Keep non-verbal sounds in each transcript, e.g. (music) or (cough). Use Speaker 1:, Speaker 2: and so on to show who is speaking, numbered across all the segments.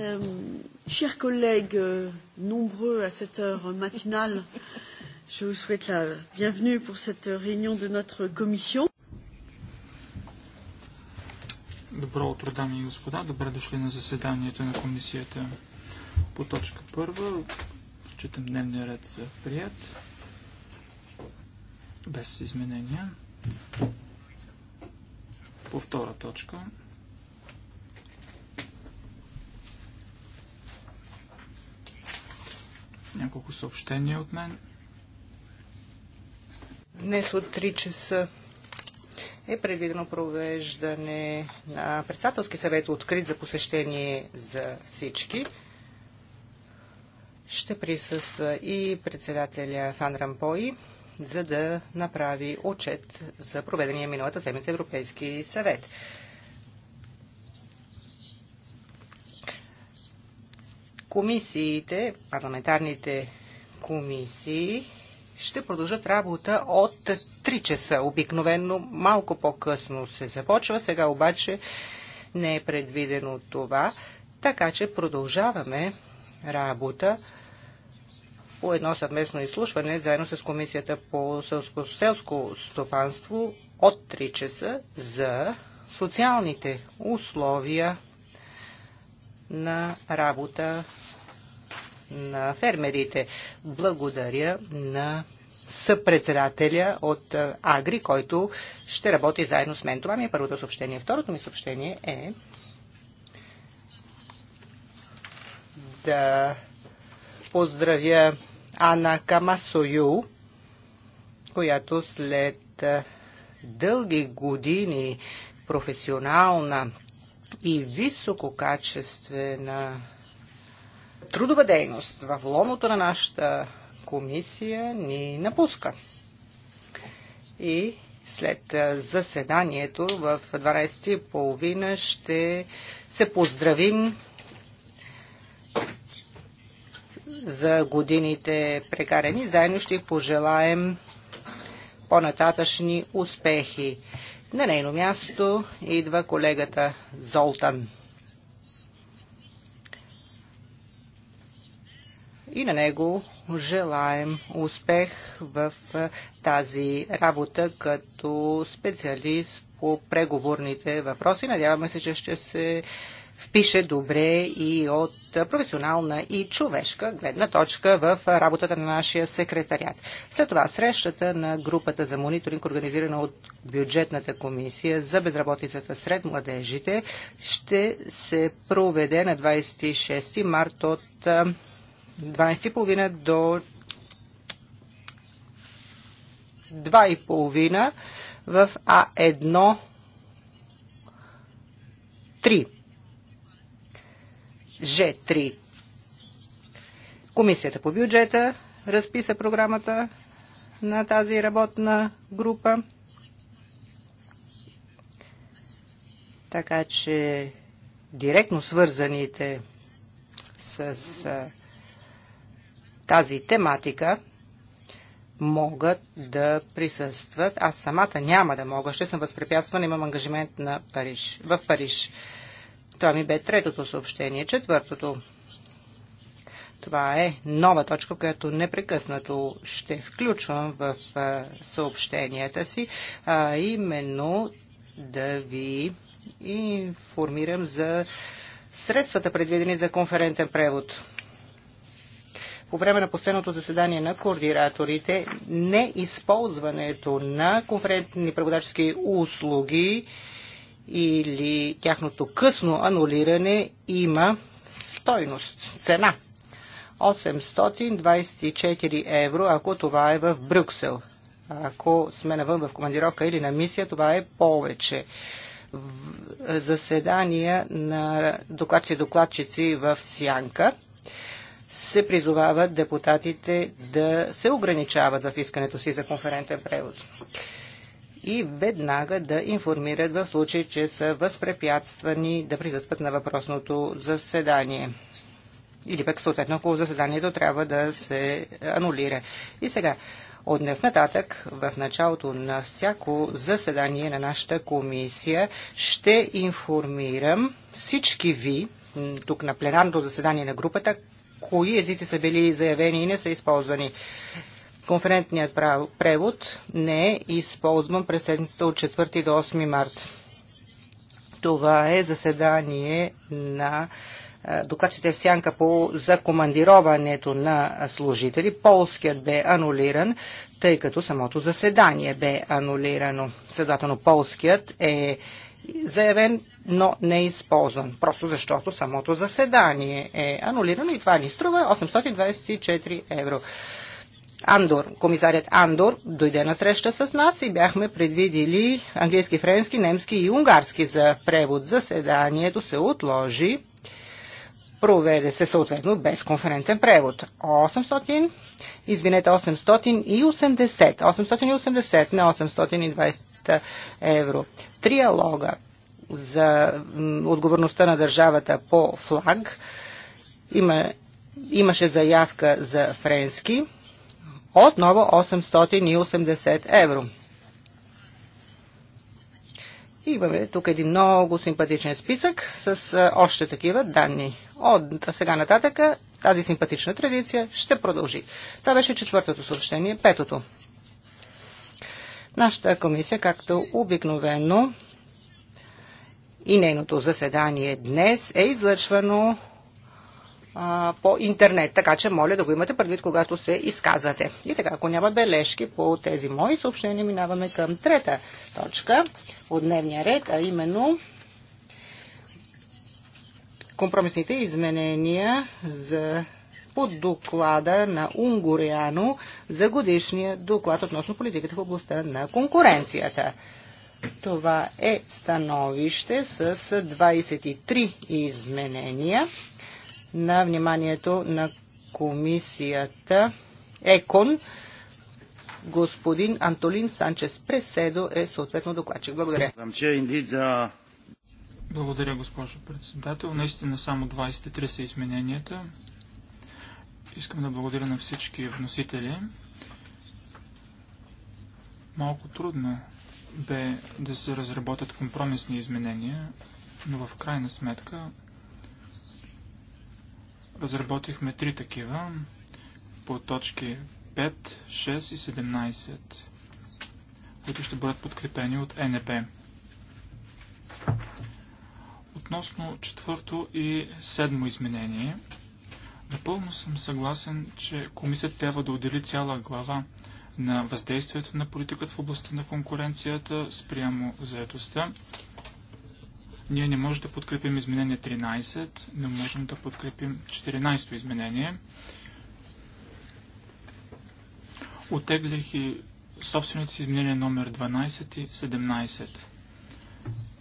Speaker 1: Euh, chers collègues, euh, nombreux à cette heure matinale, je vous souhaite la bienvenue pour cette réunion de notre commission.
Speaker 2: Добро утро, дами и господа. Добре дошли на заседанието на комисията по точка първа. Считам дневния ред за прият. Без изменения. По втора точка. няколко съобщения от мен.
Speaker 3: Днес от 3 часа е предвидено провеждане на председателски съвет, открит за посещение за всички. Ще присъства и председателя Фан Рампой, за да направи отчет за проведения миналата седмица Европейски съвет. комисиите, парламентарните комисии ще продължат работа от 3 часа. Обикновено малко по-късно се започва, сега обаче не е предвидено това, така че продължаваме работа по едно съвместно изслушване заедно с Комисията по селско, селско стопанство от 3 часа за социалните условия на работа на фермерите. Благодаря на съпредседателя от Агри, който ще работи заедно с мен. Това ми е първото съобщение. Второто ми съобщение е да поздравя Ана Камасою, която след дълги години професионална и висококачествена трудова дейност в ломото на нашата комисия ни напуска. И след заседанието в 12.30 ще се поздравим за годините прекарени, Заедно ще пожелаем по-нататъчни успехи. На нейно място идва колегата Золтан. И на него желаем успех в тази работа като специалист по преговорните въпроси. Надяваме се, че ще се впише добре и от професионална и човешка гледна точка в работата на нашия секретарят. След това срещата на групата за мониторинг, организирана от бюджетната комисия за безработицата сред младежите, ще се проведе на 26 март от 12.30 до 2.30 в А1 3. Ж3. Комисията по бюджета разписа програмата на тази работна група. Така че директно свързаните с тази тематика могат да присъстват. Аз самата няма да мога. Ще съм възпрепятствана. Имам ангажимент на Париж, в Париж. Това ми бе третото съобщение. Четвъртото. Това е нова точка, която непрекъснато ще включвам в съобщенията си, а именно да ви информирам за средствата, предвидени за конферентен превод. По време на последното заседание на координаторите, неизползването на конферентни преводачески услуги или тяхното късно анулиране има стойност, цена. 824 евро, ако това е в Брюксел. Ако сме навън в командировка или на мисия, това е повече. В заседания на докладчи докладчици в Сянка се призовават депутатите да се ограничават в искането си за конферентен превод и веднага да информират в случай, че са възпрепятствани да присъстват на въпросното заседание. Или пък съответно, ако заседанието трябва да се анулира. И сега, от днес нататък, в началото на всяко заседание на нашата комисия, ще информирам всички ви, тук на пленарното заседание на групата, кои езици са били заявени и не са използвани. Конферентният превод не е използван през седмицата от 4 до 8 март. Това е заседание на докладчите в сянка по, за на служители. Полският бе анулиран, тъй като самото заседание бе анулирано. Следователно, полският е заявен, но не е използван. Просто защото самото заседание е анулирано и това ни струва 824 евро. Андор, комисарят Андор дойде на среща с нас и бяхме предвидили английски, френски, немски и унгарски за превод. Заседанието се отложи. Проведе се съответно без конферентен превод. 800, извинете, 880, 880 на 820 евро. Триалога за отговорността на държавата по флаг. Има, имаше заявка за френски отново 880 евро. Имаме тук един много симпатичен списък с още такива данни. От сега нататък тази симпатична традиция ще продължи. Това беше четвъртото съобщение, петото. Нашата комисия, както обикновено, и нейното заседание днес е излъчвано а, по интернет. Така че моля да го имате предвид, когато се изказвате. И така, ако няма бележки по тези мои съобщения, минаваме към трета точка от дневния ред, а именно компромисните изменения за под доклада на Унгуряно за годишния доклад относно политиката в областта на конкуренцията. Това е становище с 23 изменения на вниманието на комисията ЕКОН. Господин Антолин Санчес Преседо е съответно докладчик. Благодаря.
Speaker 2: Благодаря, госпожо председател. Наистина само 23 са измененията. Искам да благодаря на всички вносители. Малко трудно бе да се разработят компромисни изменения, но в крайна сметка Разработихме три такива по точки 5, 6 и 17, които ще бъдат подкрепени от НП. Относно четвърто и седмо изменение, напълно съм съгласен, че комисията трябва да отдели цяла глава на въздействието на политиката в областта на конкуренцията спрямо заедостта ние не можем да подкрепим изменение 13, но можем да подкрепим 14-то изменение. Отеглих и собствените си изменения номер 12 и 17.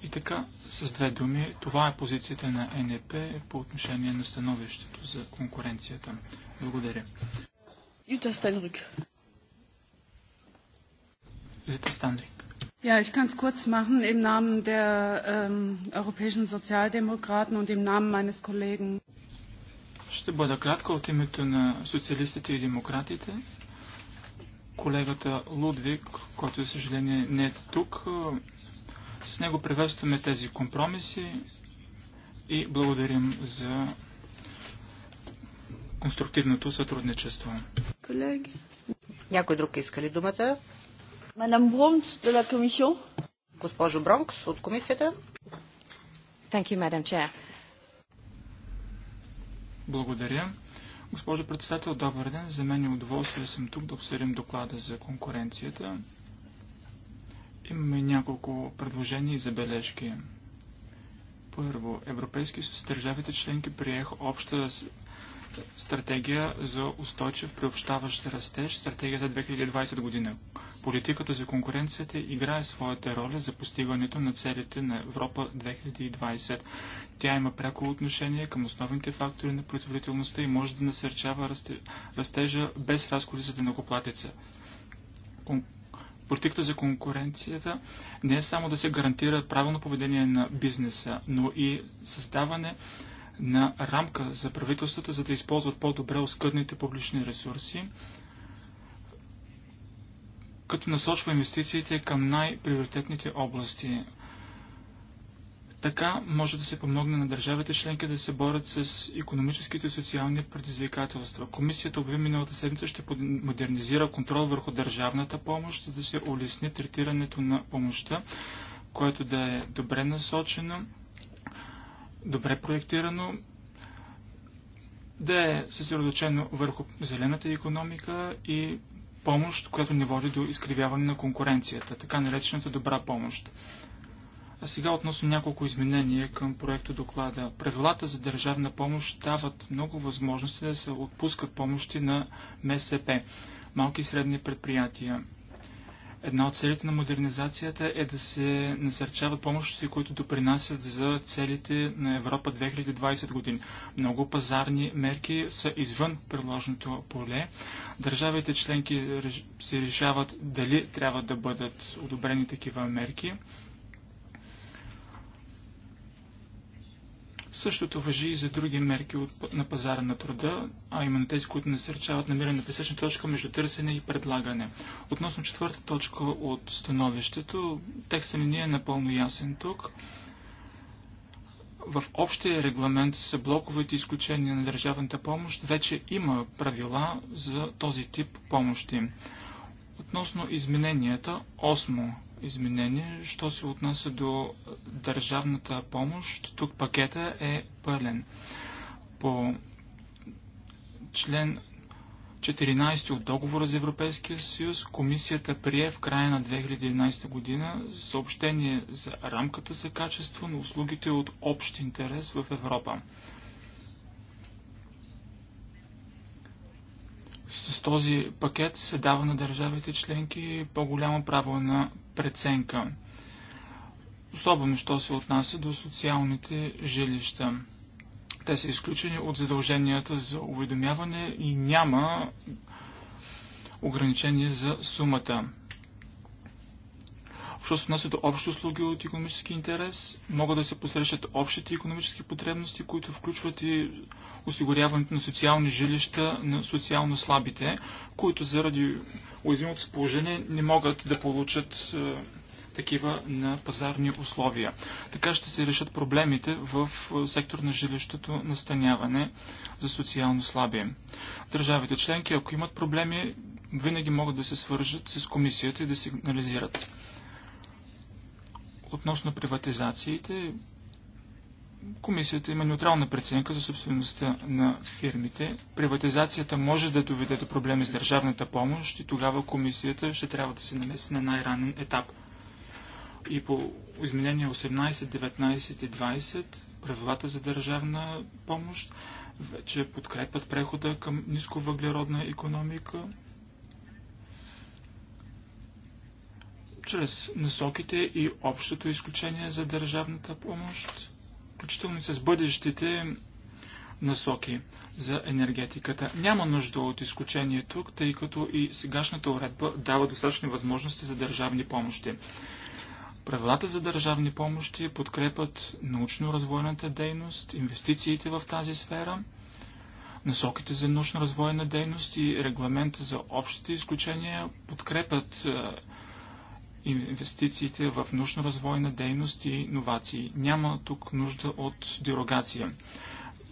Speaker 2: И така, с две думи, това е позицията на НЕП по отношение на становището за конкуренцията. Благодаря.
Speaker 1: Юта Станрик.
Speaker 2: Юта Станрик.
Speaker 3: Ja, ich kann es kurz machen im Namen der ähm, Europäischen Sozialdemokraten und im Namen meines Kollegen.
Speaker 2: Ще бъда кратка от името на социалистите и демократите. Колегата Лудвик, който, за съжаление, не е тук, е, с него приветстваме тези компромиси и благодарим за конструктивното сътрудничество.
Speaker 3: Колеги. Някой друг иска ли думата?
Speaker 1: de la Commission. Госпожо Бронкс от комисията. Thank you, Madam Chair.
Speaker 2: Благодаря. Госпожо председател, добър ден. За мен е удоволствие да съм тук да обсъдим доклада за конкуренцията. Имаме няколко предложения и забележки. Първо, Европейски съюз държавите членки приеха обща стратегия за устойчив приобщаващ растеж, стратегията 2020 година, Политиката за конкуренцията играе своята роля за постигането на целите на Европа 2020. Тя има пряко отношение към основните фактори на производителността и може да насърчава растежа без разходи за денокоплатеца. Кон... Политиката за конкуренцията не е само да се гарантира правилно поведение на бизнеса, но и създаване на рамка за правителствата, за да използват по-добре оскъдните публични ресурси, като насочва инвестициите към най-приоритетните области. Така може да се помогне на държавите членки да се борят с економическите и социални предизвикателства. Комисията обяви миналата седмица ще модернизира контрол върху държавната помощ, за да се улесни третирането на помощта, което да е добре насочено, добре проектирано, да е съсредоточено върху зелената економика и помощ, която не води до изкривяване на конкуренцията, така наречената добра помощ. А сега относно няколко изменения към проекто доклада. Правилата за държавна помощ дават много възможности да се отпускат помощи на МСП, малки и средни предприятия. Една от целите на модернизацията е да се насърчават помощите, които допринасят за целите на Европа 2020 години. Много пазарни мерки са извън предложеното поле. Държавите членки се решават дали трябва да бъдат одобрени такива мерки. Същото въжи и за други мерки от, на пазара на труда, а именно тези, които насърчават намиране на пресечна точка между търсене и предлагане. Относно четвърта точка от становището, текстът ни е напълно ясен тук. В общия регламент са блоковете изключения на държавната помощ вече има правила за този тип помощи. Относно измененията, осмо изменение. Що се отнася до държавната помощ, тук пакета е пълен. По член 14 от договора за Европейския съюз, комисията прие в края на 2011 година съобщение за рамката за качество на услугите от общ интерес в Европа. С този пакет се дава на държавите членки по-голямо право на преценка. Особено, що се отнася до социалните жилища. Те са изключени от задълженията за уведомяване и няма ограничение за сумата. Що се отнася до общи услуги от економически интерес, могат да се посрещат общите економически потребности, които включват и осигуряването на социални жилища на социално слабите, които заради уязвимото положение не могат да получат е, такива на пазарни условия. Така ще се решат проблемите в е, сектор на жилищото настаняване за социално слаби. Държавите членки, ако имат проблеми, винаги могат да се свържат с комисията и да сигнализират. Относно приватизациите, Комисията има неутрална преценка за собствеността на фирмите. Приватизацията може да доведе до проблеми с държавната помощ и тогава комисията ще трябва да се намеси на най-ранен етап. И по изменения 18, 19 и 20, правилата за държавна помощ вече подкрепят прехода към нисковъглеродна економика. Чрез насоките и общото изключение за държавната помощ включително и с бъдещите насоки за енергетиката. Няма нужда от изключение тук, тъй като и сегашната уредба дава достатъчни възможности за държавни помощи. Правилата за държавни помощи подкрепят научно-развойната дейност, инвестициите в тази сфера, насоките за научно-развойна дейност и регламента за общите изключения подкрепят е, инвестициите в научно-развойна дейност и иновации. Няма тук нужда от дерогация.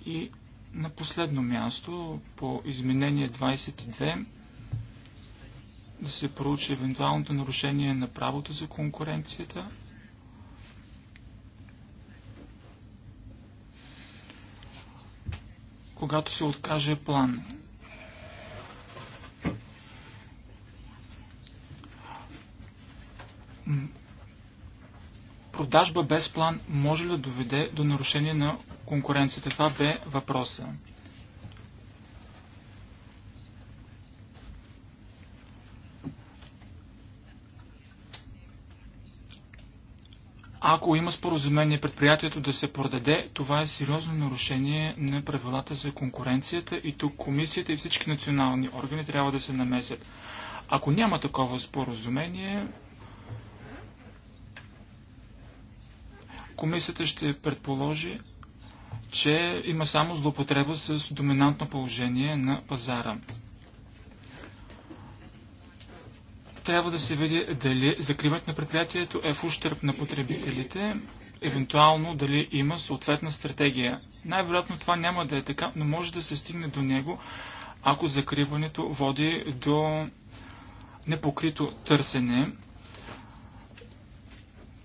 Speaker 2: И на последно място, по изменение 22, да се проучи евентуалното нарушение на правото за конкуренцията. Когато се откаже план, Продажба без план може ли да доведе до нарушение на конкуренцията? Това бе въпроса. Ако има споразумение предприятието да се продаде, това е сериозно нарушение на правилата за конкуренцията и тук комисията и всички национални органи трябва да се намесят. Ако няма такова споразумение, комисията ще предположи, че има само злоупотреба с доминантно положение на пазара. Трябва да се види дали закриването на предприятието е в ущърп на потребителите, евентуално дали има съответна стратегия. Най-вероятно това няма да е така, но може да се стигне до него, ако закриването води до непокрито търсене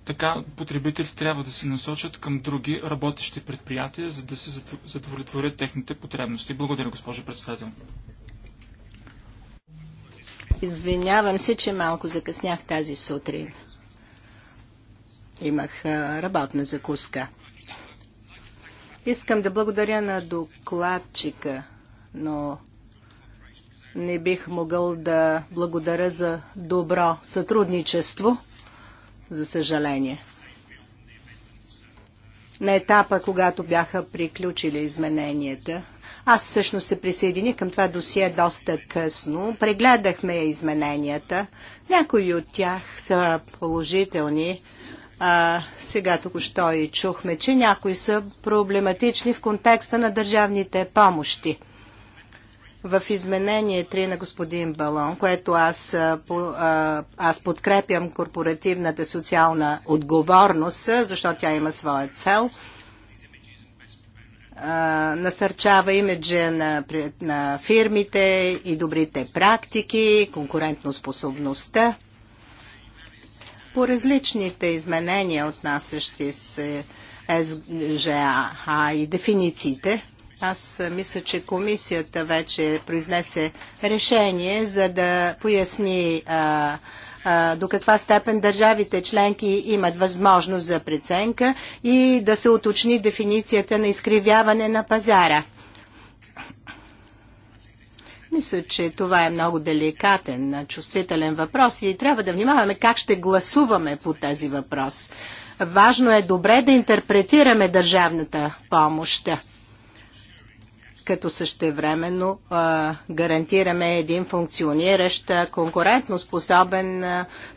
Speaker 2: така потребителите трябва да се насочат към други работещи предприятия, за да се задовлетворят техните потребности. Благодаря, госпожо председател.
Speaker 1: Извинявам се, че малко закъснях тази сутрин. Имах работна закуска. Искам да благодаря на докладчика, но не бих могъл да благодаря за добро сътрудничество за съжаление. На етапа, когато бяха приключили измененията, аз всъщност се присъединих към това досие доста късно. Прегледахме измененията. Някои от тях са положителни. А, сега току-що и чухме, че някои са проблематични в контекста на държавните помощи в изменение 3 на господин Балон, което аз, аз подкрепям корпоративната социална отговорност, защото тя има своя цел, насърчава имиджа на, на фирмите и добрите практики, конкурентноспособността. По различните изменения, отнасящи се СЖА и дефинициите, аз мисля, че комисията вече произнесе решение, за да поясни а, а, до каква степен държавите членки имат възможност за преценка и да се уточни дефиницията на изкривяване на пазара. Мисля, че това е много деликатен, чувствителен въпрос и трябва да внимаваме как ще гласуваме по този въпрос. Важно е добре да интерпретираме държавната помощ като същевременно а, гарантираме един функциониращ способен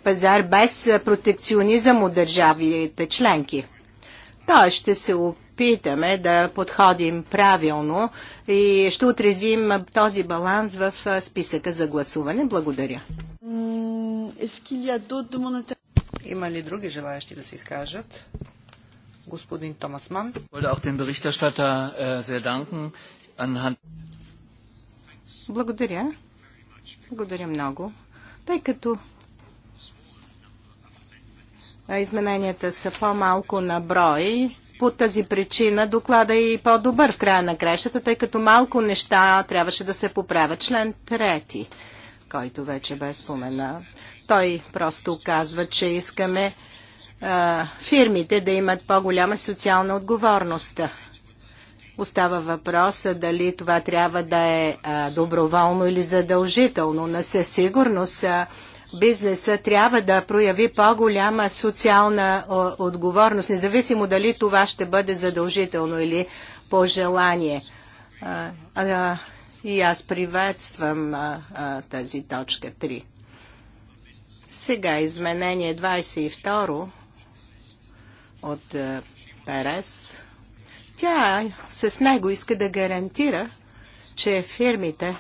Speaker 1: пазар без протекционизъм от държавите членки. Тоест ще се опитаме да подходим правилно и ще отрезим този баланс в списъка за гласуване. Благодаря. Има ли други желаящи да се изкажат? господин
Speaker 3: Томасман.
Speaker 1: Благодаря. Благодаря много. Тъй като измененията са по-малко на брой, по тази причина доклада е и по-добър в края на кращата, тъй като малко неща трябваше да се поправят. Член трети, който вече бе спомена, той просто казва, че искаме а, фирмите да имат по-голяма социална отговорност. Остава въпроса дали това трябва да е доброволно или задължително. но със сигурност бизнеса трябва да прояви по-голяма социална отговорност, независимо дали това ще бъде задължително или по желание. И аз приветствам тази точка 3. Сега изменение 22 от Перес. Тя с него иска да гарантира, че фирмите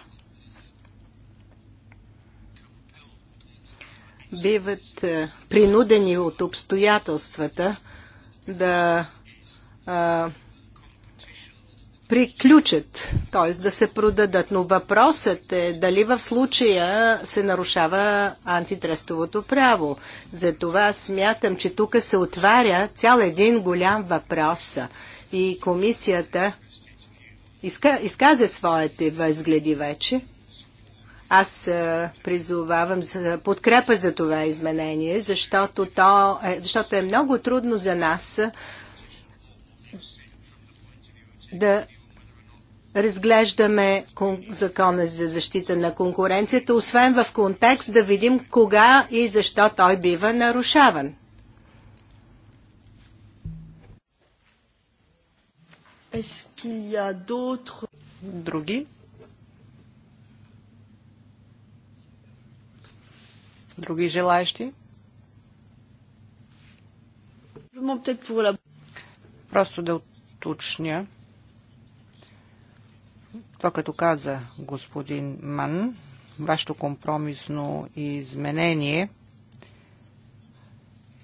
Speaker 1: биват е, принудени от обстоятелствата да а, е, приключат, т.е. да се продадат. Но въпросът е дали в случая се нарушава антитрестовото право. Затова смятам, че тук се отваря цял един голям въпрос и комисията изка, изказа своите възгледи вече. Аз призовавам за подкрепа за това изменение, защото, то е, защото е много трудно за нас да разглеждаме закона за защита на конкуренцията, освен в контекст да видим кога и защо той бива нарушаван. Est-ce qu'il y a d'autres... Други?
Speaker 3: Други желаящи? Просто да уточня това, като каза господин Ман, вашето компромисно изменение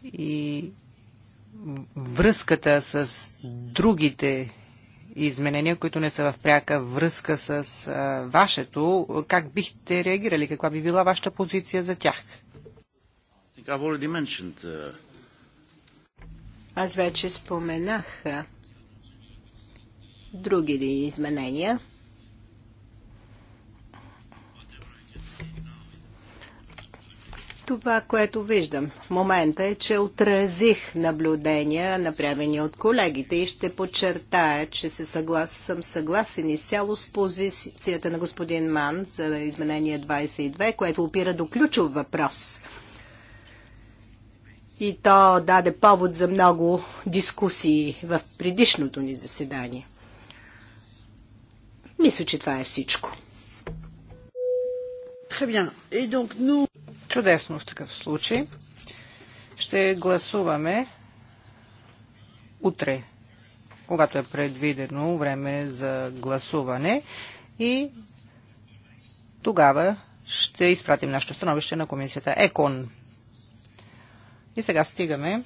Speaker 3: и връзката с другите изменения, които не са в пряка връзка с а, вашето, как бихте реагирали? Каква би била вашата позиция за тях?
Speaker 1: Uh, Аз вече споменах други изменения. Това, което виждам в момента е, че отразих наблюдения, направени от колегите и ще подчертая, че се съглас, съм съгласен изцяло с позицията на господин Ман за изменение 22, което опира до ключов въпрос. И то даде повод за много дискусии в предишното ни заседание. Мисля, че това е всичко. Très bien. Et donc nous... Чудесно в такъв
Speaker 3: случай. Ще гласуваме утре, когато е предвидено време за гласуване и тогава ще изпратим нашето становище на комисията ЕКОН. И сега стигаме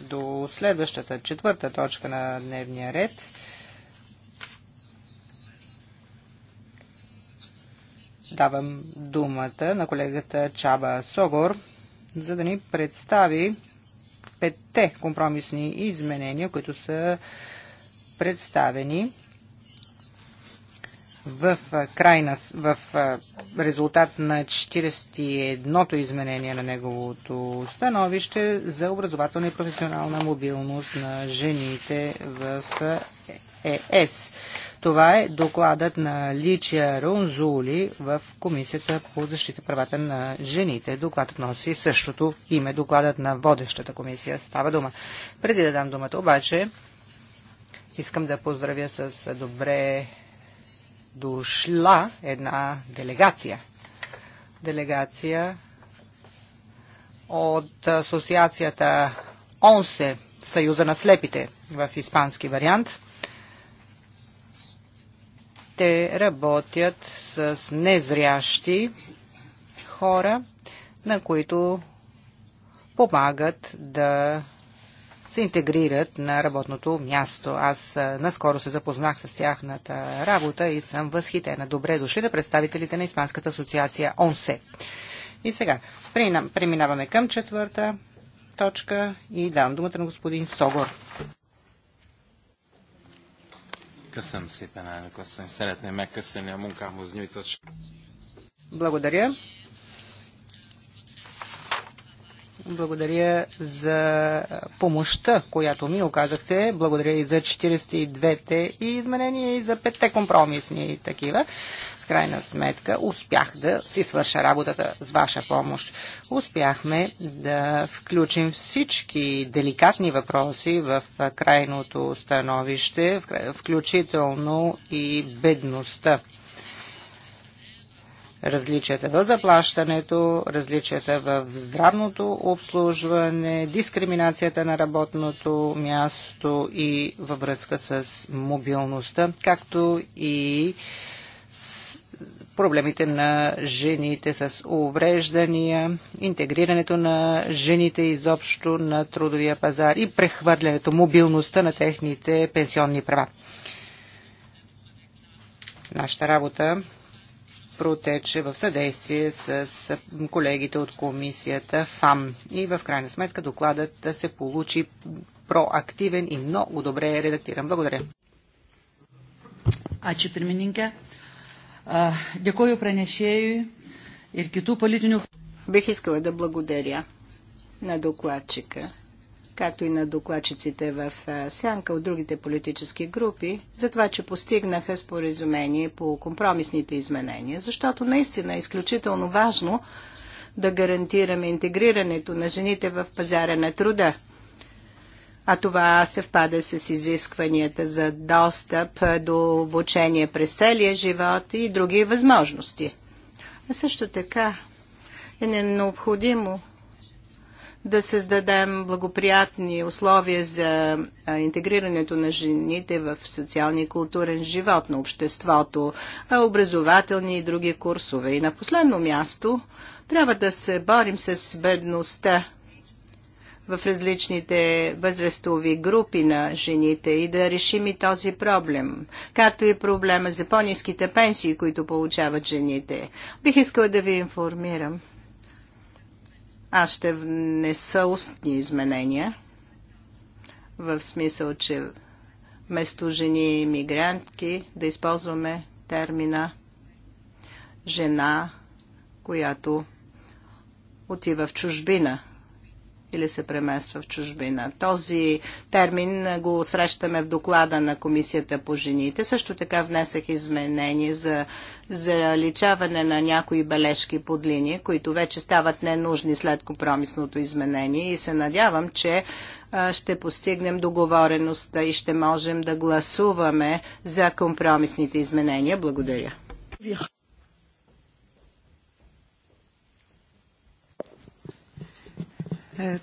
Speaker 3: до следващата четвърта точка на дневния ред – давам думата на колегата Чаба Согор, за да ни представи петте компромисни изменения, които са представени в, крайна, в резултат на 41-то изменение на неговото становище за образователна и професионална мобилност на жените в ЕС. Това е докладът на Личия Рунзули в Комисията по защита правата на жените. Докладът носи същото име, докладът на водещата комисия. Става дума. Преди да дам думата обаче, искам да поздравя с добре дошла една делегация. Делегация от асоциацията ОНСЕ, Съюза на слепите в испански вариант – те работят с незрящи хора, на които помагат да се интегрират на работното място. Аз наскоро се запознах с тяхната работа и съм възхитена. Добре дошли да представителите на Испанската асоциация ОНСЕ. И сега преминаваме към четвърта точка и давам думата на господин Согор.
Speaker 2: Köszönöm szépen, elnök asszony. Szeretném megköszönni a munkámhoz nyújtott...
Speaker 3: Благодаря. Благодаря за помощта, която ми оказахте. Благодаря и за 42-те и изменения и за 5-те компромисни такива крайна сметка успях да си свърша работата с ваша помощ. Успяхме да включим всички деликатни въпроси в крайното становище, включително и бедността различията в заплащането, различията в здравното обслужване, дискриминацията на работното място и във връзка с мобилността, както и проблемите на жените с увреждания, интегрирането на жените изобщо на трудовия пазар и прехвърлянето, мобилността на техните пенсионни права. Нашата работа протече в съдействие с колегите от комисията ФАМ и в крайна сметка докладът да се получи проактивен и много добре редактиран. Благодаря.
Speaker 1: Дякую пренешею и киту политиню. Бих искала да благодаря на докладчика, както и на докладчиците в е, Сянка от другите политически групи, за това, че постигнаха споразумение по компромисните изменения, защото наистина е изключително важно да гарантираме интегрирането на жените в пазара на труда а това съвпада с изискванията за достъп до обучение през целия живот и други възможности. А също така е необходимо да създадем благоприятни условия за интегрирането на жените в социалния и културен живот на обществото, образователни и други курсове. И на последно място трябва да се борим с бедността в различните възрастови групи на жените и да решим и този проблем, както и проблема за по-низките пенсии, които получават жените. Бих искала да ви информирам. Аз ще внеса устни изменения, в смисъл, че вместо жени и мигрантки да използваме термина жена, която отива в чужбина или се премества в чужбина. Този термин го срещаме в доклада на Комисията по жените. Също така внесах изменение за заличаване на някои бележки под линия, които вече стават ненужни след компромисното изменение и се надявам, че ще постигнем договореността и ще можем да гласуваме за компромисните изменения. Благодаря. Е,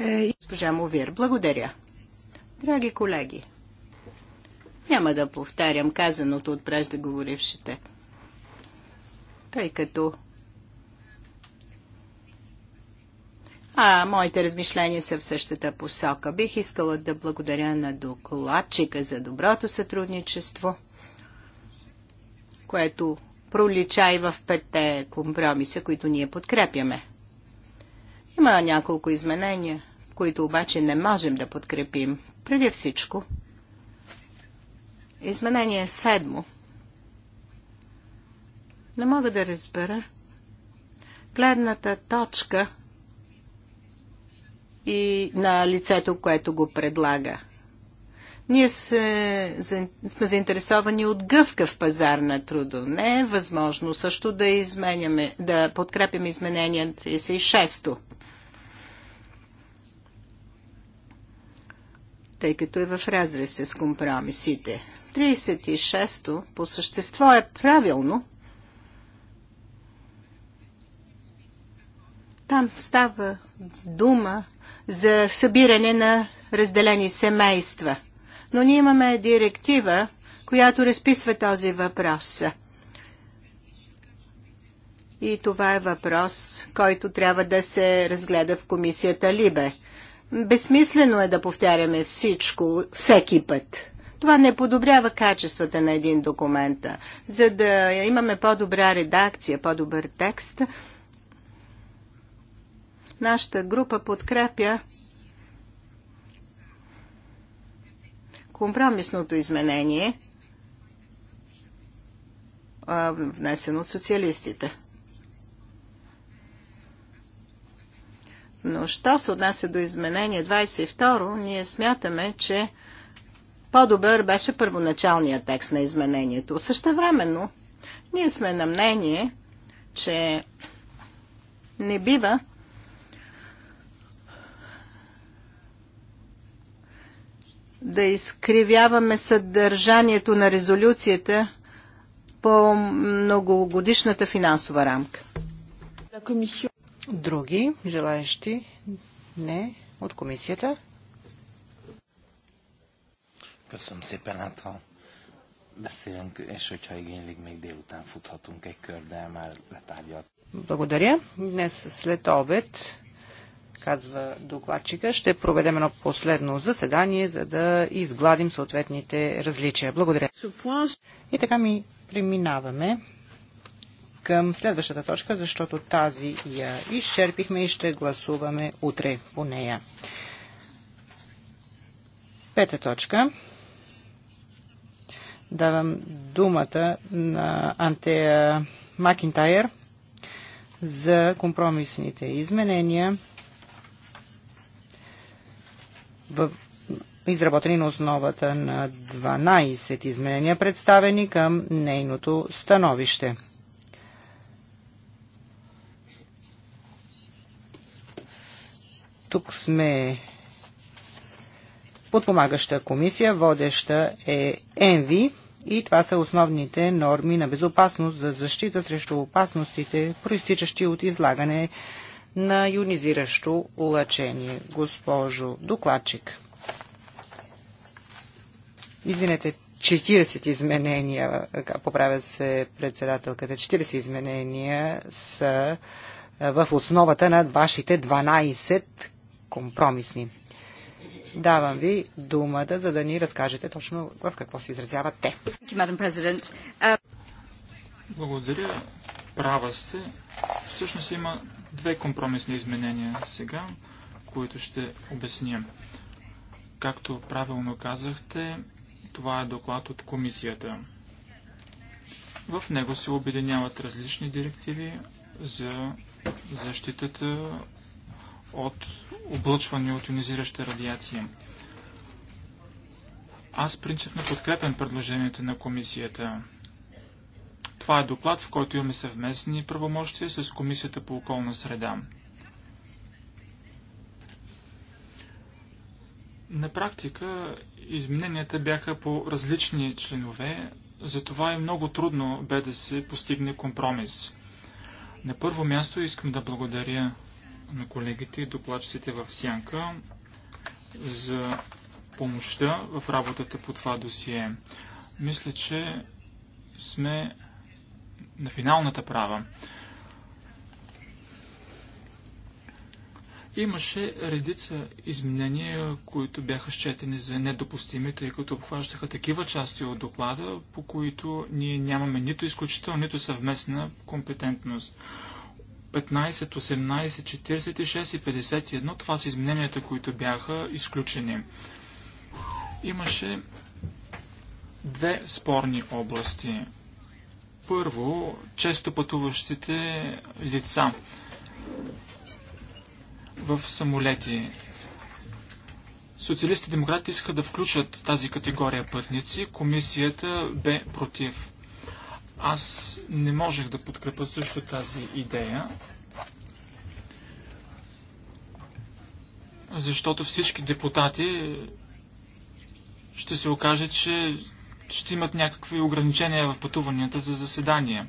Speaker 1: е, Госпожа Мовир, благодаря. Драги колеги, няма да повтарям казаното от преждеговорившите, тъй като а моите размишления са в същата посока. Бих искала да благодаря на докладчика за доброто сътрудничество, което пролича и в петте компромиса, които ние подкрепяме. Има няколко изменения, които обаче не можем да подкрепим. Преди всичко, изменение седмо. Не мога да разбера гледната точка и на лицето, което го предлага. Ние сме, заинтересовани от гъвкав пазар на трудо. Не е възможно също да, изменяме, да подкрепим изменение 36-то. тъй като е в разрез с компромисите. 36-то по същество е правилно. Там става дума за събиране на разделени семейства. Но ние имаме директива, която разписва този въпрос. И това е въпрос, който трябва да се разгледа в комисията Либе. Безсмислено е да повтаряме всичко всеки път. Това не подобрява качествата на един документ. За да имаме по-добра редакция, по-добър текст, нашата група подкрепя компромисното изменение, внесено от социалистите. Но що се отнася до изменение 22, ние смятаме, че по-добър беше първоначалният текст на изменението. Същевременно, ние сме на мнение, че не бива да изкривяваме съдържанието на резолюцията по многогодишната финансова рамка. Други желаещи? Не. От комисията? Köszönöm szépen, hát ha beszélünk, és hogyha igénylik, még délután futhatunk egy kör, de már letárgyalt.
Speaker 3: Благодаря. Днес след обед, казва докладчика, ще проведем едно последно заседание, за да изгладим съответните различия. Благодаря. И така ми преминаваме към следващата точка, защото тази я изчерпихме и ще гласуваме утре по нея. Пета точка. Давам думата на Антея Макинтайер за компромисните изменения в изработени на основата на 12 изменения, представени към нейното становище. Тук сме подпомагаща комисия, водеща е ЕНВИ и това са основните норми на безопасност за защита срещу опасностите, проистичащи от излагане на ионизиращо лъчение. Госпожо докладчик, извинете, 40 изменения, поправя се председателката, 40 изменения са в основата на вашите 12 компромисни. Давам ви думата, за да ни разкажете точно в какво се изразяват те.
Speaker 2: Благодаря. Права сте. Всъщност има две компромисни изменения сега, които ще обясня. Както правилно казахте, това е доклад от комисията. В него се обединяват различни директиви за защитата от облъчване от ионизираща радиация. Аз принципно подкрепям предложението на комисията. Това е доклад, в който имаме съвместни правомощия с Комисията по околна среда. На практика измененията бяха по различни членове, затова е много трудно бе да се постигне компромис. На първо място искам да благодаря на колегите и докладчиците в Сянка за помощта в работата по това досие. Мисля, че сме на финалната права. Имаше редица изменения, които бяха счетени за недопустими, тъй като обхващаха такива части от доклада, по които ние нямаме нито изключително, нито съвместна компетентност. 15, 18, 46 и 51. Това са измененията, които бяха изключени. Имаше две спорни области. Първо, често пътуващите лица в самолети. Социалистите и демократи искат да включат тази категория пътници. Комисията бе против. Аз не можех да подкрепа също тази идея, защото всички депутати ще се окаже, че ще имат някакви ограничения в пътуванията за заседания.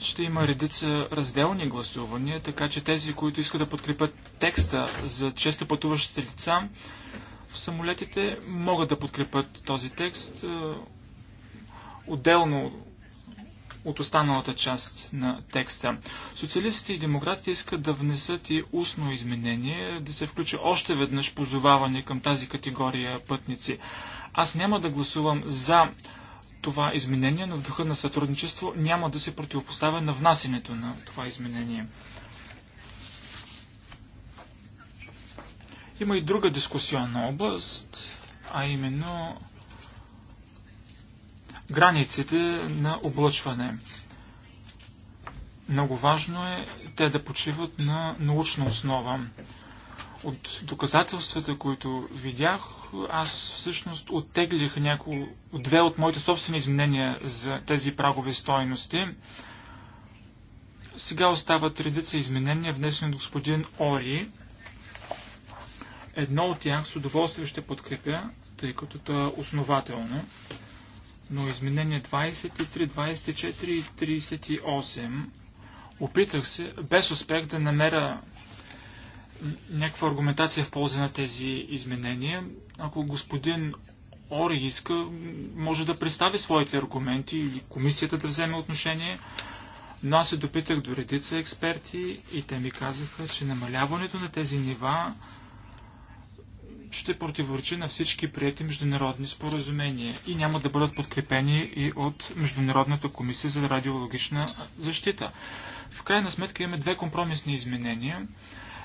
Speaker 2: ще има редица разделни гласувания, така че тези, които искат да подкрепят текста за често пътуващите лица, в самолетите могат да подкрепят този текст е, отделно от останалата част на текста. Социалистите и демократите искат да внесат и устно изменение, да се включи още веднъж позоваване към тази категория пътници. Аз няма да гласувам за това изменение, но в духа на сътрудничество няма да се противопоставя на внасенето на това изменение. Има и друга дискусионна област, а именно границите на облъчване. Много важно е те да почиват на научна основа. От доказателствата, които видях, аз всъщност оттеглих няколко, две от моите собствени изменения за тези прагови стойности. Сега остават редица изменения, внесени от господин Ори. Едно от тях с удоволствие ще подкрепя, тъй като то е основателно, но изменение 23, 24 и 38 опитах се без успех да намеря някаква аргументация в полза на тези изменения. Ако господин Ори иска, може да представи своите аргументи или комисията да вземе отношение. Но аз се допитах до редица експерти и те ми казаха, че намаляването на тези нива ще противоречи на всички прияти международни споразумения и няма да бъдат подкрепени и от Международната комисия за радиологична защита. В крайна сметка имаме две компромисни изменения.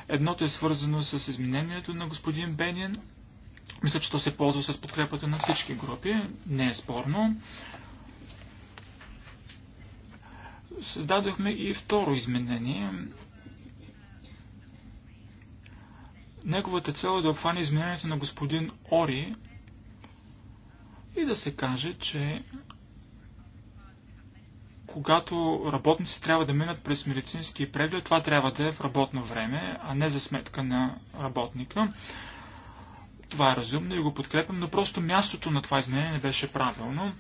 Speaker 2: Едното е свързано с изменението на господин Бенин. Мисля, че то се ползва с подкрепата на всички групи. Не е спорно. Създадохме и второ изменение Неговата цел е да обхване изменението на господин Ори и да се каже, че когато работници трябва да минат през медицински преглед, това трябва да е в работно време, а не за сметка на работника. Това е разумно и го подкрепям, но просто мястото на това изменение не беше правилно.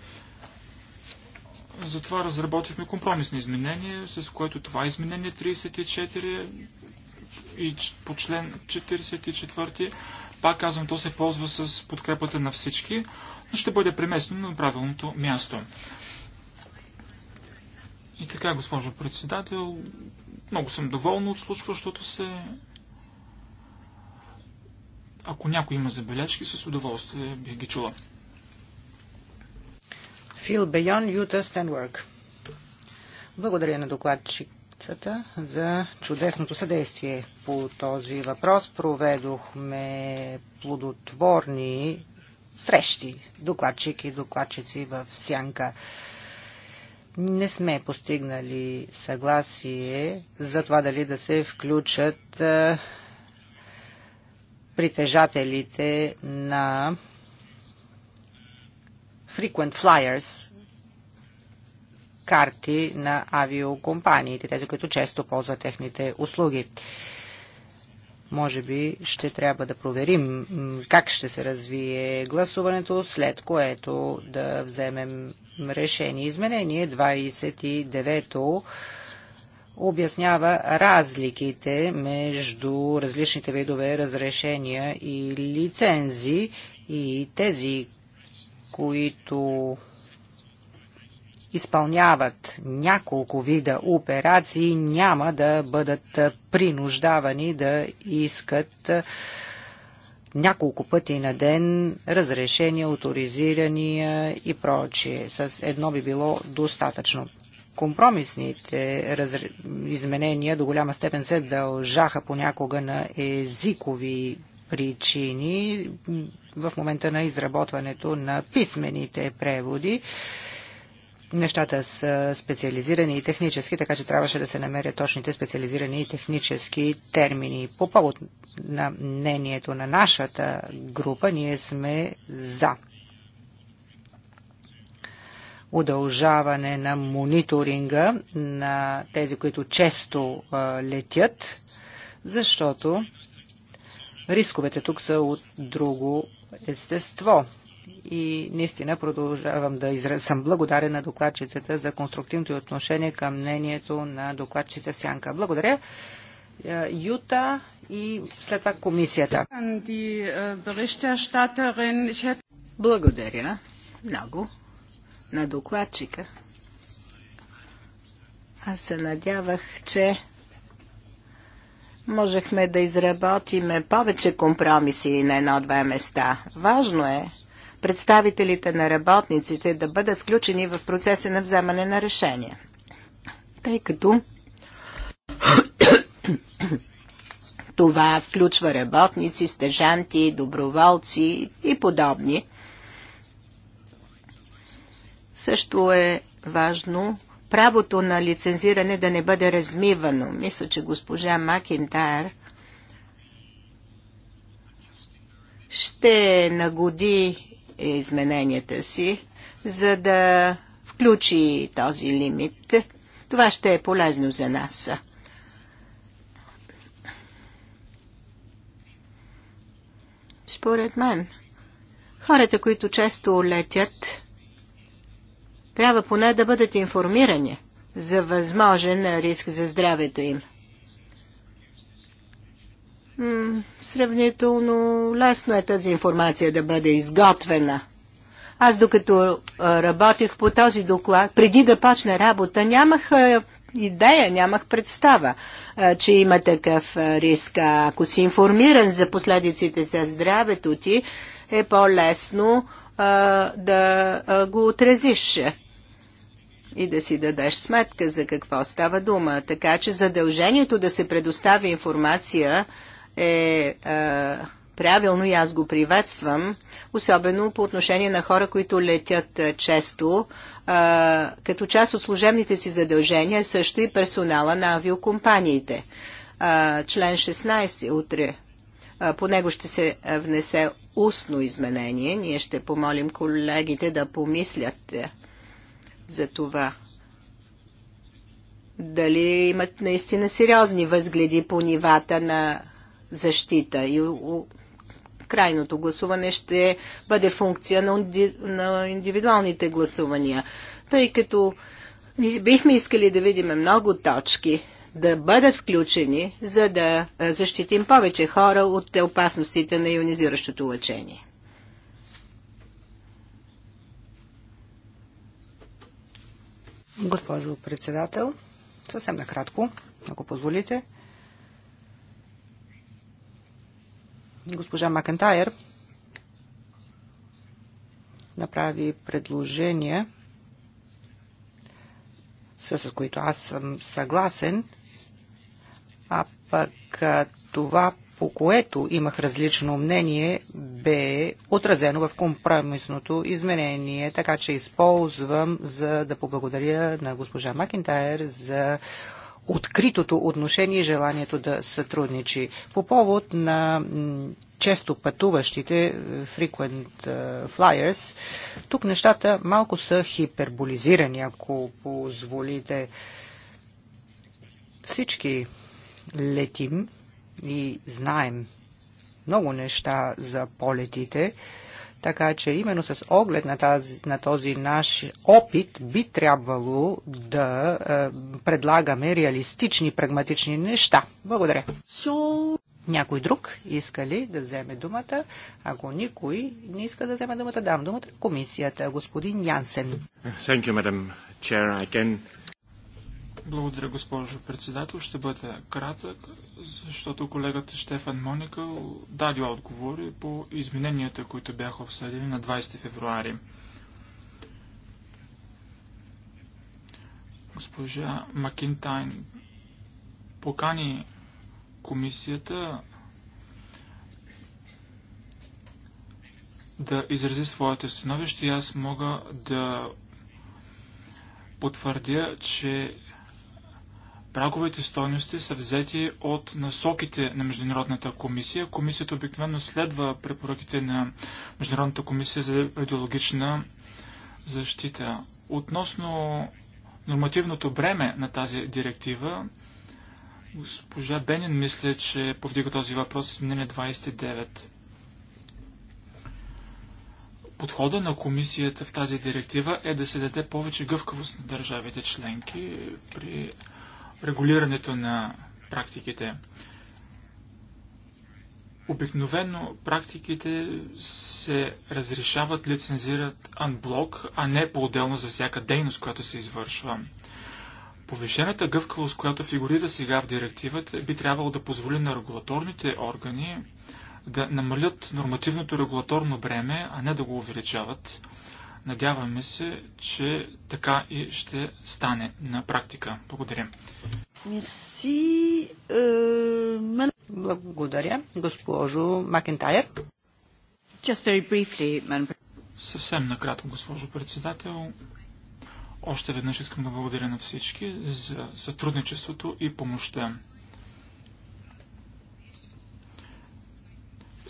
Speaker 2: Затова разработихме компромисно изменение, с което това изменение 34 и по член 44, пак казвам, то се ползва с подкрепата на всички, но ще бъде преместено на правилното място. И така, госпожо председател, много съм доволна от случващото се. Ако някой има забележки, с удоволствие би ги чула.
Speaker 3: Благодаря на докладчик докладчицата за чудесното съдействие по този въпрос. Проведохме плодотворни срещи докладчики и докладчици в Сянка. Не сме постигнали съгласие за това дали да се включат притежателите на frequent flyers карти на авиокомпаниите, тези, които често ползват техните услуги. Може би ще трябва да проверим как ще се развие гласуването, след което да вземем решение. Изменение 29-то обяснява разликите между различните видове разрешения и лицензи и тези, които изпълняват няколко вида операции, няма да бъдат принуждавани да искат няколко пъти на ден разрешения, авторизирания и прочие. С едно би било достатъчно компромисните изменения до голяма степен се дължаха понякога на езикови причини в момента на изработването на писмените преводи. Нещата са специализирани и технически, така че трябваше да се намерят точните специализирани и технически термини. По повод на мнението на нашата група, ние сме за удължаване на мониторинга на тези, които често летят, защото рисковете тук са от друго естество и наистина продължавам да изр... съм благодарен на докладчицата за конструктивното отношение към мнението на докладчица Сянка. Благодаря. Е, Юта и
Speaker 1: след това комисията. Е, Благодаря много на докладчика. Аз се надявах, че можехме да изработиме повече компромиси на едно-две места. Важно е представителите на работниците да бъдат включени в процеса на вземане на решения. Тъй като това включва работници, стежанти, доброволци и подобни. Също е важно правото на лицензиране да не бъде размивано. Мисля, че госпожа Макинтайр ще нагоди измененията си, за да включи този лимит. Това ще е полезно за нас. Според мен, хората, които често летят, трябва поне да бъдат информирани за възможен риск за здравето им сравнително лесно е тази информация да бъде изготвена. Аз докато работих по този доклад, преди да почне работа, нямах идея, нямах представа, че има такъв риск. Ако си информиран за последиците за здравето ти, е по-лесно да го отразиш и да си дадеш сметка за какво става дума. Така че задължението да се предостави информация е, е правилно и аз го приветствам, особено по отношение на хора, които летят е, често, а, е, като част от служебните си задължения, също и персонала на авиокомпаниите. А, член 16 утре. А, по него ще се внесе устно изменение. Ние ще помолим колегите да помислят за това дали имат наистина сериозни възгледи по нивата на защита. И крайното гласуване ще бъде функция на, индивидуалните гласувания. Тъй като бихме искали да видим много точки да бъдат включени, за да защитим повече хора от опасностите на ионизиращото лъчение.
Speaker 3: Госпожо председател, съвсем накратко, ако позволите. Госпожа Макентайер направи предложения, с които аз съм съгласен, а пък това, по което имах различно мнение, бе отразено в компромисното изменение, така че използвам за да поблагодаря на госпожа Макентайер за откритото отношение и желанието да сътрудничи. По повод на често пътуващите е, frequent е, flyers, тук нещата малко са хиперболизирани, ако позволите. Всички летим и знаем много неща за полетите, така че именно с оглед на, тази, на този наш опит би трябвало да е, предлагаме реалистични, прагматични неща. Благодаря. Някой друг иска ли да вземе думата? Ако никой не иска да вземе думата, дам думата комисията. Господин Янсен.
Speaker 2: Thank you, madam chair. I can благодаря, госпожо председател. Ще бъда кратък, защото колегата Штефан Моника даде отговори по измененията, които бяха обсъдени на 20 февруари. Госпожа Макинтайн покани комисията да изрази своето становище и аз мога да потвърдя, че Праговите стойности са взети от насоките на Международната комисия. Комисията обикновено следва препоръките на Международната комисия за идеологична защита. Относно нормативното бреме на тази директива, госпожа Бенин мисля, че повдига този въпрос в мнение 29. Подхода на комисията в тази директива е да се даде повече гъвкавост на държавите членки при регулирането на практиките. Обикновено практиките се разрешават, лицензират анблок, а не по-отделно за всяка дейност, която се извършва. Повишената гъвкавост, която фигурира сега в директивата, би трябвало да позволи на регулаторните органи да намалят нормативното регулаторно бреме, а не да го увеличават. Надяваме се, че така и ще стане на практика. Благодаря.
Speaker 3: Мерси. Е, благодаря,
Speaker 2: госпожо Макентайер. Съвсем накратко, госпожо председател. Още веднъж искам да благодаря на всички за сътрудничеството и помощта.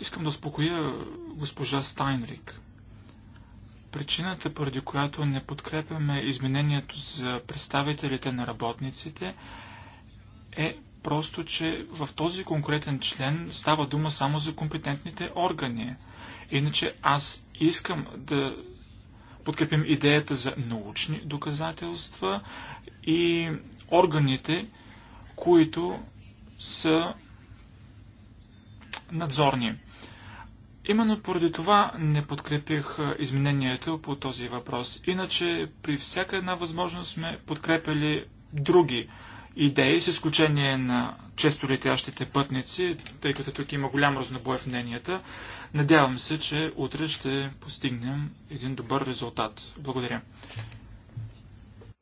Speaker 2: Искам да успокоя госпожа Стайнрик. Причината, поради която не подкрепяме изменението за представителите на работниците, е просто, че в този конкретен член става дума само за компетентните органи. Иначе аз искам да подкрепим идеята за научни доказателства и органите, които са надзорни. Именно поради това не подкрепих изменението по този въпрос. Иначе при всяка една възможност сме подкрепили други идеи, с изключение на често летящите пътници, тъй като тук има голям разнобой в мненията. Надявам се, че утре ще постигнем един добър резултат. Благодаря.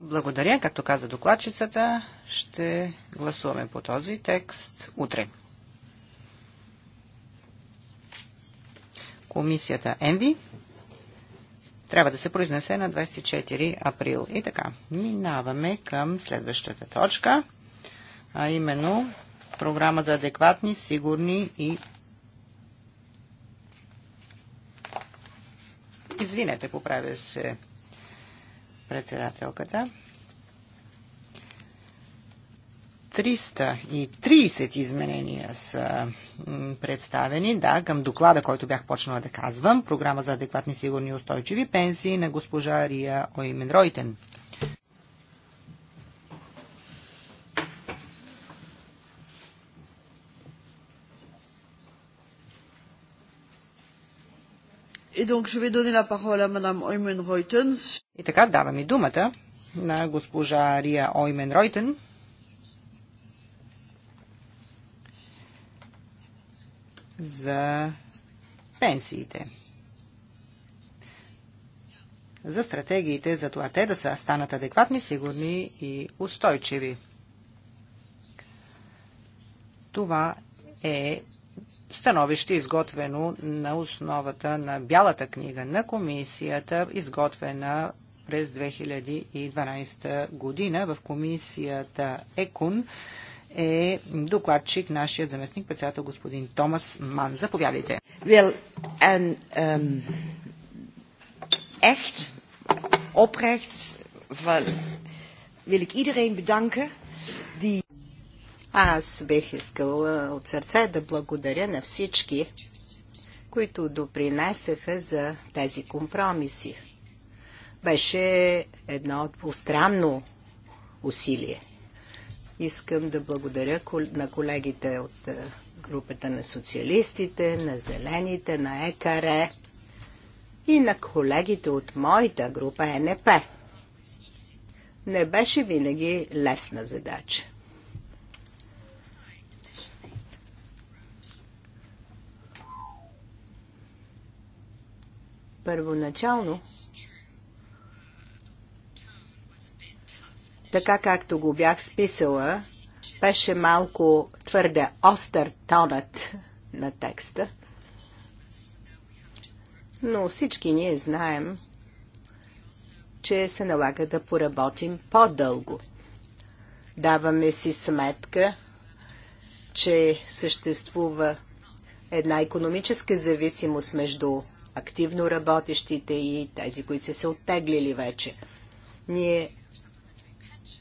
Speaker 3: Благодаря. Както каза докладчицата, ще гласуваме по този текст утре. комисията ЕНВИ трябва да се произнесе на 24 април. И така, минаваме към следващата точка, а именно програма за адекватни, сигурни и Извинете, поправя се председателката. 330 изменения са представени, да, към доклада, който бях почнала да казвам, програма за адекватни, сигурни и устойчиви пенсии на госпожа Рия Оймен Ройтен. И така давам и думата на госпожа Рия Оймен Ройтен за пенсиите. За стратегиите, за това те да са, станат адекватни, сигурни и устойчиви. Това е становище, изготвено на основата на Бялата книга на комисията, изготвена през 2012 година в комисията ЕКУН е докладчик нашия заместник председател господин Томас Ман. Заповядайте. Well, and, um,
Speaker 1: echt, ik iedereen bedanken die... Аз бих искал от сърце да благодаря на всички, които допринесеха за тези компромиси. Беше едно двустранно усилие. Искам да благодаря на колегите от е, групата на социалистите, на зелените, на ЕКАРЕ и на колегите от моята група ЕНП. Не беше винаги лесна задача. Първоначално така както го бях списала, беше малко твърде остър тонът на текста. Но всички ние знаем, че се налага да поработим по-дълго. Даваме си сметка, че съществува една економическа зависимост между активно работещите и тези, които са се оттеглили вече. Ние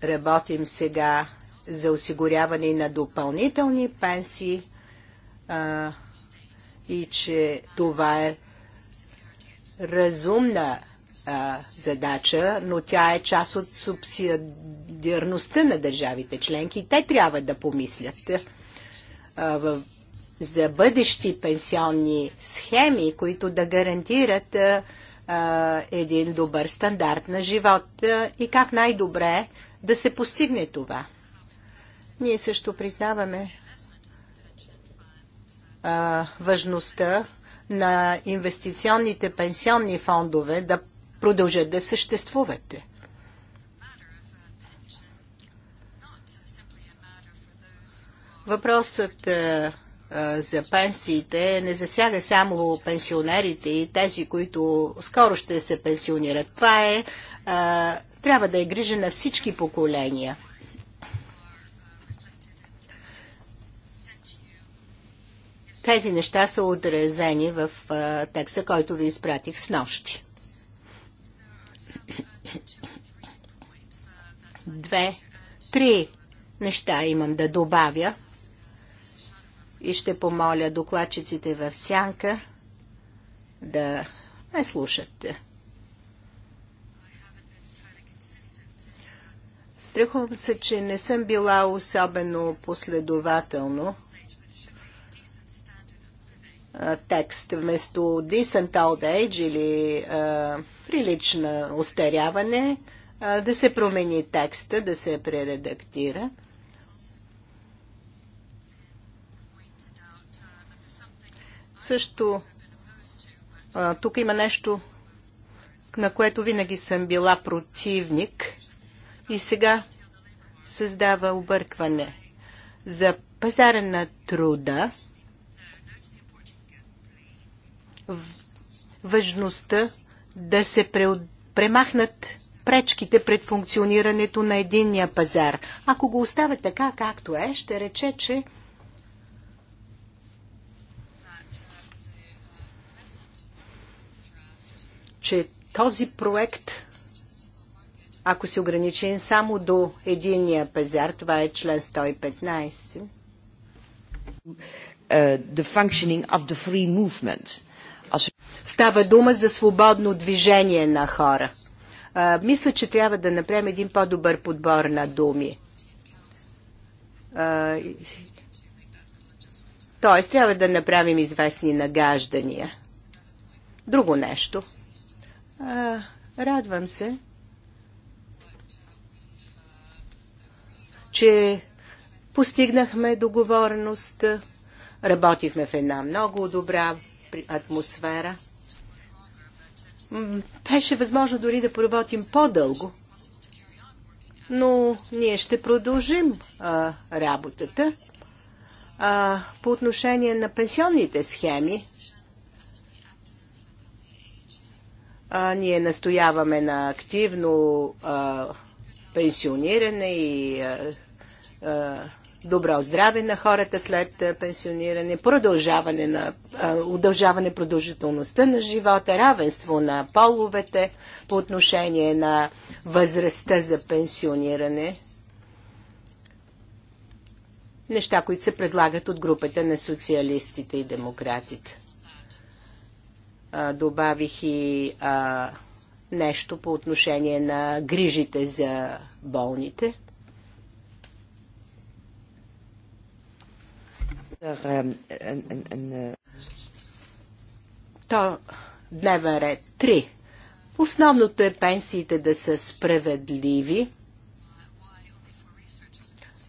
Speaker 1: Работим сега за осигуряване на допълнителни пенсии а, и че това е разумна а, задача, но тя е част от субсидиарността на държавите членки. Те трябва да помислят а, в, за бъдещи пенсионни схеми, които да гарантират а, един добър стандарт на живот и как най-добре да се постигне това. Ние също признаваме а, важността на инвестиционните пенсионни фондове да продължат да съществуват. Въпросът а, за пенсиите не засяга само пенсионерите и тези, които скоро ще се пенсионират. Това е а, трябва да е грижа на всички поколения. Тези неща са отразени в а, текста, който ви изпратих с нощи. Две, три неща имам да добавя и ще помоля докладчиците в сянка да ме слушат. Страхувам се, че не съм била особено последователно текст вместо decent old age или а, прилично устаряване, а, да се промени текста, да се прередактира. Също а, тук има нещо, на което винаги съм била противник. И сега създава объркване. За пазара на труда важността да се премахнат пречките пред функционирането на единния пазар. Ако го оставя така, както е, ще рече, че че този проект ако се ограничим само до единия пазар, това е член 115. Е, Става дума за свободно движение на хора. Е, мисля, че трябва да направим един по-добър подбор на думи. Е, тоест, трябва да направим известни нагаждания. Друго нещо. радвам се, че постигнахме договореност, работихме в една много добра атмосфера. Беше възможно дори да поработим по-дълго, но ние ще продължим а, работата. А, по отношение на пенсионните схеми, а, ние настояваме на активно а, пенсиониране и а, е, добро здраве на хората след е, пенсиониране, продължаване на, е, удължаване продължителността на живота, равенство на половете по отношение на възрастта за пенсиониране. Неща, които се предлагат от групата на социалистите и демократите. добавих и нещо по отношение на грижите за болните – Е, е, е, То дневен ред 3. Основното е пенсиите да са справедливи.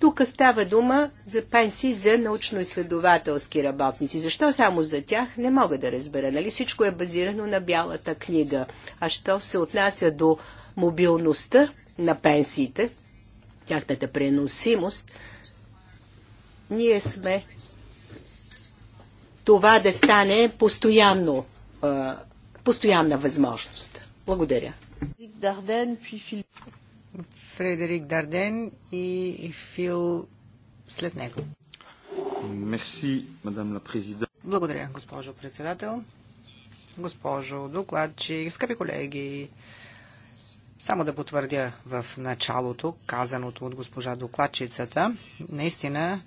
Speaker 1: Тук става дума за пенсии за научно-изследователски работници. Защо само за тях? Не мога да разбера. Нали всичко е базирано на бялата книга. А що се отнася до мобилността на пенсиите, тяхната преносимост, ние сме това да стане постоянно, постоянна възможност. Благодаря.
Speaker 3: Фредерик Дарден и Фил след него.
Speaker 2: Мерси, мадам ла президент.
Speaker 3: Благодаря, госпожо председател. Госпожо докладчик, скъпи колеги, само да потвърдя в началото казаното от госпожа докладчицата. Наистина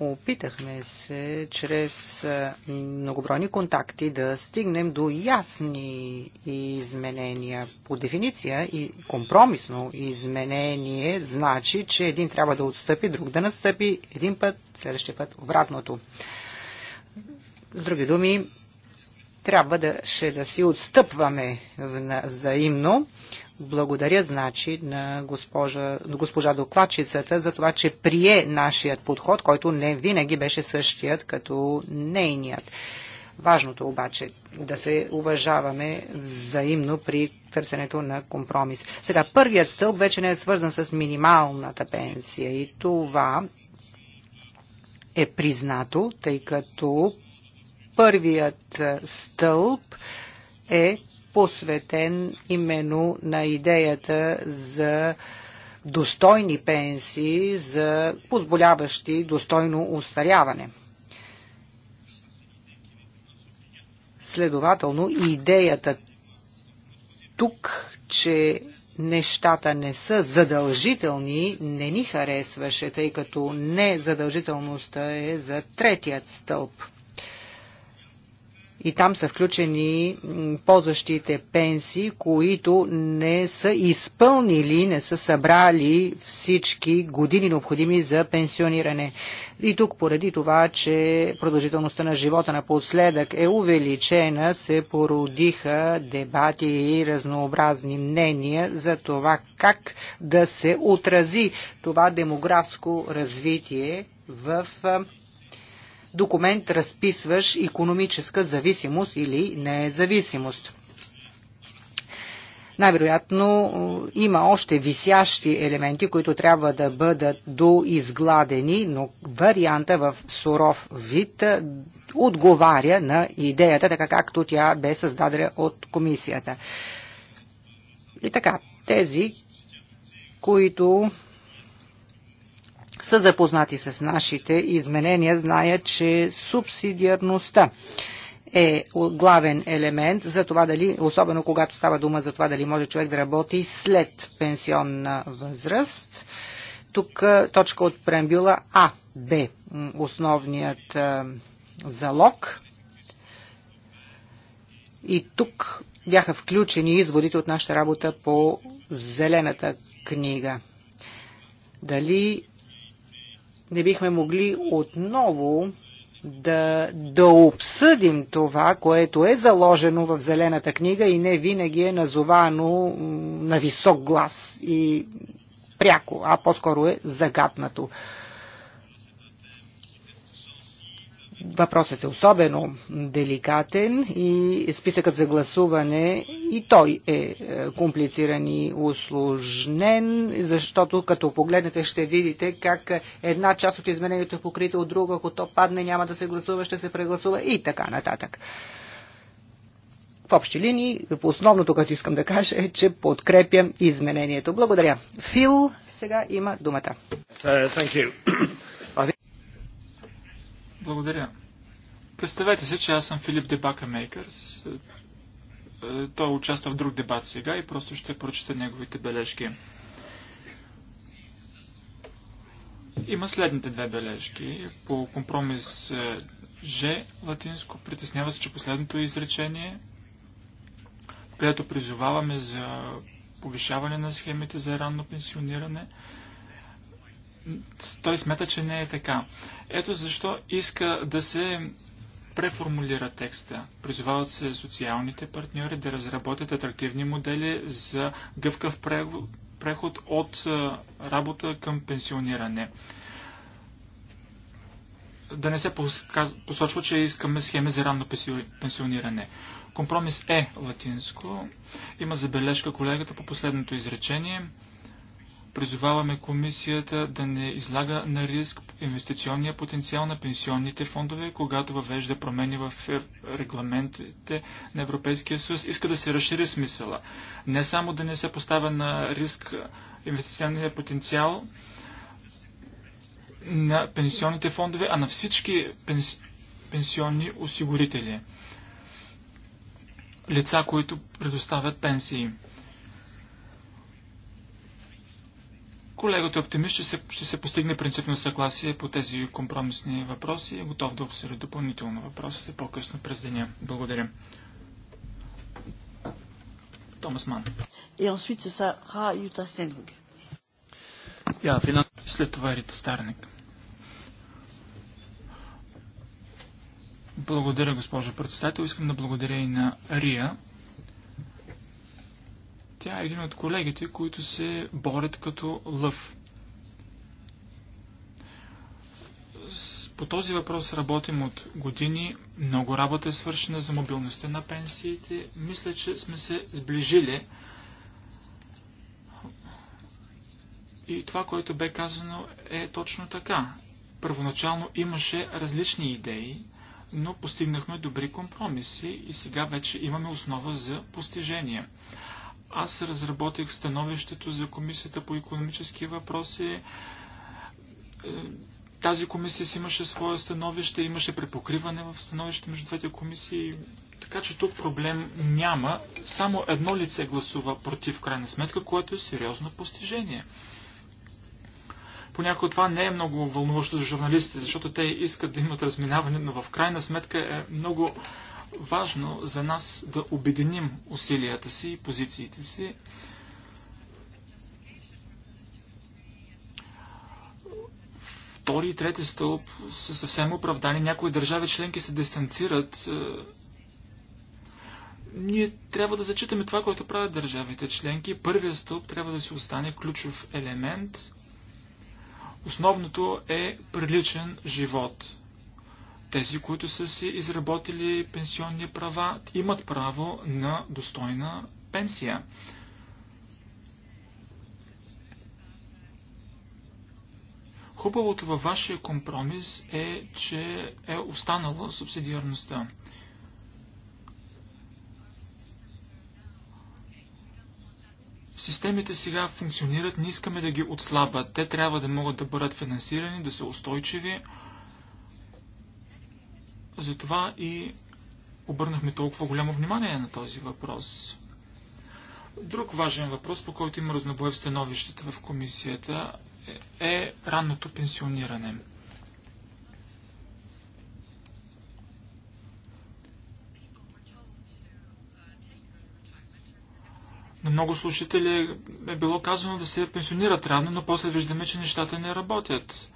Speaker 3: Опитахме се чрез многобройни контакти да стигнем до ясни изменения. По дефиниция и компромисно изменение значи, че един трябва да отстъпи, друг да настъпи един път, следващия път обратното. С други думи, трябва да, ще да си отстъпваме взаимно, благодаря, значи, на госпожа, госпожа докладчицата за това, че прие нашият подход, който не винаги беше същият като нейният. Важното обаче е да се уважаваме взаимно при търсенето на компромис. Сега, първият стълб вече не е свързан с минималната пенсия и това е признато, тъй като първият стълб е посветен именно на идеята за достойни пенсии, за позволяващи достойно устаряване. Следователно, идеята тук, че нещата не са задължителни, не ни харесваше, тъй като незадължителността е за третият стълб – и там са включени ползващите пенсии, които не са изпълнили, не са събрали всички години необходими за пенсиониране. И тук поради това, че продължителността на живота напоследък е увеличена, се породиха дебати и разнообразни мнения за това как да се отрази това демографско развитие в документ разписваш економическа зависимост или независимост. Най-вероятно е, има още висящи елементи, които трябва да бъдат доизгладени, но варианта в суров вид е, отговаря на идеята, така както тя бе създадена от комисията. И така, тези, които са запознати с нашите изменения, знаят, че субсидиарността е главен елемент за това дали, особено когато става дума за това дали може човек да работи след пенсионна възраст. Тук точка от преамбюла А, Б, основният залог. И тук бяха включени изводите от нашата работа по зелената книга. Дали не бихме могли отново да, да обсъдим това, което е заложено в Зелената книга и не винаги е назовано на висок глас и пряко, а по-скоро е загатнато. Въпросът е особено деликатен и списъкът за гласуване и той е, е комплициран и усложнен, защото като погледнете ще видите как една част от изменението е покрита от друга, ако то падне няма да се гласува, ще се прегласува и така нататък. В общи линии, основното, което искам да кажа е, че подкрепям изменението. Благодаря. Фил сега има думата.
Speaker 2: Благодаря. Представете се, че аз съм Филип Дебака Мейкърс. Е, е, той участва в друг дебат сега и просто ще прочета неговите бележки. Има следните две бележки. По компромис е, Ж латинско притеснява се, че последното изречение, където призоваваме за повишаване на схемите за ранно пенсиониране, той смята, че не е така. Ето защо иска да се преформулира текста. Призовават се социалните партньори да разработят атрактивни модели за гъвкав преход от работа към пенсиониране. Да не се посочва, че искаме схеми за ранно пенсиониране. Компромис е латинско. Има забележка колегата по последното изречение – Призоваваме комисията да не излага на риск инвестиционния потенциал на пенсионните фондове, когато въвежда промени в е, регламентите на Европейския съюз. Иска да се разшири смисъла. Не само да не се поставя на риск инвестиционния потенциал на пенсионните фондове, а на всички пенс... пенсионни осигурители. Лица, които предоставят пенсии. Колегата е оптимист ще се, ще се постигне принципно съгласие по тези компромисни въпроси и е готов да обсъди допълнително въпросите по-късно през деня. Благодаря. Томас Ман.
Speaker 1: И ensuite ce sera Юта
Speaker 2: Я, финал. След това е Рита Старник. Благодаря, госпожо председател. Искам да благодаря и на Рия тя е един от колегите, които се борят като лъв. По този въпрос работим от години. Много работа е свършена за мобилността на пенсиите. Мисля, че сме се сближили. И това, което бе казано, е точно така. Първоначално имаше различни идеи, но постигнахме добри компромиси и сега вече имаме основа за постижения. Аз разработих становището за Комисията по економически въпроси. Е, тази комисия си имаше свое становище, имаше препокриване в становище между двете комисии. Така че тук проблем няма. Само едно лице гласува против, крайна сметка, което е сериозно постижение. Понякога това не е много вълнуващо за журналистите, защото те искат да имат разминаване, но в крайна сметка е много важно за нас да обединим усилията си и позициите си. Втори и трети стълб са съвсем оправдани. Някои държави членки се дистанцират. Е, ние трябва да зачитаме това, което правят държавите членки. Първият стълб трябва да си остане ключов елемент. Основното е приличен живот. Тези, които са си изработили пенсионни права, имат право на достойна пенсия. Хубавото във вашия компромис е, че е останала субсидиарността. Системите сега функционират, не искаме да ги отслабят. Те трябва да могат да бъдат финансирани, да са устойчиви. Затова и обърнахме толкова голямо внимание на този въпрос. Друг важен въпрос, по който има разнобой в становищата в комисията, е ранното пенсиониране. На много слушатели е било казано да се пенсионират рано, но после виждаме, че нещата не работят.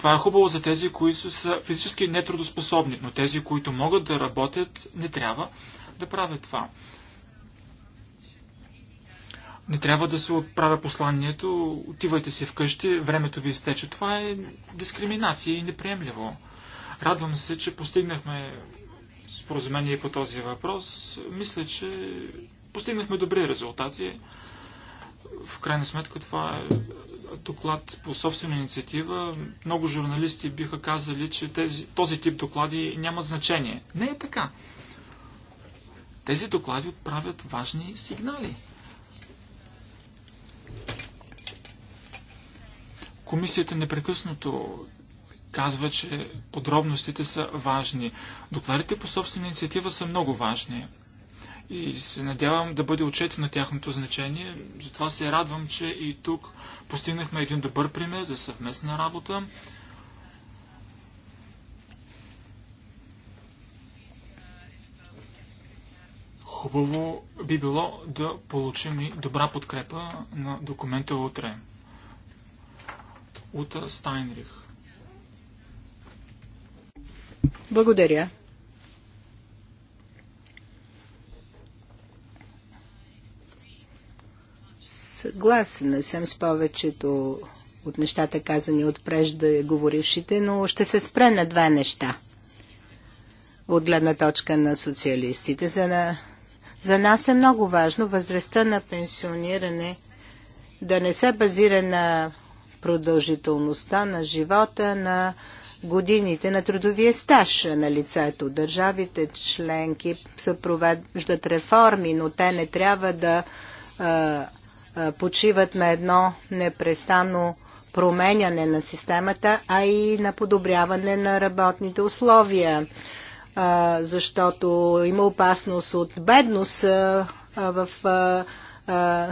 Speaker 2: Това е хубаво за тези, които са физически нетрудоспособни, но тези, които могат да работят, не трябва да правят това. Не трябва да се отправя посланието, отивайте си вкъщи, времето ви изтече. Това е дискриминация и неприемливо. Радвам се, че постигнахме споразумение по този въпрос. Мисля, че постигнахме добри резултати. В крайна сметка това е доклад по собствена инициатива. Много журналисти биха казали, че тези, този тип доклади нямат значение. Не е така. Тези доклади отправят важни сигнали. Комисията непрекъснато казва, че подробностите са важни. Докладите по собствена инициатива са много важни и се надявам да бъде отчетено тяхното значение. Затова се радвам, че и тук постигнахме един добър пример за съвместна работа. Хубаво би било да получим и добра подкрепа на документа утре. Ута Стайнрих.
Speaker 1: Благодаря. Съгласна съм с повечето от нещата казани от говорившите, но ще се спре на две неща от гледна точка на социалистите. За, на... за нас е много важно възрастта на пенсиониране да не се базира на продължителността на живота, на годините на трудовия стаж на лицето. Държавите членки съпровеждат реформи, но те не трябва да а, почиват на едно непрестанно променяне на системата, а и на подобряване на работните условия, защото има опасност от бедност в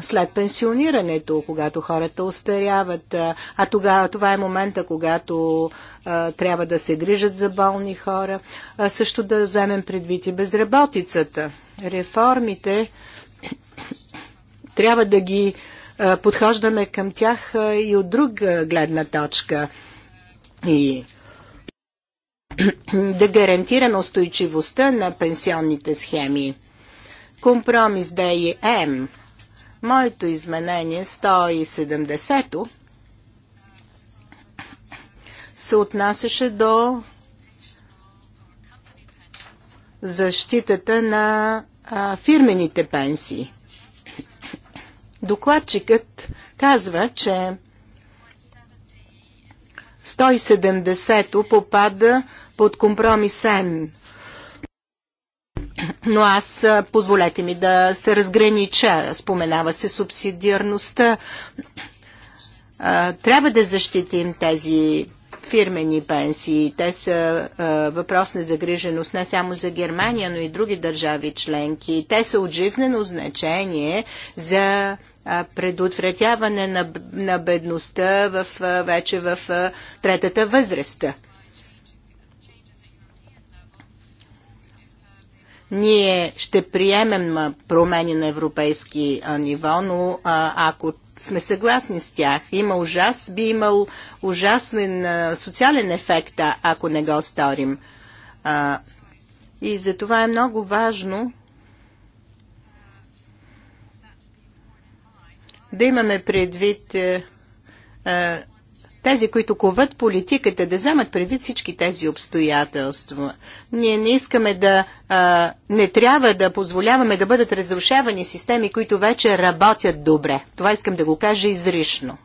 Speaker 1: след пенсионирането, когато хората остаряват. А тогава това е момента, когато а, трябва да се грижат за болни хора. А също да вземем предвид и безработицата. Реформите трябва да ги подхождаме към тях и от друга гледна точка. И (clears throat) да гарантира устойчивостта на пенсионните схеми. Компромис да и Моето изменение 170-то се отнасяше до защитата на фирмените пенсии. Докладчикът казва, че 170-то попада под компромисен. Но аз, позволете ми да се разгранича, споменава се субсидиарността. Трябва да защитим тези фирмени пенсии. Те са а, въпрос на загриженост не само за Германия, но и други държави членки. Те са от жизнено значение за предотвратяване на, на бедността в, вече в третата възраст. Ние ще приемем промени на европейски ниво, но ако сме съгласни с тях. Има ужас, би имал ужасен а, социален ефект, ако не го сторим. А, и за това е много важно да имаме предвид е, е, тези, които коват политиката, да вземат предвид всички тези обстоятелства. Ние не искаме да, а, е, не трябва да позволяваме да бъдат разрушавани системи, които вече работят добре. Това искам да го кажа изрично.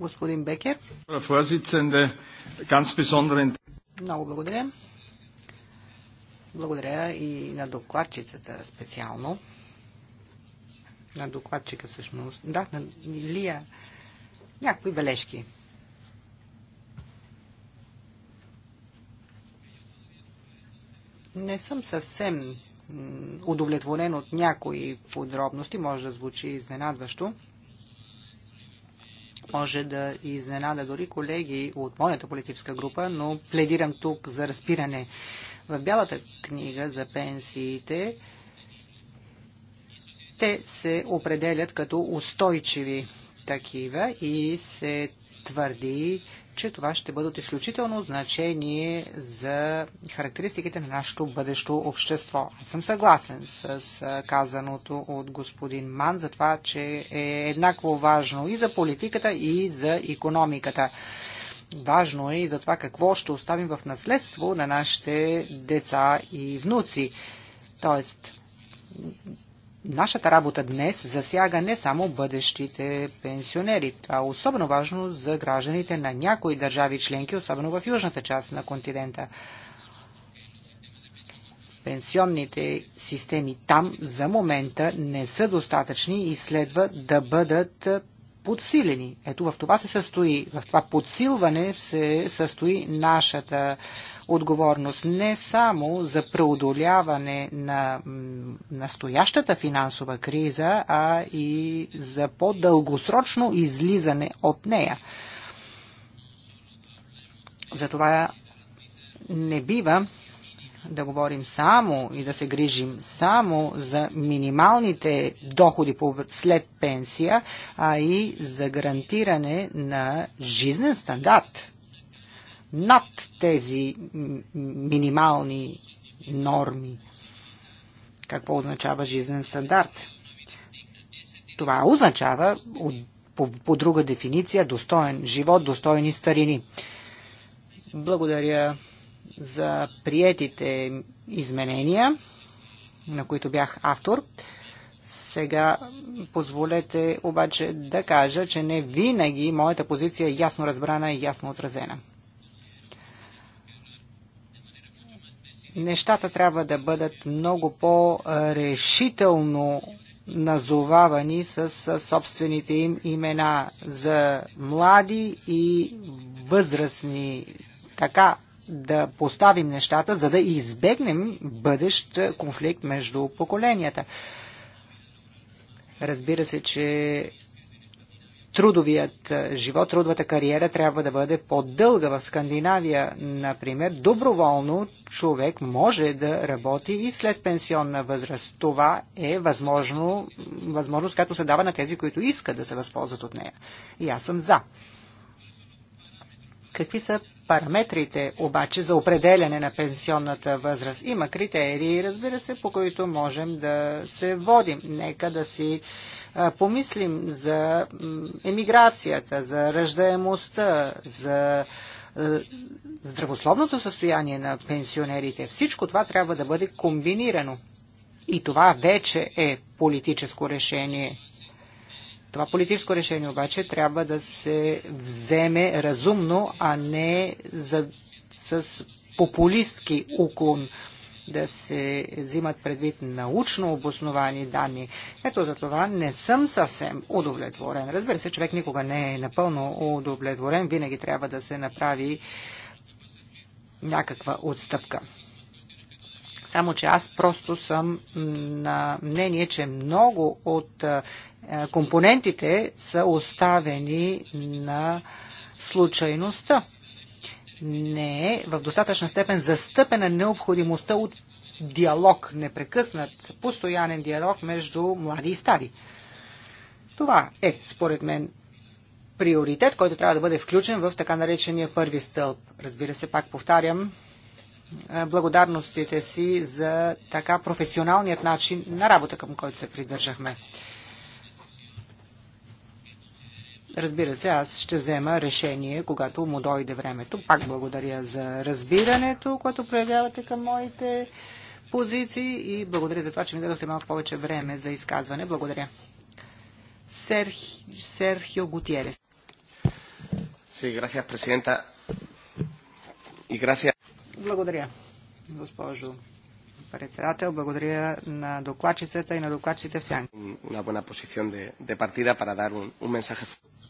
Speaker 1: Господин Бекер.
Speaker 3: Много благодаря. Благодаря и на докладчицата специално. На докладчика всъщност. Да, на Лия. Някои бележки. Не съм съвсем удовлетворен от някои подробности. Може да звучи изненадващо. Може да изненада дори колеги от моята политическа група, но пледирам тук за разпиране в бялата книга за пенсиите те се определят като устойчиви такива и се твърди, че това ще бъде изключително значение за характеристиките на нашето бъдещо общество. Аз съм съгласен с казаното от господин Ман за това, че е еднакво важно и за политиката, и за економиката. Важно е и за това какво ще оставим в наследство на нашите деца и внуци. Тоест, нашата работа днес засяга не само бъдещите пенсионери. Това е особено важно за гражданите на някои държави членки, особено в южната част на континента. Пенсионните системи там за момента не са достатъчни и следва да бъдат подсилени. Ето в това се състои, в това подсилване се състои нашата отговорност не само за преодоляване на настоящата финансова криза, а и за по-дългосрочно излизане от нея. Затова не бива да говорим само и да се грижим само за минималните доходи след пенсия, а и за гарантиране на жизнен стандарт над тези минимални норми. Какво означава жизнен стандарт? Това означава, по, по друга дефиниция, достоен живот, достойни старини. Благодаря за приетите изменения, на които бях автор. Сега позволете обаче да кажа, че не винаги моята позиция е ясно разбрана и ясно отразена. Нещата трябва да бъдат много по-решително назовавани с собствените им имена за млади и възрастни. Така да поставим нещата, за да избегнем бъдещ конфликт между поколенията. Разбира се, че трудовият живот, трудовата кариера трябва да бъде по-дълга. В Скандинавия, например, доброволно човек може да работи и след пенсионна възраст. Това е възможно, възможност, която се дава на тези, които искат да се възползват от нея. И аз съм за. Какви са параметрите обаче за определяне на пенсионната възраст. Има критерии, разбира се, по които можем да се водим. Нека да си помислим за емиграцията, за ръждаемостта, за здравословното състояние на пенсионерите. Всичко това трябва да бъде комбинирано. И това вече е политическо решение. Това политическо решение обаче трябва да се вземе разумно, а не за, с популистски уклон да се взимат предвид научно обосновани данни. Ето за това не съм съвсем удовлетворен. Разбира се, човек никога не е напълно удовлетворен. Винаги трябва да се направи някаква отстъпка. Само, че аз просто съм на мнение, че много от е, компонентите са оставени на случайността. Не е в достатъчна степен застъпена необходимостта от диалог, непрекъснат, постоянен диалог между млади и стари. Това е, според мен, приоритет, който трябва да бъде включен в така наречения първи стълб. Разбира се, пак повтарям, е, благодарностите си за така професионалният начин на работа, към който се придържахме. Разбира се, аз ще взема решение, когато му дойде времето. Пак благодаря за разбирането, което проявявате към моите позиции и благодаря за това, че ми дадохте малко повече време за изказване. Благодаря. Серхи... Серхио Гутиерес.
Speaker 2: Sí, gracias, presidenta. И gracias.
Speaker 3: Благодаря, госпожо председател. Благодаря на докладчицата и на докладчиците в сянка. Una buena posición de, de partida para dar un, un mensaje.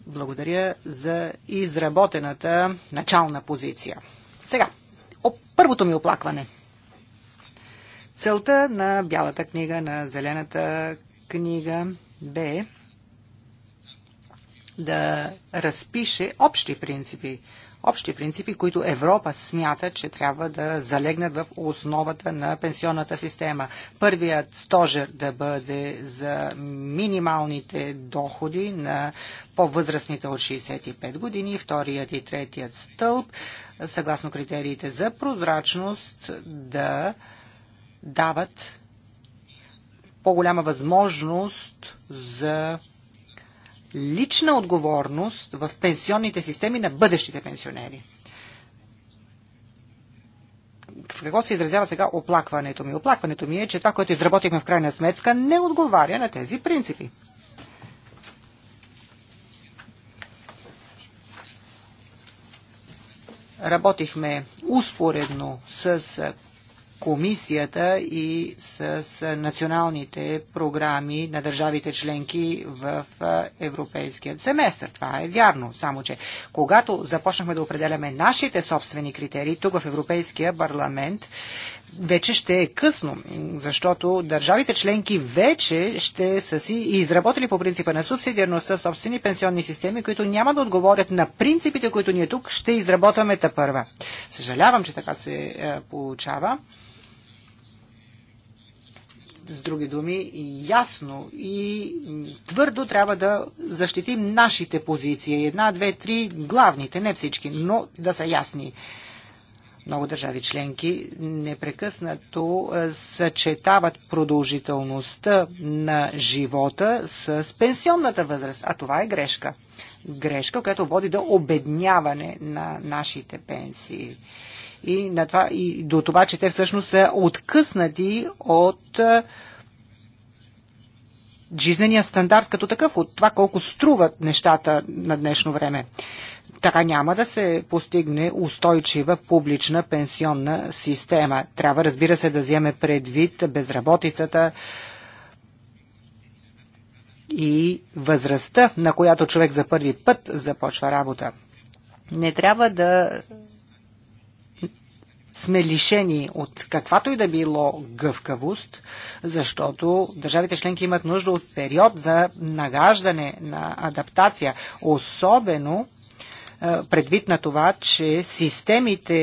Speaker 3: Благодаря за изработената начална позиция. Сега, о, първото ми оплакване. Целта на бялата книга, на зелената книга бе да разпише общи принципи, общи принципи, които Европа смята, че трябва да залегнат в основата на пенсионната система. Първият стожер да бъде за минималните доходи на по-възрастните от 65 години, вторият и третият стълб, съгласно критериите за прозрачност, да дават по-голяма възможност за лична отговорност в пенсионните системи на бъдещите пенсионери. В какво се изразява сега оплакването ми? Оплакването ми е, че това, което изработихме в крайна сметка, не отговаря на тези принципи. Работихме успоредно с комисията и с националните програми на държавите членки в европейския семестър. Това е вярно, само че когато започнахме да определяме нашите собствени критерии тук в Европейския парламент, вече ще е късно, защото държавите членки вече ще са си изработили по принципа на субсидиарността собствени пенсионни системи, които няма да отговорят на принципите, които ние тук ще изработваме тъпърва. Съжалявам, че така се е, получава с други думи, ясно и твърдо трябва да защитим нашите позиции. Една, две, три главните, не всички, но да са ясни. Много държави членки непрекъснато е, съчетават продължителността на живота с пенсионната възраст, а това е грешка. Грешка, която води до обедняване на нашите пенсии и, на това, и до това, че те всъщност са откъснати от жизнения стандарт като такъв, от това колко струват нещата на днешно време. Така няма да се постигне устойчива публична пенсионна система. Трябва, разбира се, да вземе предвид безработицата и възрастта, на която човек за първи път започва работа. Не трябва да сме лишени от каквато и да било гъвкавост, защото държавите членки имат нужда от период за нагаждане на адаптация, особено предвид на това, че системите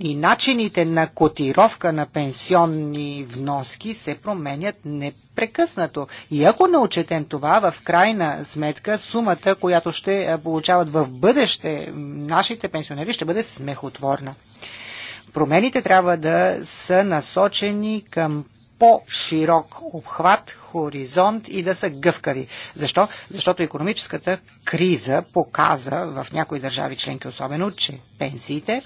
Speaker 3: и начините на котировка на пенсионни вноски се променят непрекъснато. И ако не отчетем това, в крайна сметка сумата, която ще получават в бъдеще нашите пенсионери, ще бъде смехотворна. Промените трябва да са насочени към по-широк обхват, хоризонт и да са гъвкави. Защо? Защото економическата криза показа в някои държави членки особено, че пенсиите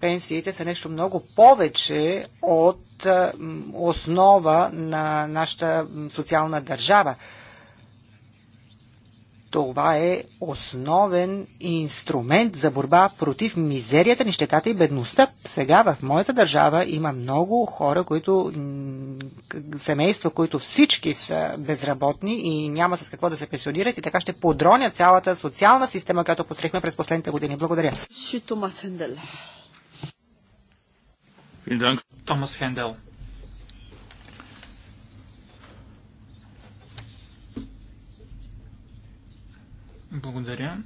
Speaker 3: пенсиите са нещо много повече от основа на нашата социална държава. Това е основен инструмент за борба против мизерията, нищетата и бедността. Сега в моята държава има много хора, които, семейства, които всички са безработни и няма с какво да се пенсионират и така ще подронят цялата социална система, която посрехме през последните години. Благодаря.
Speaker 2: Томас Хендел. Благодаря.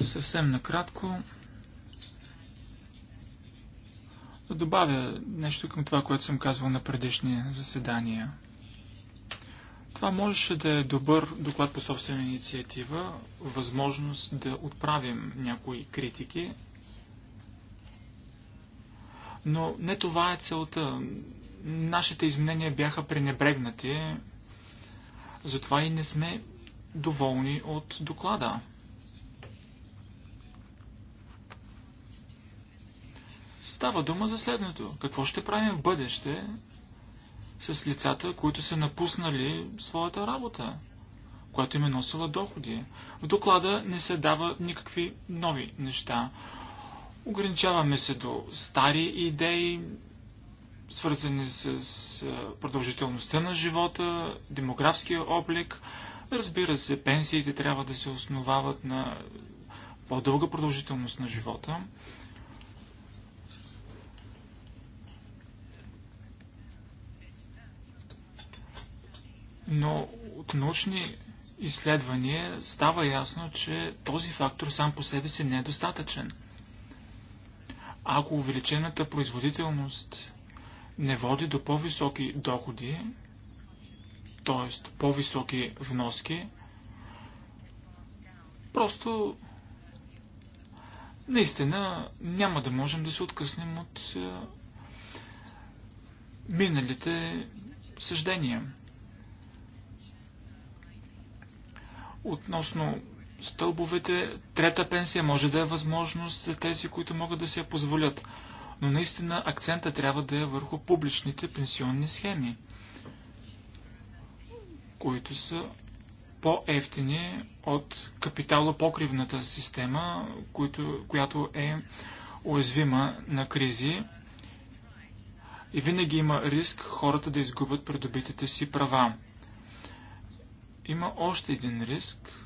Speaker 2: Съвсем накратко да добавя нещо към това, което съм казвал на предишни заседания. Това можеше да е добър доклад по собствена инициатива, възможност да отправим някои критики, но не това е целта. Нашите изменения бяха пренебрегнати, затова и не сме доволни от доклада. Става дума за следното. Какво ще правим в бъдеще с лицата, които са напуснали своята работа, която им е носила доходи? В доклада не се дава никакви нови неща. Ограничаваме се до стари идеи, свързани с продължителността на живота, демографския облик, Разбира се, пенсиите трябва да се основават на по-дълга продължителност на живота. Но от научни изследвания става ясно, че този фактор сам по себе си не е достатъчен. Ако увеличената производителност не води до по-високи доходи, т.е. по-високи вноски, просто наистина няма да можем да се откъснем от е, миналите съждения. Относно стълбовете, трета пенсия може да е възможност за тези, които могат да се я позволят. Но наистина акцента трябва да е върху публичните пенсионни схеми които са по-ефтини от капиталопокривната система, които, която е уязвима на кризи и винаги има риск хората да изгубят придобитите си права. Има още един риск,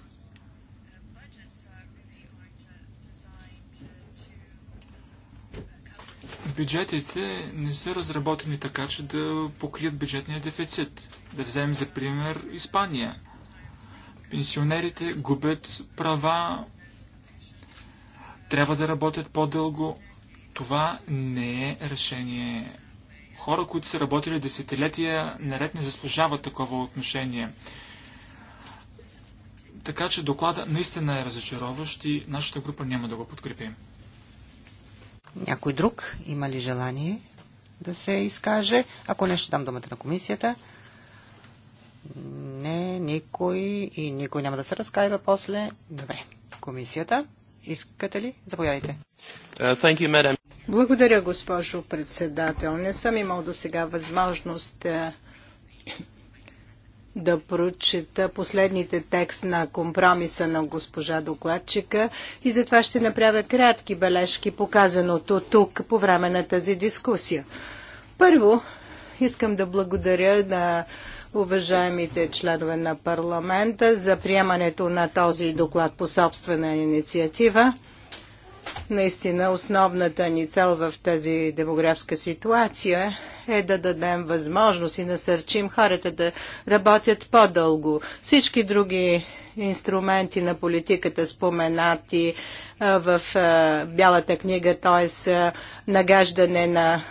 Speaker 2: бюджетите не са разработени така, че да покрият бюджетния дефицит. Да вземем за пример Испания. Пенсионерите губят права, трябва да работят по-дълго. Това не е решение. Хора, които са работили десетилетия, наред не заслужават такова отношение. Така че доклада наистина е разочароващ и нашата група няма да го подкрепим.
Speaker 3: Някой друг има ли желание да се изкаже? Ако не, ще дам думата на комисията. Не, никой и никой няма да се разкайва после. Добре.
Speaker 1: Комисията, искате ли? Заповядайте. Uh, you, Благодаря, госпожо председател. Не съм имал до сега възможност uh, да прочета последните текст на компромиса на госпожа докладчика и затова ще направя кратки бележки показаното тук по време на тази дискусия. Първо, искам да благодаря на уважаемите членове на парламента за приемането на този доклад по собствена инициатива. Наистина основната ни цел в тази демографска ситуация е да дадем възможност и насърчим хората да работят по-дълго. Всички други инструменти на политиката споменати в Бялата книга, т.е. нагаждане на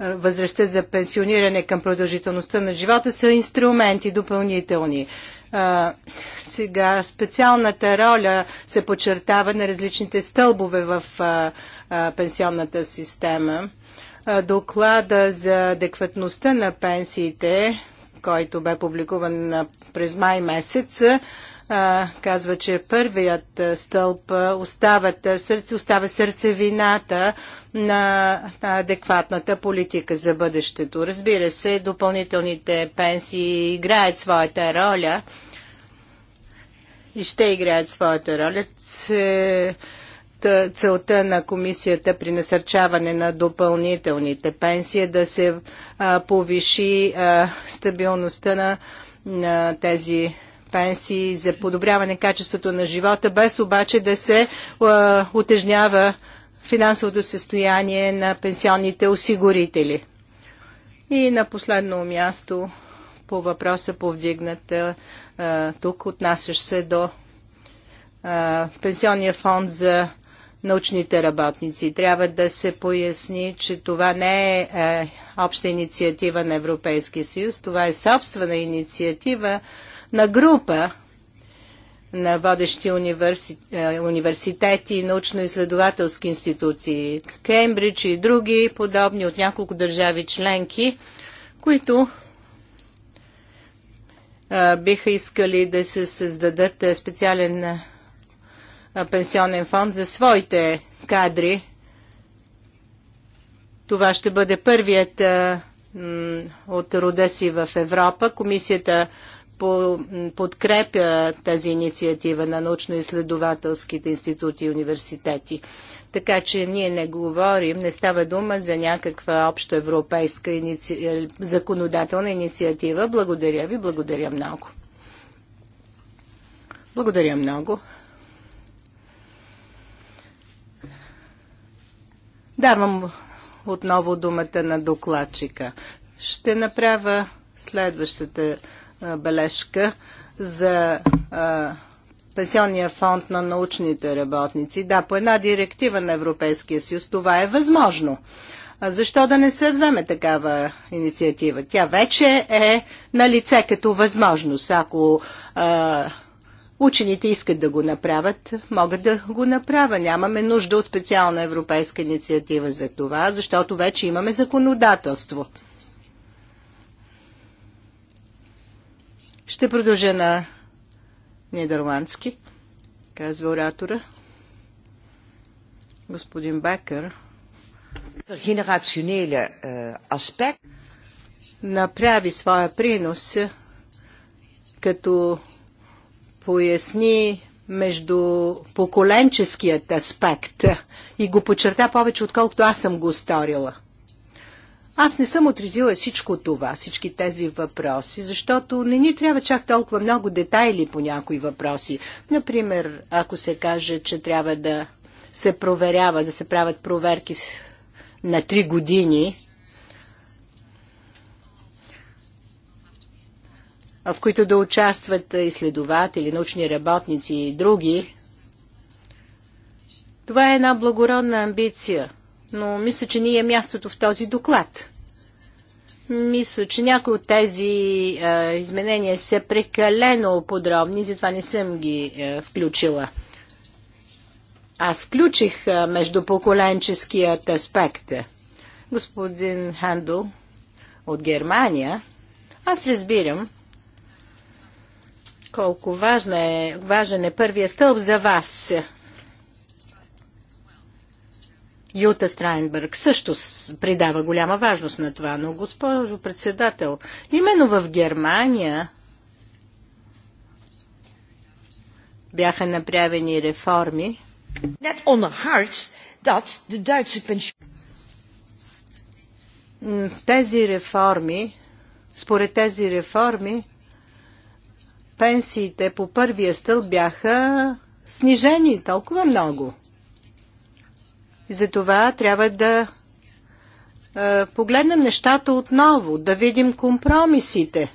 Speaker 1: възрастта за пенсиониране към продължителността на живота са инструменти допълнителни. А, сега специалната роля се подчертава на различните стълбове в а, а, пенсионната система. А, доклада за адекватността на пенсиите, който бе публикуван през май месец, казва, че първият стълб остава сърцевината на адекватната политика за бъдещето. Разбира се, допълнителните пенсии играят своята роля и ще играят своята роля. Целта на комисията при насърчаване на допълнителните пенсии е да се повиши стабилността на, на тези пенсии, за подобряване качеството на живота, без обаче да се отежнява утежнява финансовото състояние на пенсионните осигурители. И на последно място по въпроса повдигната тук, отнасящ се до пенсионния фонд за научните работници. Трябва да се поясни, че това не е, е обща инициатива на Европейския съюз, това е собствена инициатива на група на водещи универси... Е, университети, научно-изследователски институти, Кембридж и други подобни от няколко държави членки, които е, биха искали да се създадат е, специален пенсионен фонд за своите кадри. Това ще бъде първият от рода си в Европа. Комисията по подкрепя тази инициатива на научно-изследователските институти и университети. Така че ние не говорим, не става дума за някаква обща европейска иници... Е, законодателна инициатива. Благодаря ви, благодаря много. Благодаря много. Давам отново думата на докладчика. Ще направя следващата бележка за пенсионния фонд на научните работници. Да, по една директива на Европейския съюз това е възможно. Защо да не се вземе такава инициатива? Тя вече е на лице като възможност. Ако а, учените искат да го направят, могат да го направят. Нямаме нужда от специална европейска инициатива за това, защото вече имаме законодателство. Ще продължа на нидерландски, казва оратора. Господин Бакър. Е, Генерационеле е, аспект. Направи своя принос, е, като поясни между поколенческият аспект и го подчерта повече, отколкото аз съм го сторила – аз не съм отразила всичко това, всички тези въпроси, защото не ни трябва чак толкова много детайли по някои въпроси. Например, ако се каже, че трябва да се проверява, да се правят проверки на три години, в които да участват изследователи, научни работници и други. Това е една благородна амбиция но мисля, че ние е мястото в този доклад. Мисля, че някои от тези е, изменения са прекалено подробни, затова не съм ги е, включила. Аз включих е, междупоколенческият аспект. Господин Хандл от Германия, аз разбирам колко важна е, важен е първия стълб за вас Юта Страйнберг също придава голяма важност на това, но госпожо председател, именно в Германия бяха направени реформи. Net Duitse Тези реформи, според тези реформи, пенсиите по първия стъл бяха снижени толкова много – за това трябва да е, погледнем нещата отново, да видим компромисите.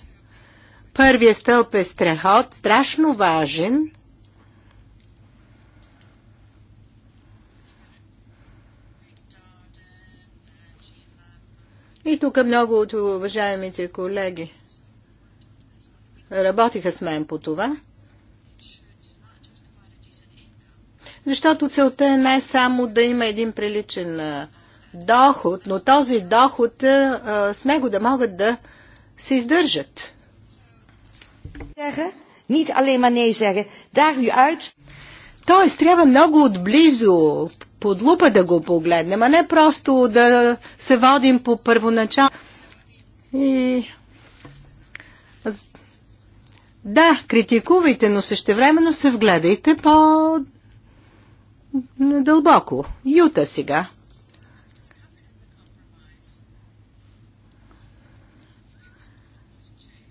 Speaker 1: Първият стълб е страхот, страшно важен. И тук много от уважаемите колеги работиха с мен по това. Защото целта е не само да има един приличен доход, но този доход с него да могат да се издържат. Niet Тоест, трябва много отблизо, под лупа да го погледнем, а не просто да се водим по първоначал. И... Да, критикувайте, но същевременно се вгледайте по дълбоко. Юта сега.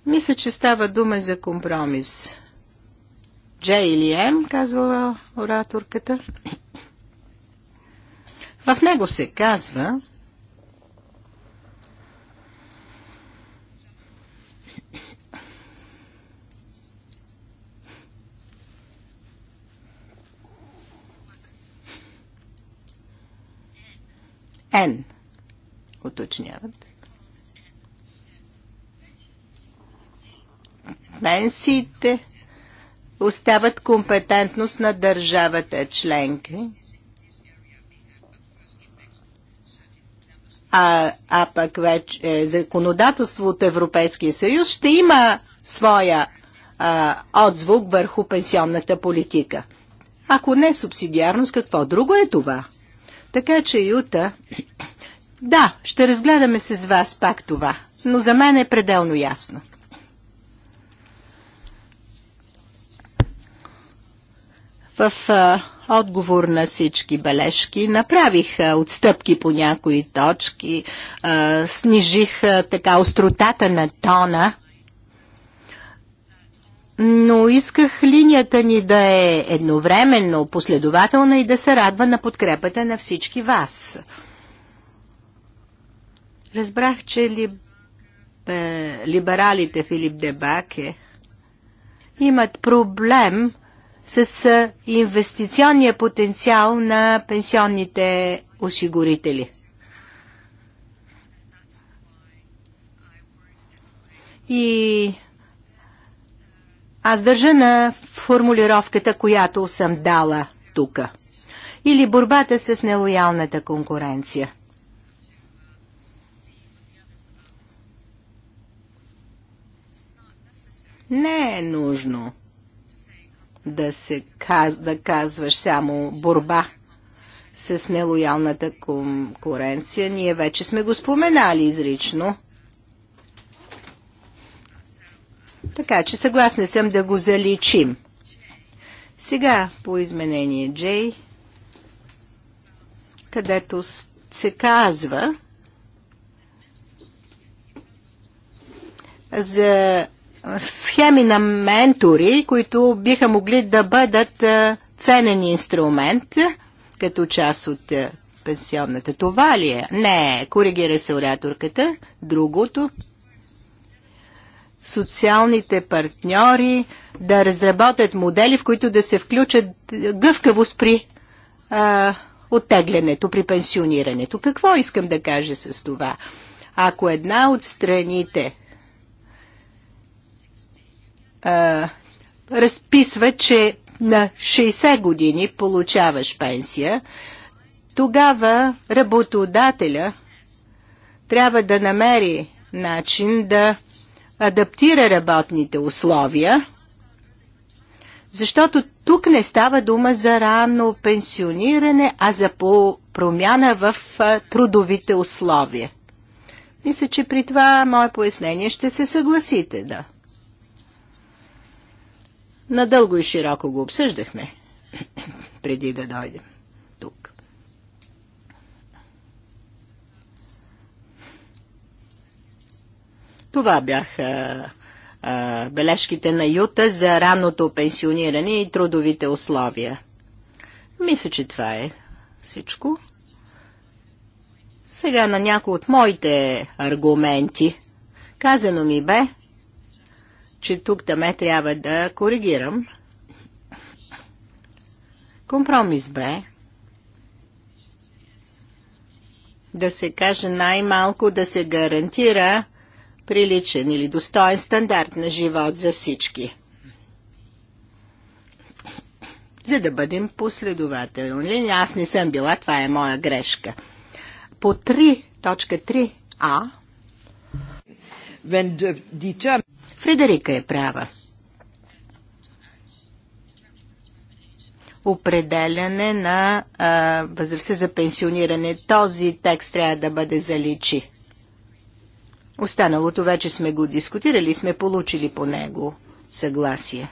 Speaker 1: Мисля, че става дума за компромис. Джей или М, казва ораторката. В него се казва, N, Уточняват. Пенсиите остават компетентност на държавата членки. а, а пък вече е, законодателство от Европейския съюз ще има своя а, отзвук върху пенсионната политика. Ако не е субсидиарност, какво друго е това? Така че, Юта, да, ще разгледаме се с вас пак това, но за мен е пределно ясно. В а, отговор на всички бележки направих а, отстъпки по някои точки, а, снижих а, така остротата на тона, но исках линията ни да е едновременно, последователна и да се радва на подкрепата на всички вас. Разбрах, че ли, е, либералите Филип Дебаке имат проблем с инвестиционния потенциал на пенсионните осигурители. И аз държа на формулировката, която съм дала тук. Или борбата с нелоялната конкуренция. Не е нужно да, се, да казваш само борба с нелоялната конкуренция. Ние вече сме го споменали изрично. Така че съгласна съм да го заличим. Сега по изменение J, където се казва за схеми на ментори, които биха могли да бъдат ценен инструмент като част от пенсионната. Това ли е? Не, коригира се ораторката. Другото социалните партньори да разработят модели, в които да се включат гъвкавост при а, оттеглянето, при пенсионирането. Какво искам да кажа с това? Ако една от страните а, разписва, че на 60 години получаваш пенсия, тогава работодателя трябва да намери начин да адаптира работните условия, защото тук не става дума за рано пенсиониране, а за промяна в трудовите условия. Мисля, че при това мое пояснение ще се съгласите, да. Надълго и широко го обсъждахме (coughs) преди да дойдем. Това бяха а, бележките на Юта за ранното пенсиониране и трудовите условия. Мисля, че това е всичко. Сега на някои от моите аргументи. Казано ми бе, че тук да ме трябва да коригирам. Компромис бе да се каже най-малко да се гарантира приличен или достоен стандарт на живот за всички. За да бъдем последователни, аз не съм била, това е моя грешка. По 3.3а Фредерика е права. определяне на възрастта за пенсиониране. Този текст трябва да бъде заличи. Останалото вече сме го дискутирали, сме получили по него съгласие.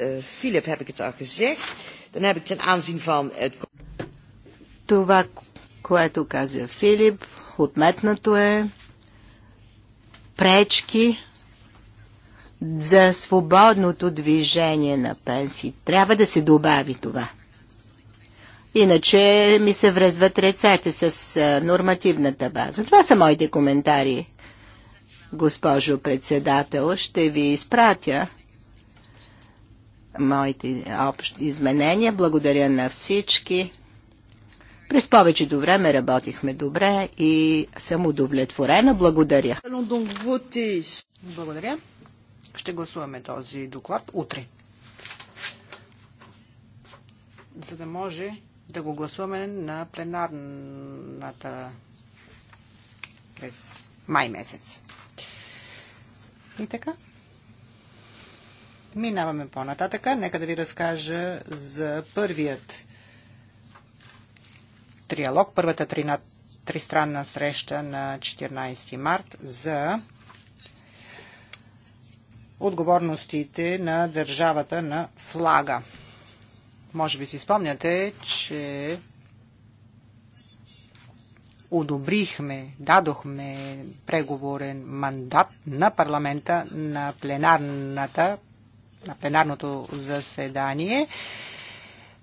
Speaker 1: Е, Филип, heb ik het al gezegd. Dan heb ik ten aanzien van het... Това, което каза Филип, отметнато е пречки за свободното движение на пенсии. Трябва да се добави това. Иначе ми се връзват ръцете с нормативната база. Това са моите коментари, госпожо председател. Ще ви изпратя моите общи изменения. Благодаря на всички. През повечето време работихме добре и съм удовлетворена. Благодаря.
Speaker 3: Благодаря. Ще гласуваме този доклад утре. За да може да го гласуваме на пленарната през май месец. И така. Минаваме по-нататъка. Нека да ви разкажа за първият триалог, първата трина, тристранна среща на 14 март за отговорностите на държавата на флага. Може би си спомняте, че одобрихме, дадохме преговорен мандат на парламента на пленарната на пленарното заседание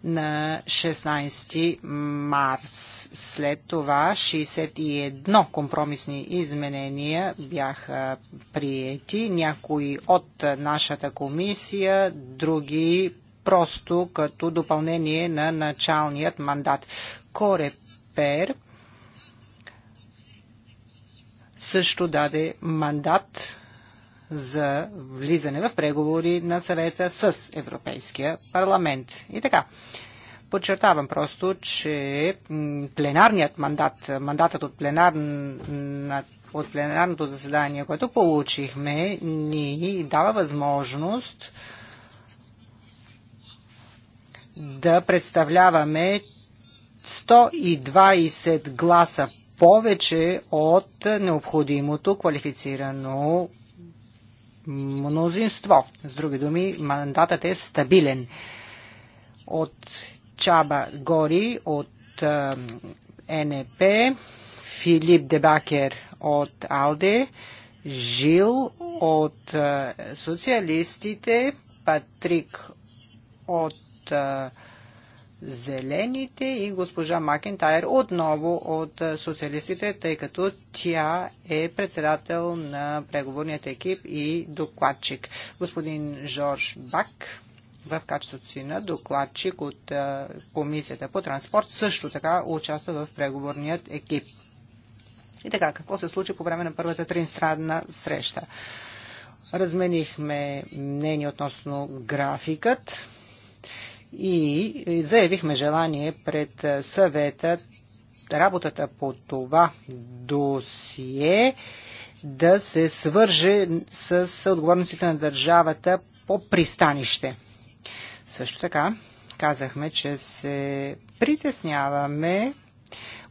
Speaker 3: на 16 марс. След това 61 компромисни изменения бяха приети, някои от нашата комисия, други просто като допълнение на началният мандат. Корепер също даде мандат за влизане в преговори на съвета с Европейския парламент. И така. Подчертавам просто, че пленарният мандат, мандатът от, пленарна, от пленарното заседание, което получихме, ни дава възможност да представляваме 120 гласа повече от необходимото квалифицирано мнозинство. С други думи, мандатът е стабилен. От Чаба Гори, от е, НП, Филип Дебакер от АЛДЕ, Жил от е, социалистите, Патрик от зелените и госпожа Макентайр отново от социалистите, тъй като тя е председател на преговорният екип и докладчик. Господин Жорж Бак в качеството си на докладчик от Комисията по транспорт също така участва в преговорният екип. И така, какво се случи по време на първата тринстранна среща? Разменихме мнение относно графикът и заявихме желание пред съвета работата по това досие да се свърже с отговорностите на държавата по пристанище. Също така казахме, че се притесняваме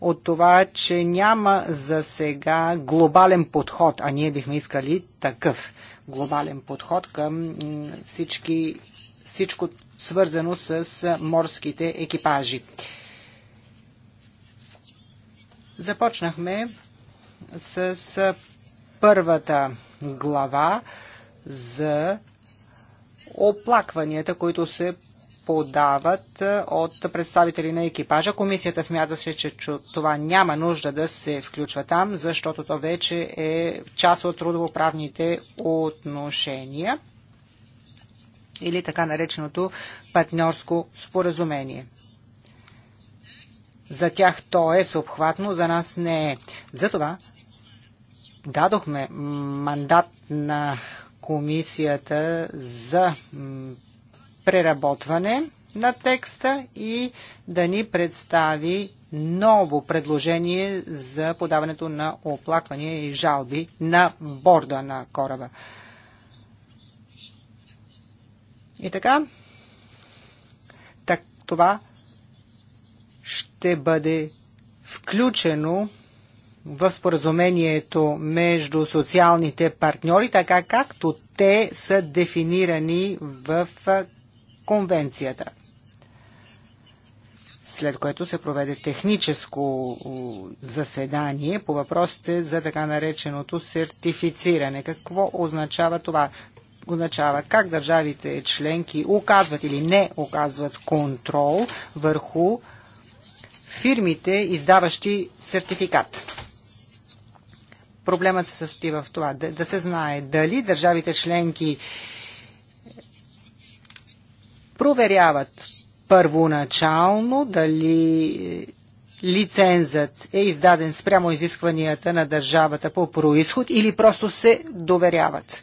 Speaker 3: от това, че няма за сега глобален подход, а ние бихме искали такъв глобален подход към всички, всичко свързано с морските екипажи. Започнахме с първата глава за оплакванията, които се подават от представители на екипажа. Комисията смяташе, че това няма нужда да се включва там, защото то вече е част от трудовоправните отношения или така нареченото партньорско споразумение. За тях то е съобхватно, за нас не е. Затова дадохме мандат на комисията за преработване на текста и да ни представи ново предложение за подаването на оплаквания и жалби на борда на кораба. И така, так, това ще бъде включено в споразумението между социалните партньори, така както те са дефинирани в конвенцията. След което се проведе техническо заседание по въпросите за така нареченото сертифициране. Какво означава това? означава как държавите членки оказват или не оказват контрол върху фирмите, издаващи сертификат. Проблемът се състои в това да, да се знае дали държавите членки проверяват първоначално дали лицензът е издаден спрямо изискванията на държавата по происход или просто се доверяват.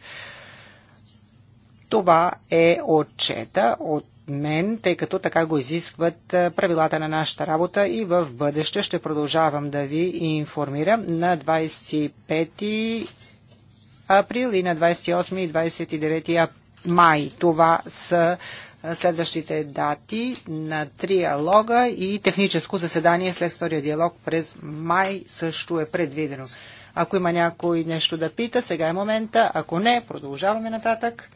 Speaker 3: Това е отчета от мен, тъй като така го изискват правилата на нашата работа и в бъдеще ще продължавам да ви информирам на 25 април и на 28 и 29 май. Това са следващите дати на триалога и техническо заседание след втория диалог през май също е предвидено. Ако има някой нещо да пита, сега е момента. Ако не, продължаваме нататък.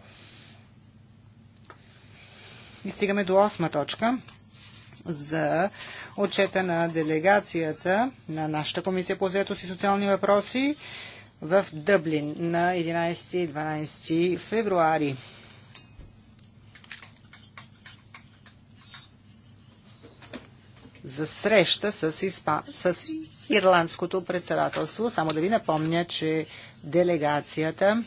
Speaker 3: И стигаме до осма точка за отчета на делегацията на нашата комисия по заетост и социални въпроси в Дъблин на 11 и 12 февруари. за среща с, Испа... с ирландското председателство. Само да ви напомня, че делегацията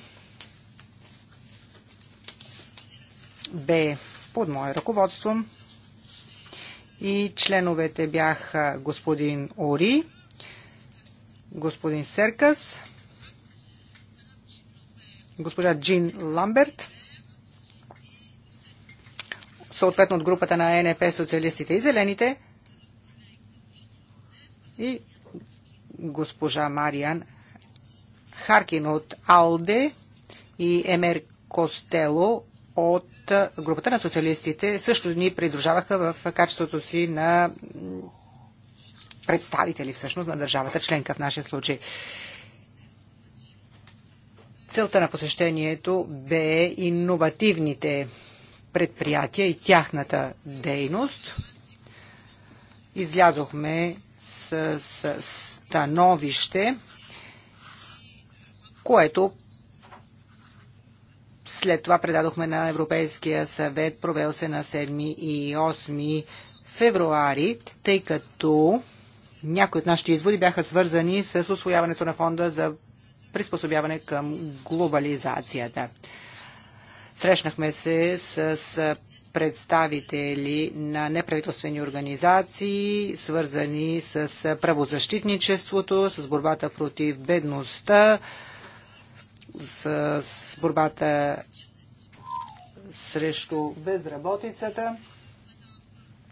Speaker 3: бе под мое ръководство и членовете бяха господин Ори, господин Серкас, госпожа Джин Ламберт, съответно от групата на е НП, социалистите и зелените, и госпожа Мариан Харкин от АЛДЕ и Емер Костело от групата на социалистите също ни придружаваха в качеството си на представители всъщност на държавата членка в нашия случай. Целта на посещението бе иновативните предприятия и тяхната дейност. Излязохме с, с становище, което след това предадохме на Европейския съвет, провел се на 7 и 8 февруари, тъй като някои от нашите изводи бяха свързани с освояването на фонда за приспособяване към глобализацията. Срещнахме се с представители на неправителствени организации, свързани с правозащитничеството, с борбата против бедността, с, с борбата срещу безработицата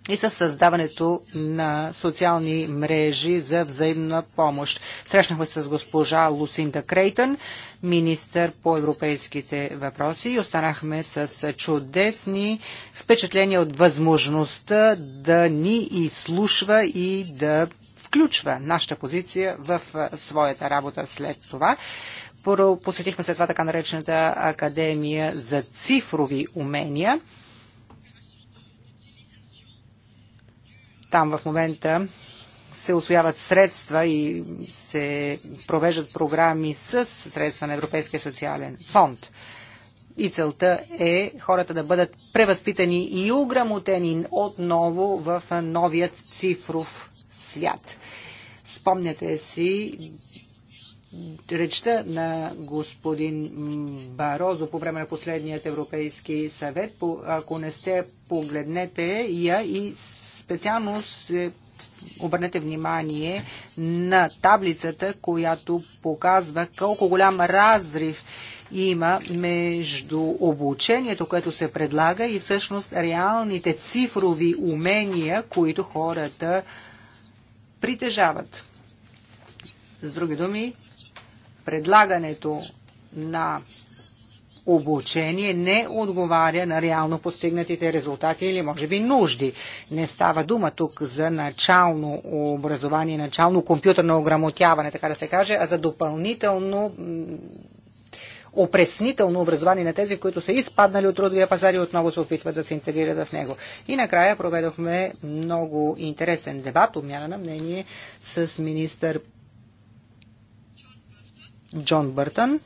Speaker 3: и със създаването на социални мрежи за взаимна помощ. Срещнахме се с госпожа Лусинда Крейтън, министър по европейските въпроси и останахме с чудесни впечатления от възможността да ни изслушва и да включва нашата позиция в своята работа след това. Посетихме след това така наречената Академия за цифрови умения. Там в момента се освояват средства и се провеждат програми с средства на Европейския социален фонд. И целта е хората да бъдат превъзпитани и ограмотени отново в новият цифров свят. Спомняте си речта на господин Барозо по време на последният Европейски съвет. Ако не сте, погледнете я и специално се обърнете внимание на таблицата, която показва колко голям разрив има между обучението, което се предлага и всъщност реалните цифрови умения, които хората притежават. С други думи, предлагането на обучение не отговаря на реално постигнатите резултати или може би нужди. Не става дума тук за начално образование, начално компютърно ограмотяване, така да се каже, а за допълнително опреснително образование на тези, които са изпаднали от трудовия пазар и отново се опитват да се интегрират в него. И накрая проведохме много интересен дебат, обмяна на мнение с министър Джон Бъртън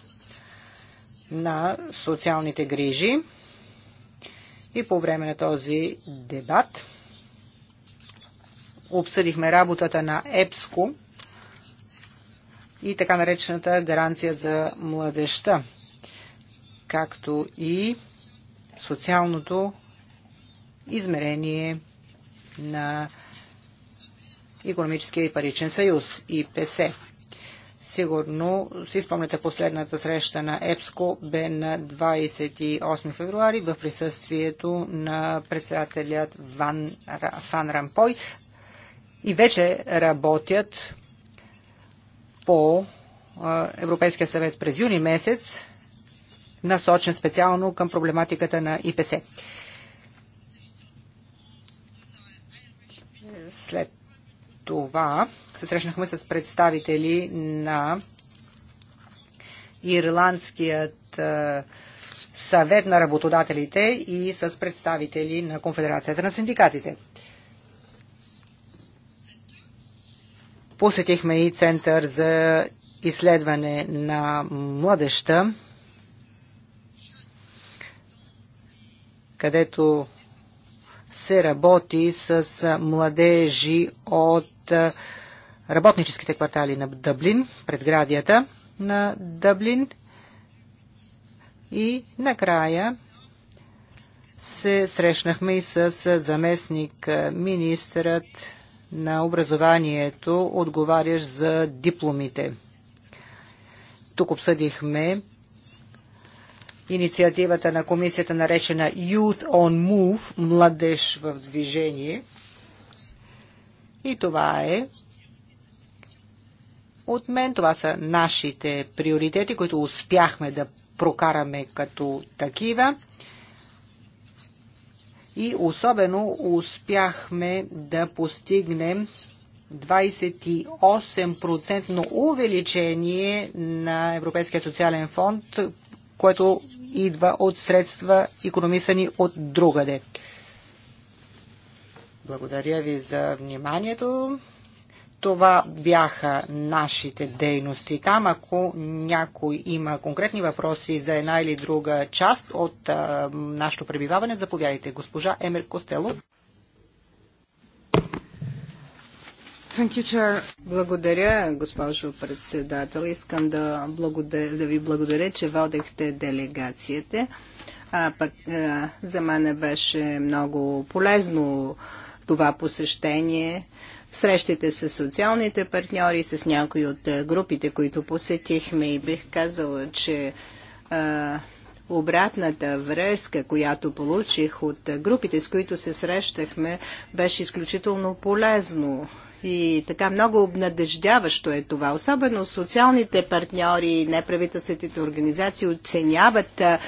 Speaker 3: на социалните грижи. И по време на този дебат обсъдихме работата на ЕПСКО и така наречената гаранция за младеща, както и социалното измерение на Економическия и паричен съюз, и ИПС. Сигурно си спомняте последната среща на ЕПСКО бе на 28 февруари в присъствието на председателят Ван, Фан Рампой и вече работят по Европейския съвет през юни месец, насочен специално към проблематиката на ИПС. След това се срещнахме с представители на Ирландският е, съвет на работодателите и с представители на Конфедерацията на синдикатите. Посетихме и Център за изследване на младеща, където се работи с младежи от работническите квартали на Дъблин, предградията на Дъблин. И накрая се срещнахме и с заместник министърът на образованието, отговарящ за дипломите. Тук обсъдихме инициативата на комисията наречена Youth on Move, младеж в движение – и това е от мен. Това са нашите приоритети, които успяхме да прокараме като такива. И особено успяхме да постигнем 28% увеличение на Европейския социален фонд, което идва от средства, економисани от другаде. Благодаря ви за вниманието. Това бяха нашите дейности там. Ако някой има конкретни въпроси за една или друга част от а, нашето пребиваване, заповядайте. Госпожа Емер Костело.
Speaker 1: Благодаря, госпожо председател. Искам да, благодаря, да ви благодаря, че водехте делегацията. А пък а, за мен беше много полезно това посещение, срещите с социалните партньори, с някои от е, групите, които посетихме и бих казала, че а, обратната връзка, която получих от е, групите, с които се срещахме, беше изключително полезно. И така много обнадеждаващо е това. Особено социалните партньори и неправителствените организации оценяват а,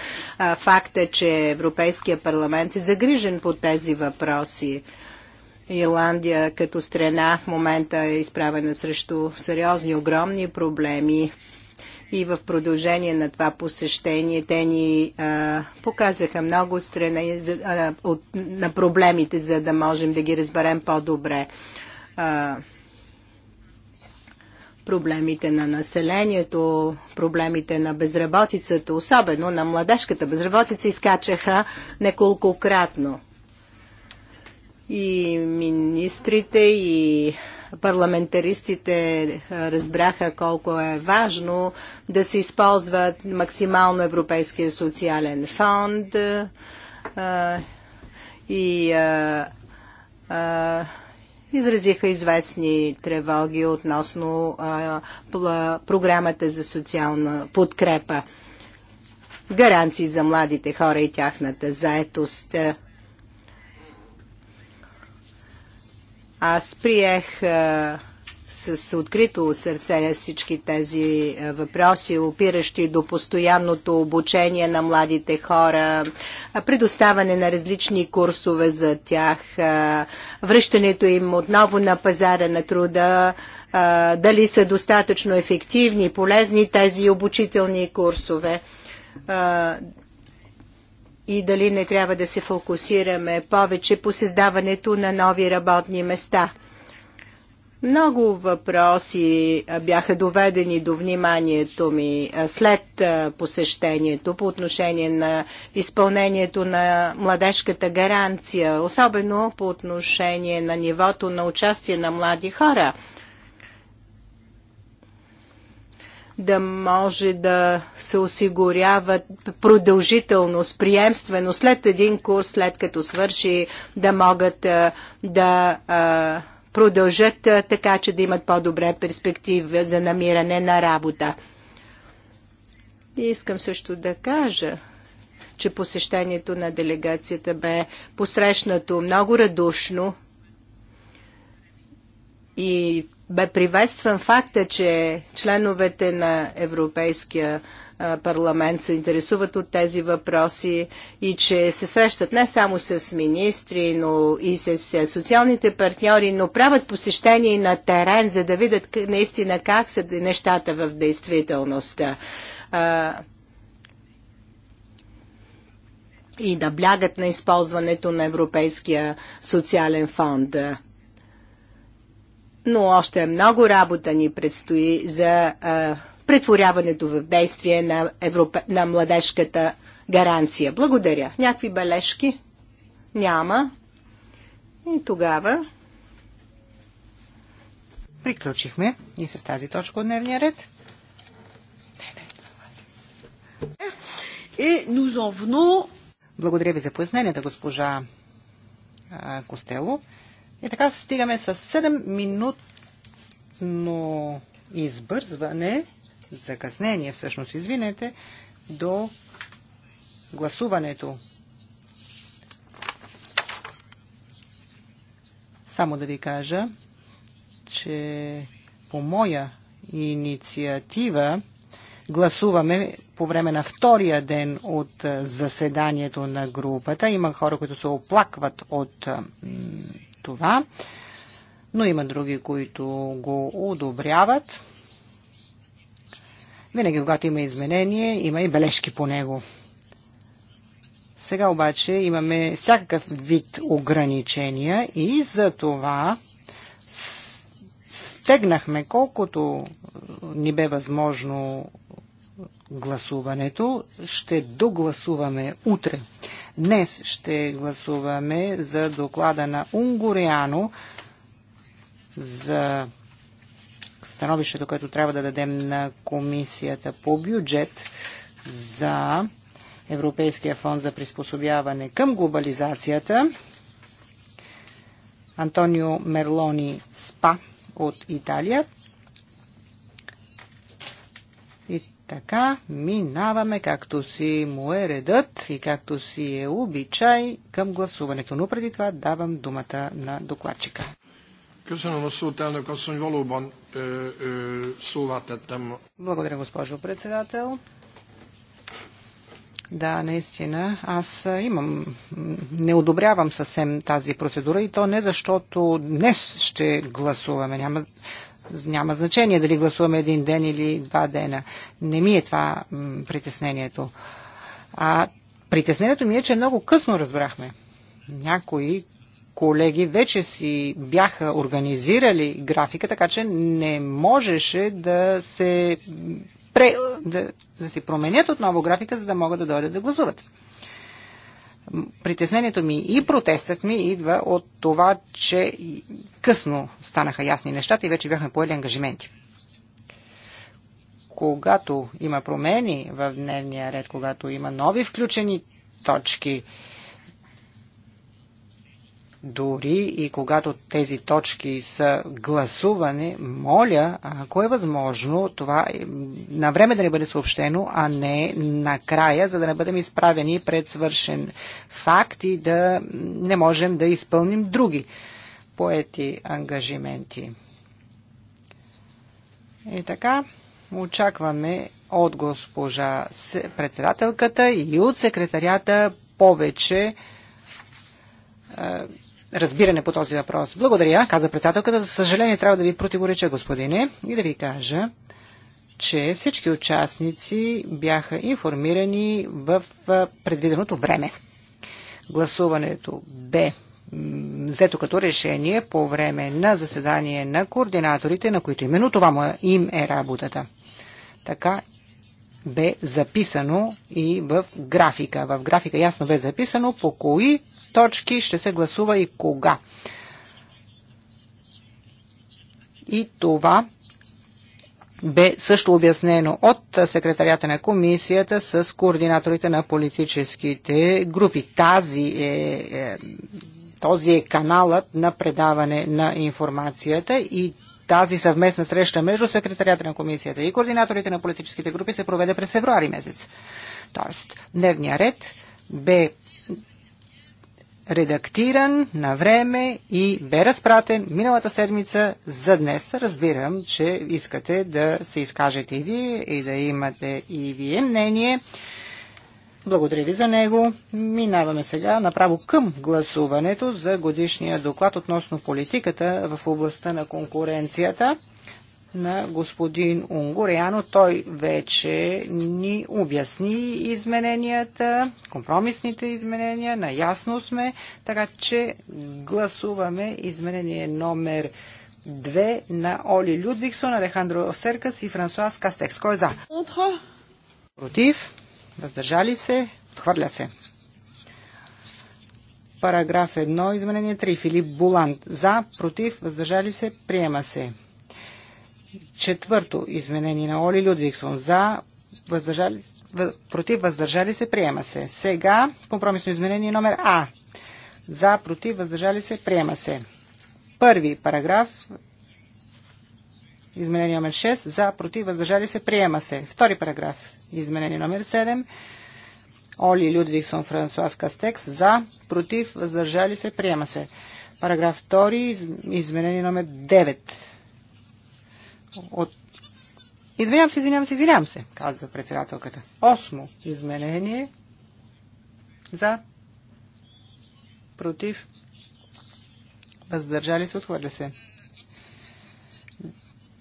Speaker 1: факта, че Европейския парламент е загрижен по тези въпроси. Ирландия като страна в момента е изправена срещу сериозни, огромни проблеми. И в продължение на това посещение те ни а, показаха много страни за, а, от, на проблемите, за да можем да ги разберем по-добре. проблемите на населението, проблемите на безработицата, особено на младежката безработица, изкачаха неколкократно и министрите, и парламентаристите разбраха колко е важно да се използват максимално Европейския социален фонд и изразиха известни тревоги относно програмата за социална подкрепа. Гаранции за младите хора и тяхната заетост Аз приех а, с открито сърце всички тези въпроси, опиращи до постоянното обучение на младите хора, предоставане на различни курсове за тях, връщането им отново на пазара на труда, дали са достатъчно ефективни и полезни тези обучителни курсове и дали не трябва да се фокусираме повече по създаването на нови работни места. Много въпроси бяха доведени до вниманието ми след посещението по отношение на изпълнението на младежката гаранция, особено по отношение на нивото на участие на млади хора – да може да се осигурява продължителност, приемствено след един курс, след като свърши, да могат да продължат така, че да имат по-добре перспективи за намиране на работа. И искам също да кажа, че посещението на делегацията бе посрещнато много радушно и бе приветстван факта, че членовете на Европейския парламент се интересуват от тези въпроси и че се срещат не само с министри, но и с социалните партньори, но правят посещение на терен, за да видят наистина как са нещата в действителността. И да блягат на използването на Европейския социален фонд но още много работа ни предстои за а, претворяването в действие на, Европе... на младежката гаранция. Благодаря. Някакви бележки? Няма. И тогава.
Speaker 3: Приключихме и с тази точка от дневния ред. И нузовно. Благодаря ви за поясненията, госпожа Костело. И така стигаме с 7 минутно избързване, закъснение всъщност, извинете, до гласуването. Само да ви кажа, че по моя инициатива гласуваме по време на втория ден от заседанието на групата. Има хора, които се оплакват от това, но има други, които го одобряват. Винаги, когато има изменение, има и бележки по него. Сега обаче имаме всякакъв вид ограничения и за това стегнахме колкото ни бе възможно гласуването. Ще догласуваме утре. Днес ще гласуваме за доклада на Унгоряно за становището, което трябва да дадем на комисията по бюджет за Европейския фонд за приспособяване към глобализацията. Антонио Мерлони Спа от Италия Така минаваме, както си му е редът и както си е обичай към гласуването. Но преди това давам думата на докладчика. Благодаря, госпожо председател. Да, наистина. Аз имам, не одобрявам съвсем тази процедура и то не защото днес ще гласуваме. Няма няма значение дали гласуваме един ден или два дена. Не ми е това притеснението. А притеснението ми е, че много късно разбрахме. Някои колеги вече си бяха организирали графика, така че не можеше да се пре, да, да си променят отново графика, за да могат да дойдат да гласуват. Притеснението ми и протестът ми идва от това, че късно станаха ясни нещата и вече бяхме поели ангажименти. Когато има промени в дневния ред, когато има нови включени точки, дори и когато тези точки са гласувани, моля, ако е възможно, това е на време да ни бъде съобщено, а не накрая, за да не бъдем изправени пред свършен факт и да не можем да изпълним други поети ангажименти. И така, очакваме от госпожа председателката и от секретарята повече е, разбиране по този въпрос. Благодаря, каза председателката. За съжаление трябва да ви противореча, господине, и да ви кажа, че всички участници бяха информирани в предвиденото време. Гласуването бе взето като решение по време на заседание на координаторите, на които именно това е, им е работата. Така бе записано и в графика. В графика ясно бе записано по кои точки ще се гласува и кога. И това бе също обяснено от секретарията на комисията с координаторите на политическите групи. Тази е, е, този е каналът на предаване на информацията и тази съвместна среща между секретарията на комисията и координаторите на политическите групи се проведе през февруари месец. Тоест, дневният ред бе редактиран на време и бе разпратен миналата седмица за днес. Разбирам, че искате да се изкажете и вие и да имате и вие мнение. Благодаря ви за него. Минаваме сега направо към гласуването за годишния доклад относно политиката в областта на конкуренцията на господин Унгуряно. Той вече ни обясни измененията, компромисните изменения, наясно сме, така че гласуваме изменение номер 2 на Оли Людвигсон, Алехандро Серкас и Франсуас Кастекс. Кой е за? Против? Въздържали се? Отхвърля се. Параграф 1, изменение 3. Филип Буланд. За, против, въздържали се, приема се. Четвърто изменение на Оли Людвигсон. За, въздържали, против, въздържали се, приема се. Сега компромисно изменение номер А. За, против, въздържали се, приема се. Първи параграф, Изменение номер 6. За, против, въздържали се, приема се. Втори параграф. Изменение номер 7. Оли Людвигсон Франсуас Кастекс. За, против, въздържали се, приема се. Параграф 2. Изменение номер 9. От... Извинявам се, извинявам се, извинявам се, казва председателката. Осмо изменение. За, против, въздържали се, отхвърля се.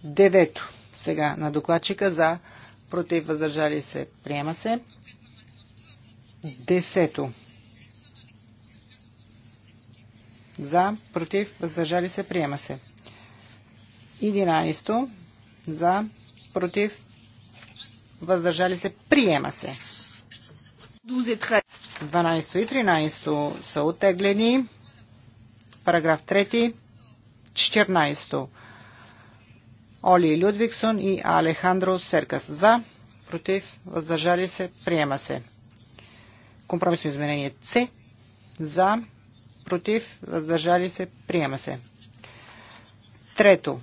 Speaker 3: Девето сега на докладчика за против въздържали се приема се. Десето за против въздържали се приема се. Единайсто за против въздържали се приема се. 12 и 13 са оттеглени. Параграф 3. 14. Оли Людвигсон и Алехандро Серкас. За, против, въздържали се, приема се. Компромисно изменение С. За, против, въздържали се, приема се. Трето.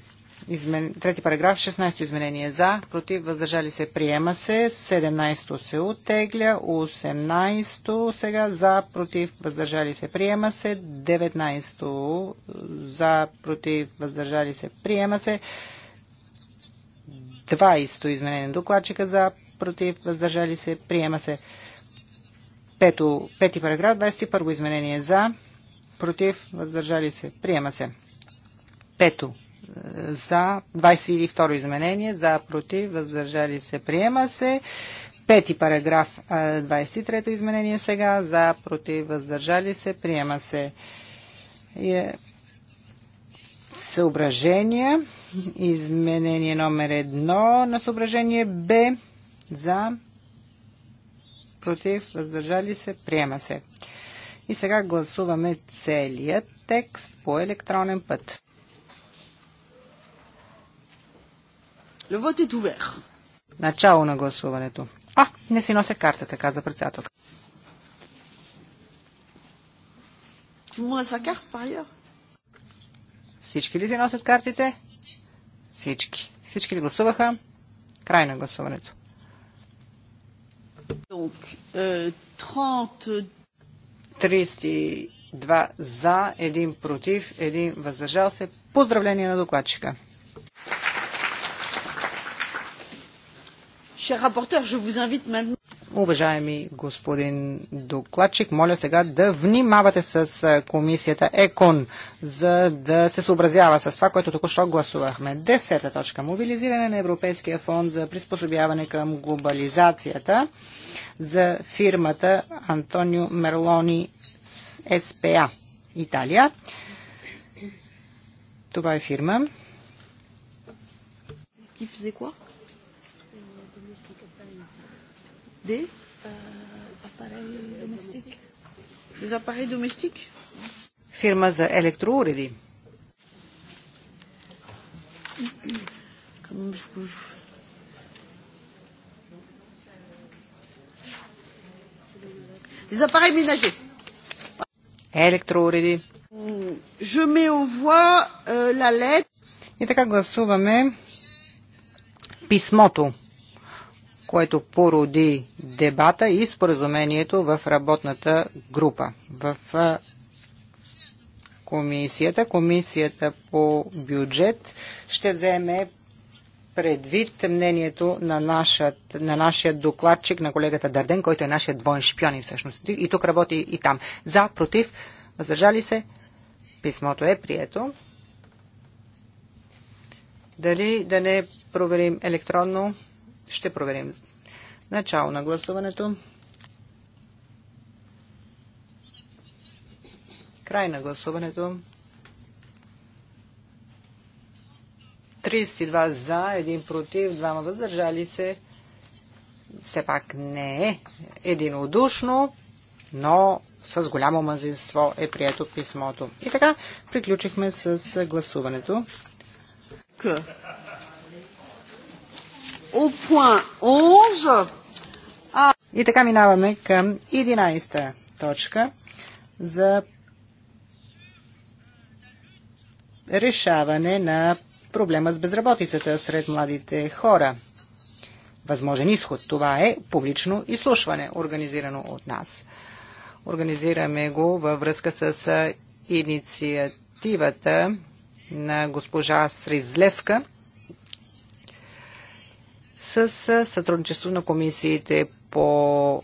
Speaker 3: Измен... Трети параграф, 16-то изменение за, против, въздържали се, приема се, 17-то се отегля, 18-то сега за, против, въздържали се, приема се, 19-то за, против, въздържали се, приема се, 20 сто изменение. Докладчика за, против, въздържали се, приема се. Пето, пети параграф, 21 изменение за, против, въздържали се, приема се. Пето, е, за, 22 изменение, за, против, въздържали се, приема се. Пети параграф, 23 е, изменение сега, за, против, въздържали се, приема се. Е, съображения. Изменение номер едно на съображение Б. За. Против. Въздържали се. Приема се. И сега гласуваме целият текст по електронен път. Начало на гласуването. А, не си нося картата, каза председателка. Всички ли си носят картите? Всички. Всички ли гласуваха? Край на гласуването.
Speaker 1: 30...
Speaker 3: 32 euh, за, 1 против, 1 въздържал се. Поздравление на докладчика. Chers rapporteurs, je vous invite maintenant... Уважаеми господин докладчик, моля сега да внимавате с комисията ЕКОН, за да се съобразява с това, което току-що гласувахме. Десета точка. Мобилизиране на Европейския фонд за приспособяване към глобализацията за фирмата Антонио Мерлони СПА Италия. Това е фирма. Qui faisait quoi des
Speaker 1: euh, appareils domestiques. Des appareils domestiques
Speaker 3: je peux...
Speaker 1: Des appareils ménagers.
Speaker 3: Електроуреди. Je mets au voix euh, la lettre. И така гласуваме писмото което породи дебата и споразумението в работната група, в комисията. Комисията по бюджет ще вземе предвид мнението на, нашат, на нашия докладчик, на колегата Дарден, който е нашия двоен и всъщност. И тук работи и там. За, против, въздържали се. Писмото е прието. Дали да не проверим електронно ще проверим. Начало на гласуването. Край на гласуването. 32 за, 1 против, 2 въздържали се. Все пак не е единодушно, но с голямо мнозинство е прието писмото. И така, приключихме с гласуването. К. И така минаваме към 11-та точка за решаване на проблема с безработицата сред младите хора. Възможен изход. Това е публично изслушване, организирано от нас. Организираме го във връзка с инициативата на госпожа Сривзлеска – с сътрудничество на комисиите по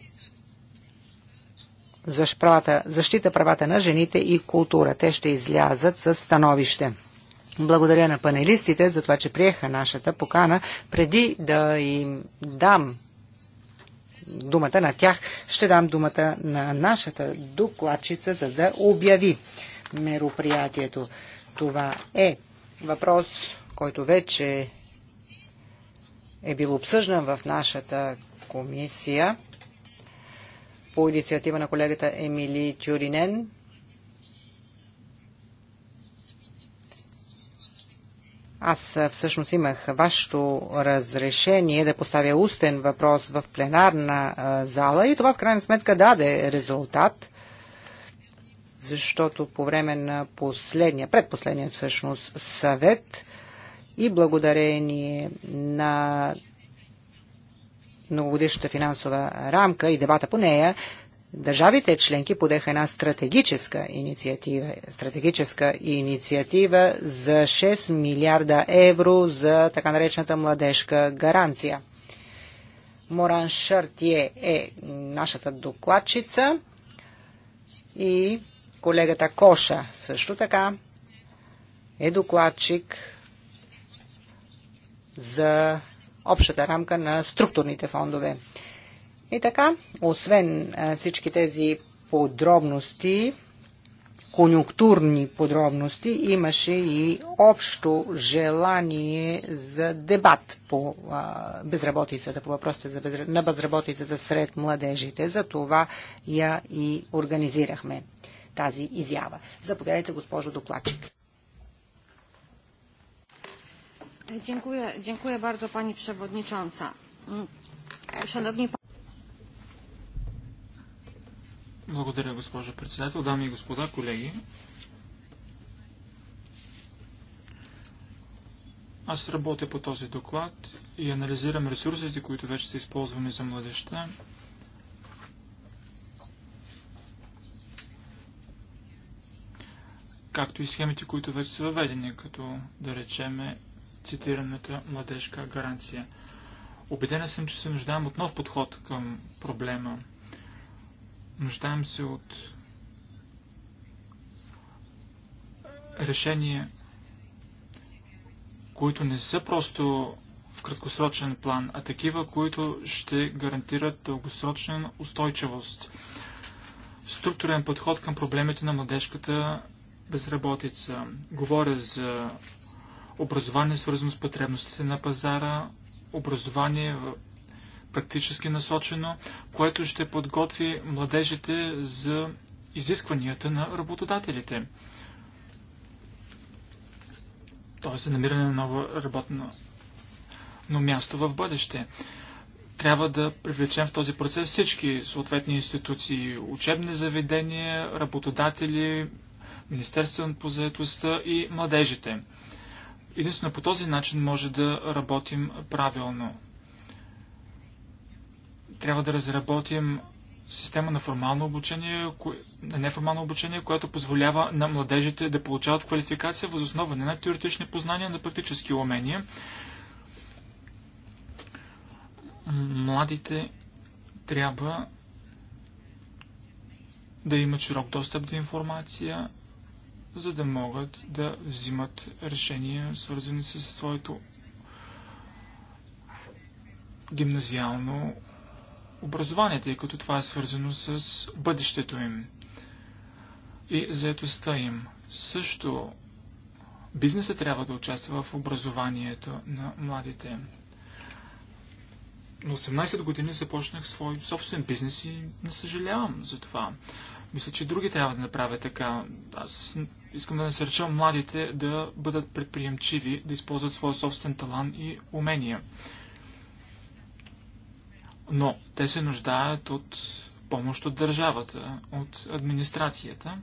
Speaker 3: защита правата на жените и култура. Те ще излязат с становище. Благодаря на панелистите за това, че приеха нашата покана. Преди да им дам думата на тях, ще дам думата на нашата докладчица, за да обяви мероприятието. Това е въпрос, който вече е бил обсъждан в нашата комисия по инициатива на колегата Емили Тюринен. Аз всъщност имах вашето разрешение да поставя устен въпрос в пленарна зала и това в крайна сметка даде резултат, защото по време на последния, предпоследния всъщност съвет, и благодарение на многогодишната финансова рамка и дебата по нея, държавите членки подеха една стратегическа инициатива, стратегическа инициатива за 6 милиарда евро за така наречената младежка гаранция. Моран Шартие е нашата докладчица и колегата Коша също така е докладчик за общата рамка на структурните фондове. И така, освен всички тези подробности, конюнктурни подробности, имаше и общо желание за дебат по безработицата, по въпросите за на безработицата сред младежите. За това я и организирахме тази изява. Заповядайте, госпожо докладчик.
Speaker 1: Dziękuję, dziękuję bardzo Pani Przewodnicząca. Szanowni
Speaker 2: Благодаря, госпожо председател. Дами и господа, колеги, аз работя по този доклад и анализирам ресурсите, които вече са използвани за младеща. както и схемите, които вече са въведени, като да речеме цитираната младежка гаранция. Обедена съм, че се нуждаем от нов подход към проблема. Нуждаем се от решения, които не са просто в краткосрочен план, а такива, които ще гарантират дългосрочна устойчивост. Структурен подход към проблемите на младежката безработица. Говоря за образование свързано с потребностите на пазара, образование практически насочено, което ще подготви младежите за изискванията на работодателите. Т.е. за намиране на ново работно но място в бъдеще. Трябва да привлечем в този процес всички съответни институции, учебни заведения, работодатели, Министерството по заедостта и младежите. Единствено по този начин може да работим правилно. Трябва да разработим система на формално обучение, на неформално обучение, което позволява на младежите да получават квалификация въз основа не на теоретични познания, на практически умения. Младите трябва да имат широк достъп до информация, за да могат да взимат решения, свързани с своето гимназиално образование, тъй като това е свързано с бъдещето им и заетостта им. Също бизнесът трябва да участва в образованието на младите. На 18 години започнах свой собствен бизнес и не съжалявам за това. Мисля, че други трябва да направят така. Аз искам да насърча младите да бъдат предприемчиви, да използват своя собствен талант и умения. Но те се нуждаят от помощ от държавата, от администрацията,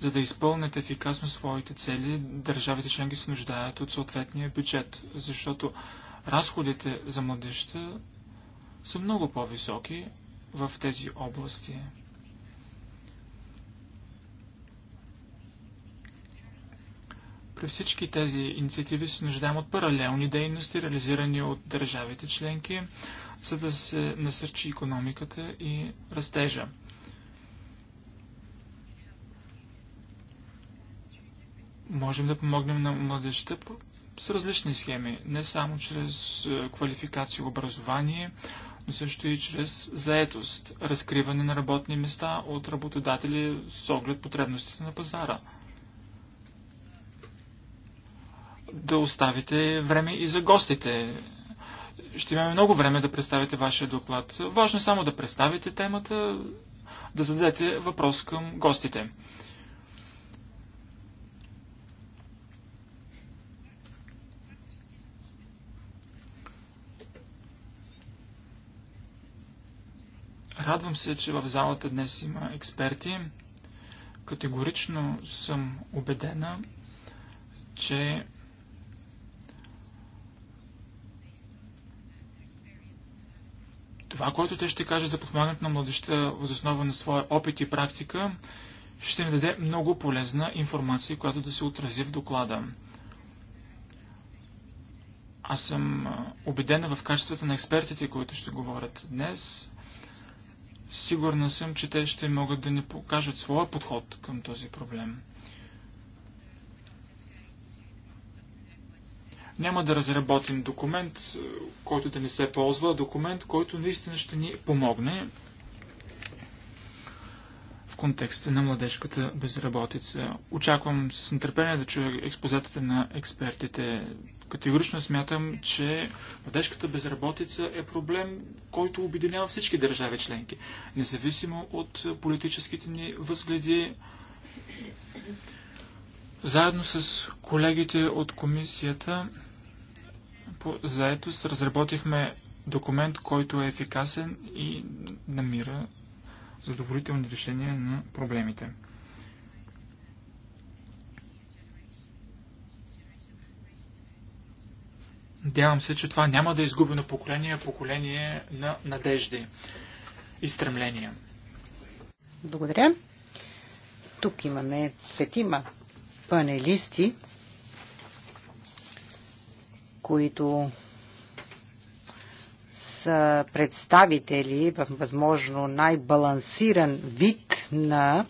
Speaker 2: За да изпълнят ефикасно своите цели, държавите членки се нуждаят от съответния бюджет, защото разходите за младеща са много по-високи в тези области. При всички тези инициативи се нуждаем от паралелни дейности, реализирани от държавите членки, за да се насърчи економиката и растежа. Можем да помогнем на младежта с различни схеми, не само чрез е, квалификация и образование, но също и чрез заетост, разкриване на работни места от работодатели с оглед потребностите на пазара. Да оставите време и за гостите. Ще имаме много време да представите вашия доклад. Важно е само да представите темата, да зададете въпрос към гостите. Радвам се, че в залата днес има експерти. Категорично съм убедена, че това, което те ще кажат за подпомагането на младеща възоснова на своя опит и практика, ще ни даде много полезна информация, която да се отрази в доклада. Аз съм убедена в качествата на експертите, които ще говорят днес. Сигурна съм, че те ще могат да ни покажат своя подход към този проблем. Няма да разработим документ, е, който да не се ползва, а документ, който наистина ще ни помогне в контекста на младежката безработица. Очаквам с нетърпение да чуя експозатите на експертите Категорично смятам, че младежката безработица е проблем, който обединява всички държави членки. Независимо от политическите ни възгледи, заедно с колегите от комисията по заедост разработихме документ, който е ефикасен и намира задоволителни решения на проблемите. Надявам се, че това няма да е изгубено поколение, поколение на надежди и стремления.
Speaker 3: Благодаря. Тук имаме петима панелисти, които са представители в възможно най-балансиран вид на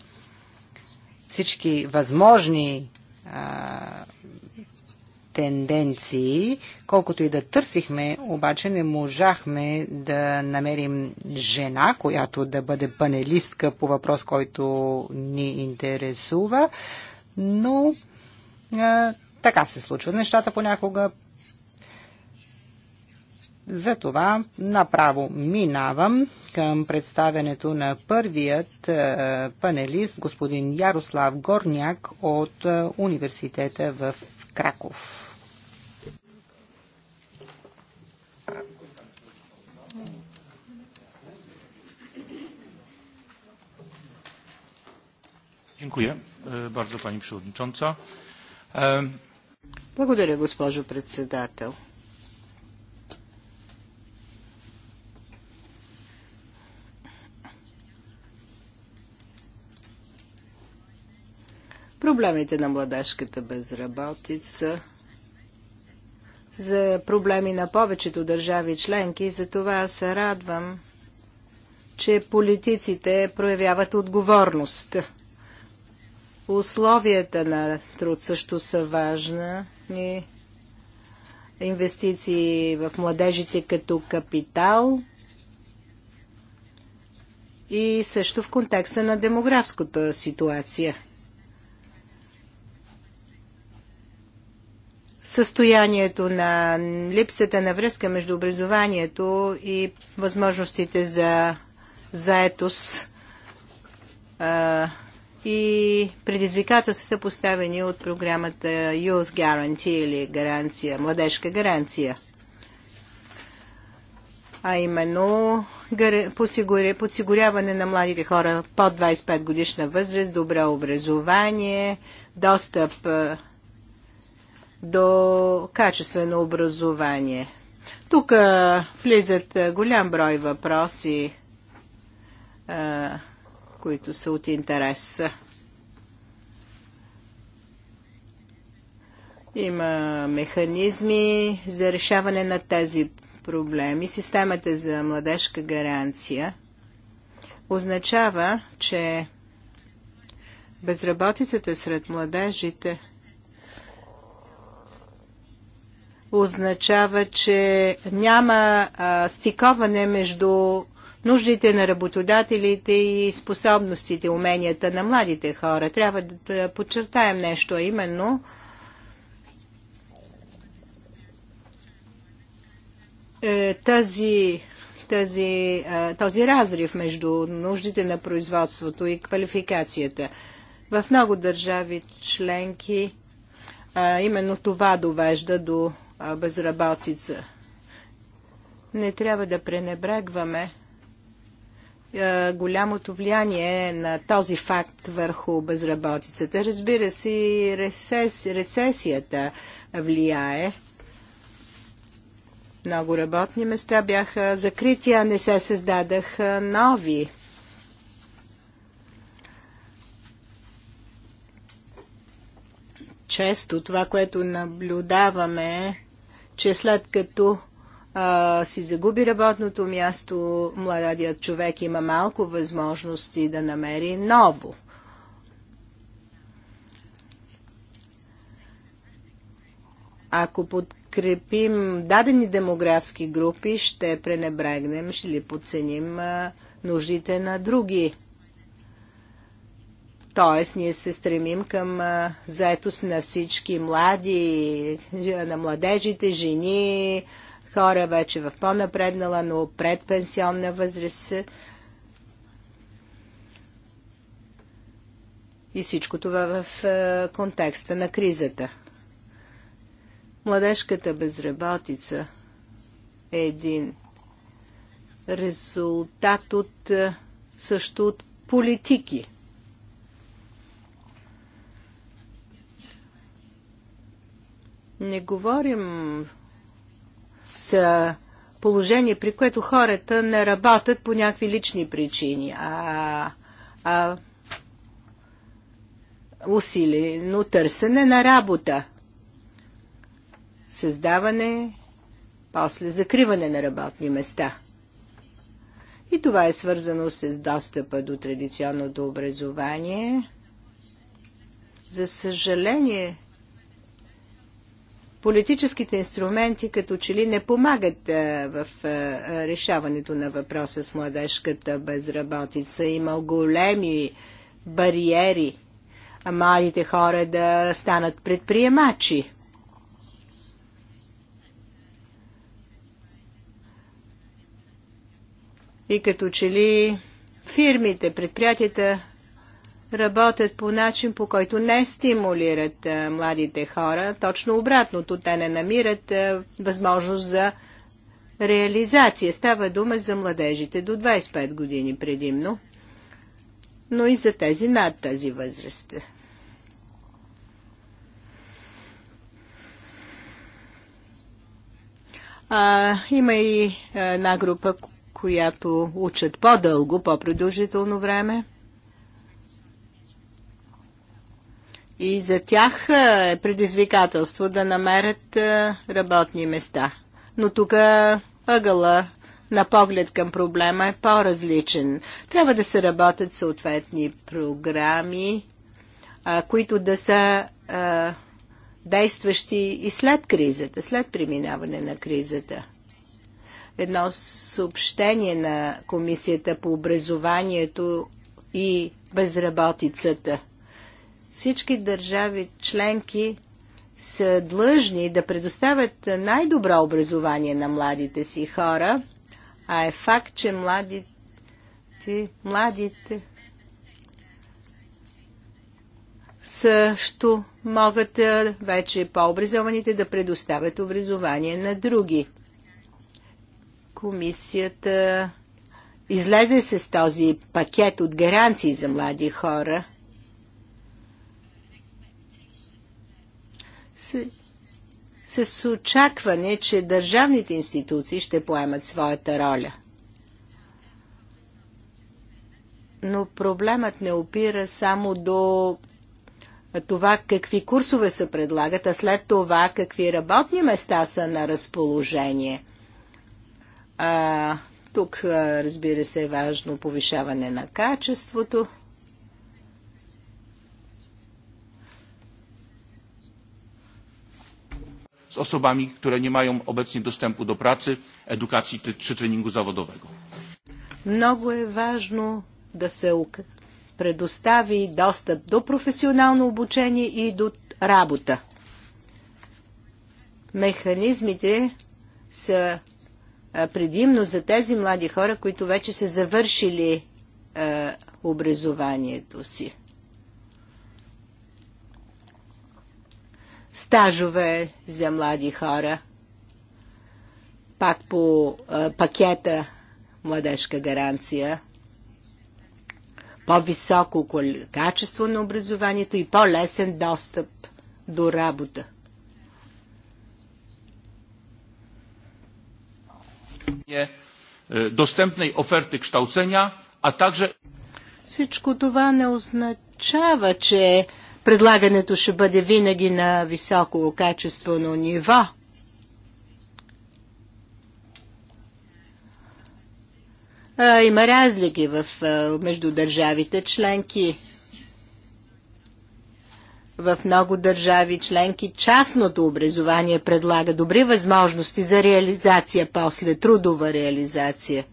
Speaker 3: всички възможни а, тенденции. Колкото и да търсихме, обаче не можахме да намерим жена, която да бъде панелистка по въпрос, който ни интересува, но а, така се случват нещата понякога. Затова направо минавам към представянето на първият панелист, господин Ярослав Горняк от университета в Краков.
Speaker 2: Dziękuję e, bardzo Pani Przewodnicząca. E,
Speaker 1: Благодаря, госпожо председател. Проблемите на младежката безработица за проблеми на повечето държави членки, за това се радвам, че политиците проявяват отговорност Условията на труд също са важна и инвестиции в младежите като капитал и също в контекста на демографската ситуация. състоянието на липсата на връзка между образованието и възможностите за заетост и предизвикателствата поставени от програмата Youth Guarantee или гаранция, младежка гаранция. А именно подсигуряване на младите хора под 25 годишна възраст, добро образование, достъп до качествено образование. Тук влизат голям брой въпроси които са от интерес. Има механизми за решаване на тези проблеми. Системата за младежка гаранция означава, че безработицата сред младежите означава, че няма а, стиковане между нуждите на работодателите и способностите, уменията на младите хора. Трябва да подчертаем нещо, именно е, тази тази, е, този разрив между нуждите на производството и квалификацията. В много държави членки е, именно това довежда до безработица. Не трябва да пренебрегваме е, голямото влияние на този факт върху безработицата. Разбира се, рецес, рецесията влияе. Много работни места бяха закрити, а не се създадаха нови. Често това, което наблюдаваме, че след като а, си загуби работното място, младият човек има малко възможности да намери ново. Ако подкрепим дадени демографски групи, ще пренебрегнем или подценим а, нуждите на други. Тоест, ние се стремим към заетост на всички млади, на младежите, жени, хора вече в по-напреднала, но предпенсионна възраст. И всичко това в е, контекста на кризата. Младежката безработица е един резултат от е, също от политики. Не говорим са положение, при което хората не работят по някакви лични причини, а, а усилено търсене на работа, създаване, после закриване на работни места. И това е свързано с достъпа до традиционното образование. За съжаление, политическите инструменти като че ли не помагат а, в а, решаването на въпроса с младежката безработица. Има големи бариери а младите хора да станат предприемачи. И като че ли фирмите, предприятията работят по начин, по който не стимулират а, младите хора. Точно обратното, те не намират а, възможност за реализация. Става дума за младежите до 25 години предимно, но и за тези над тази възраст. А, има и една група, която учат по-дълго, по-продължително време – И за тях е, е предизвикателство да намерят е, работни места. Но тук е, ъгъла на поглед към проблема е по-различен. Трябва да се работят съответни програми, които да са действащи и след кризата, след преминаване на кризата. Едно съобщение на Комисията по образованието и безработицата – всички държави членки са длъжни да предоставят най-добро образование на младите си хора, а е факт, че младите, младите също могат вече по-образованите да предоставят образование на други. Комисията излезе с този пакет от гаранции за млади хора – с, с очакване, че държавните институции ще поемат своята роля. Но проблемът не опира само до това какви курсове се предлагат, а след това какви работни места са на разположение. А, тук, разбира се, е важно повишаване на качеството
Speaker 2: z osobami, które nie mają obecnie dostępu do pracy, edukacji czy treningu zawodowego.
Speaker 1: Много е важно да се предостави достъп до професионално обучение и до работа. Механизмите са предимно за тези млади хора, които вече са завършили образованието си. стажове за млади хора. Пак по а, пакета младежка гаранция. По-високо качество на образованието и по-лесен достъп до работа.
Speaker 2: Е, Достъпна оферта kształcenia, а также...
Speaker 1: Всичко това не означава, че предлагането ще бъде винаги на високо качествено ниво. Има разлики в, между държавите членки. В много държави членки частното образование предлага добри възможности за реализация после трудова реализация.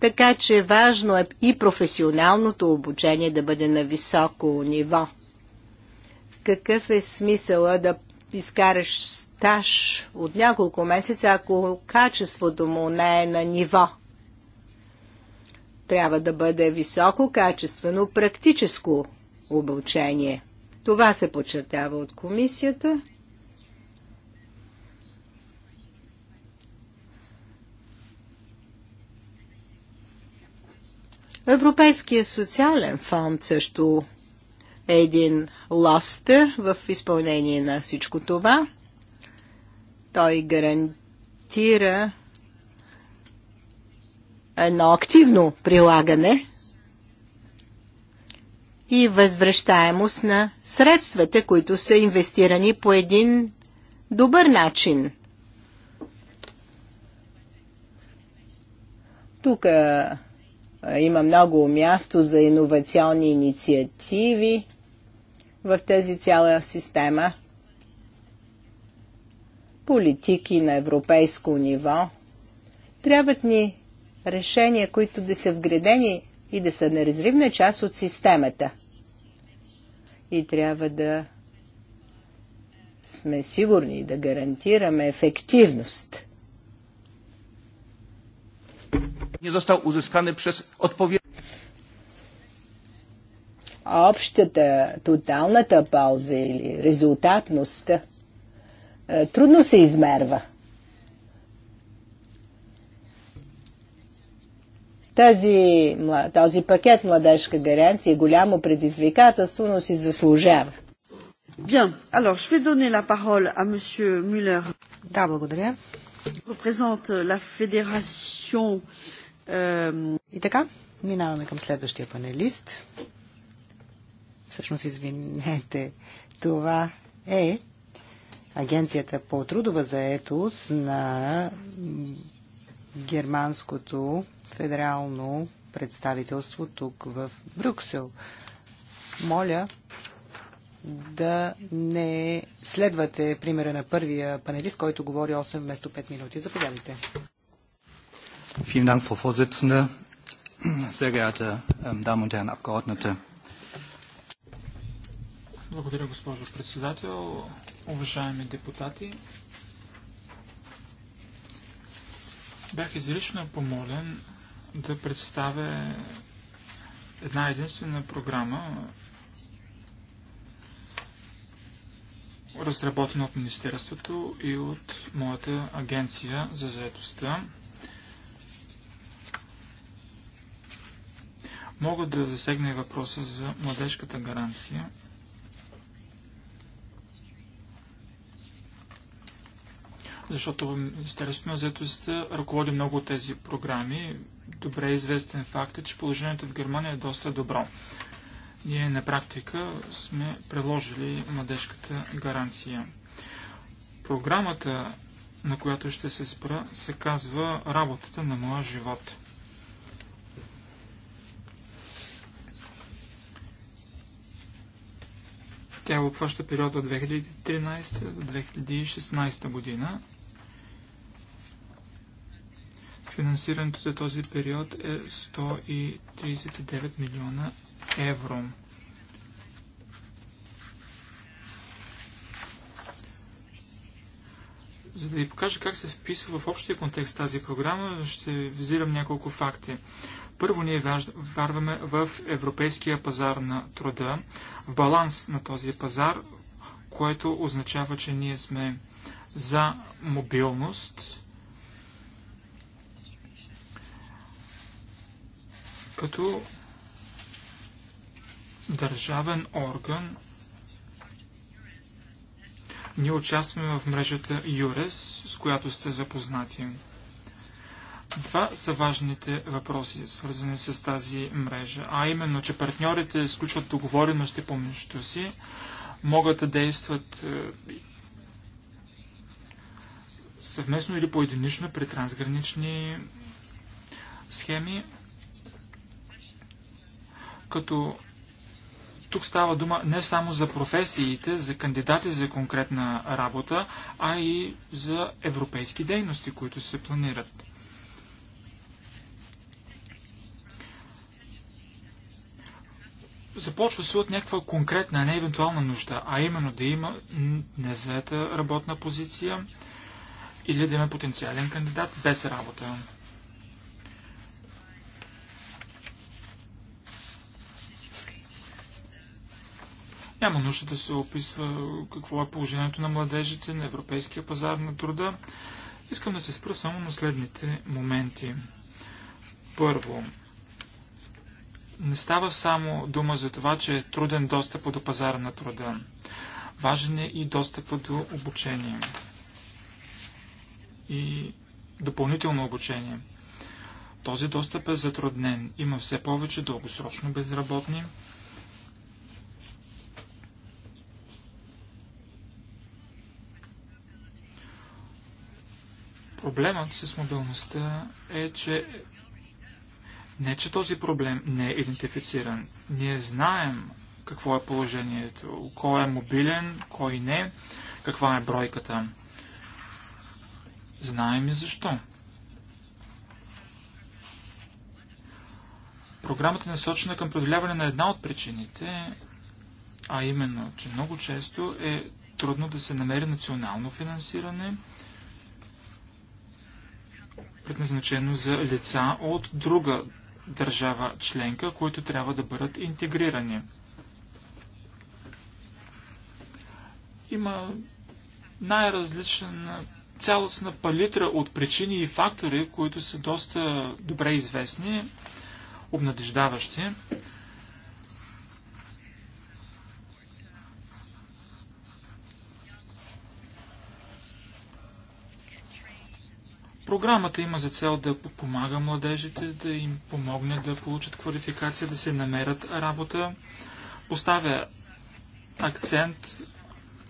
Speaker 1: Така че важно е и професионалното обучение да бъде на високо ниво какъв е смисъла да изкараш стаж от няколко месеца, ако качеството му не е на ниво. Трябва да бъде високо качествено практическо обучение. Това се подчертава от комисията. Европейския социален фонд също е един Лост в изпълнение на всичко това. Той гарантира едно активно прилагане и възвръщаемост на средствата, които са инвестирани по един добър начин. Тук има много място за иновационни инициативи в тази цяла система. Политики на европейско ниво. Трябват ни решения, които да са вградени и да са неразривна част от системата. И трябва да сме сигурни да гарантираме ефективност.
Speaker 2: Не został uzyskany przez odpowiedni
Speaker 1: общата, тоталната полза или резултатността е, трудно се измерва. Тази, този пакет младежка гаранция е голямо предизвикателство, но си заслужава.
Speaker 3: Bien, alors je vais donner la parole à monsieur Müller. Да, благодаря. Représente euh, la fédération. Euh... И така, минаваме към следващия панелист всъщност извинете, това е Агенцията по трудова заетост на германското федерално представителство тук в Брюксел. Моля да не следвате примера на първия панелист, който говори 8 вместо 5 минути. Заповядайте. Vielen Dank, Frau Vorsitzende, sehr geehrte ähm, Damen und Herren Abgeordnete.
Speaker 2: Благодаря, госпожо председател. Уважаеми депутати, бях изрично помолен да представя една единствена програма, разработена от Министерството и от моята агенция за заедостта. Мога да засегна и въпроса за младежката гаранция – защото Министерството на заедостта ръководи много от тези програми. Добре е известен факт е, че положението в Германия е доста добро. Ние на практика сме предложили младежката гаранция. Програмата, на която ще се спра, се казва Работата на моя живот. Тя обхваща периода от 2013 до 2016 година Финансирането за този период е 139 милиона евро. За да ви покажа как се вписва в общия контекст тази програма, ще визирам няколко факти. Първо ние варваме в европейския пазар на труда, в баланс на този пазар, което означава, че ние сме за мобилност, като държавен орган ние участваме в мрежата ЮРЕС, с която сте запознати. Два са важните въпроси, свързани с тази мрежа, а именно, че партньорите сключват договорености помежду си, могат да действат е, съвместно или поединично при трансгранични схеми като тук става дума не само за професиите, за кандидати за конкретна работа, а и за европейски дейности, които се планират. Започва се от някаква конкретна, не евентуална нужда, а именно да има незаета работна позиция или да има потенциален кандидат без работа. Няма нужда да се описва какво е положението на младежите, на европейския пазар на труда. Искам да се спра само на следните моменти. Първо, не става само дума за това, че е труден достъп до пазара на труда. Важен е и достъп до обучение. И допълнително обучение. Този достъп е затруднен. Има все повече дългосрочно безработни, Проблемът с мобилността е, че не, че този проблем не е идентифициран. Ние знаем какво е положението, кой е мобилен, кой не, каква е бройката. Знаем и защо. Програмата е насочена към преодоляване на една от причините, а именно, че много често е трудно да се намери национално финансиране – предназначено за лица от друга държава членка, които трябва да бъдат интегрирани. Има най-различна цялостна палитра от причини и фактори, които са доста добре известни, обнадеждаващи. Програмата има за цел да помага младежите, да им помогне да получат квалификация, да се намерят работа. Поставя акцент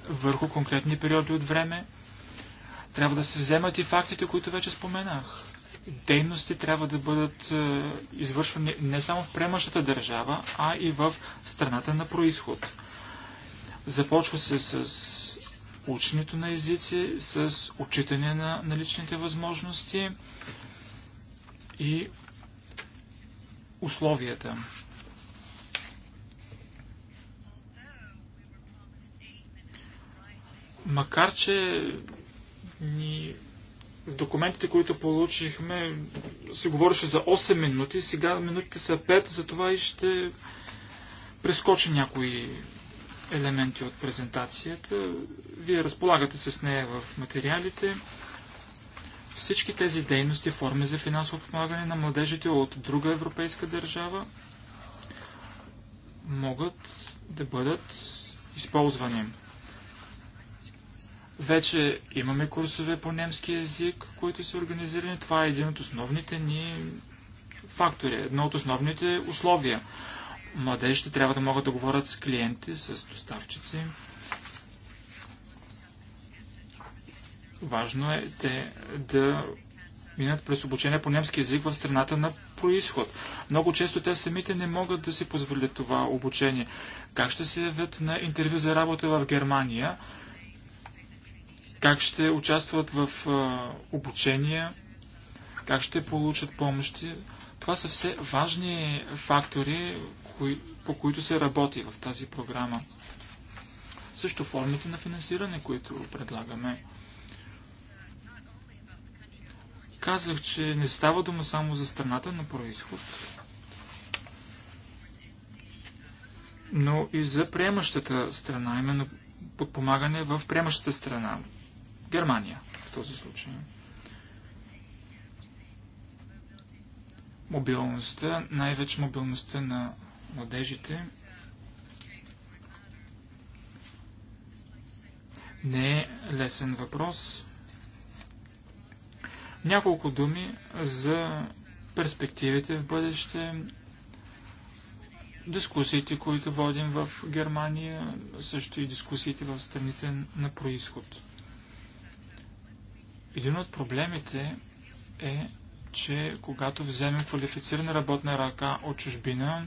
Speaker 2: върху конкретни периоди от време. Трябва да се вземат и фактите, които вече споменах. Дейности трябва да бъдат е, извършвани не само в премащата държава, а и в страната на происход. Започва се с ученето на езици, с отчитане на наличните възможности и условията. Макар, че ни в документите, които получихме, се говореше за 8 минути, сега минутите са 5, затова и ще прескоча някои елементи от презентацията. Вие разполагате с нея в материалите. Всички тези дейности, форми за финансово подпомагане на младежите от друга европейска държава могат да бъдат използвани. Вече имаме курсове по немски язик, които са организирани. Това е един от основните ни фактори, едно от основните условия. Младежите трябва да могат да говорят с клиенти, с доставчици. Важно е те да минат през обучение по немски язик в страната на происход. Много често те самите не могат да си позволят това обучение. Как ще се явят на интервю за работа в Германия? Как ще участват в обучение? обучения? Как ще получат помощи? Това са все важни фактори кои, по които се работи в тази програма. Също формите на финансиране, които предлагаме. Казах, че не става дума само за страната на происход, но и за приемащата страна, именно подпомагане в приемащата страна. Германия в този случай. Мобилността, най-вече мобилността на младежите не е лесен въпрос. Няколко думи за перспективите в бъдеще, дискусиите, които водим в Германия, също и дискусиите в страните на происход. Един от проблемите е, че когато вземем квалифицирана работна ръка от чужбина,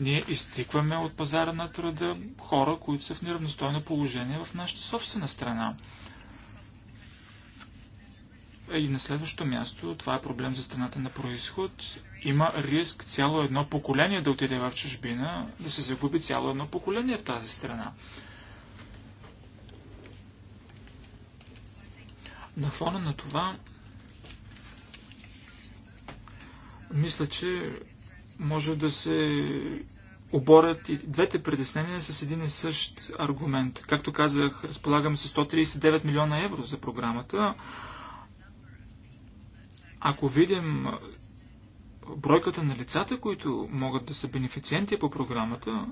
Speaker 2: ние изтикваме от пазара на труда хора, които са в неравностойно положение в нашата собствена страна. И на следващото място, това е проблем за страната на происход. Има риск цяло едно поколение да отиде в чужбина, да се загуби цяло едно поколение в тази страна. На фона на това, мисля, че може да се оборят и двете притеснения с един и същ аргумент. Както казах, разполагаме с 139 милиона евро за програмата. Ако видим бройката на лицата, които могат да са бенефициенти по програмата,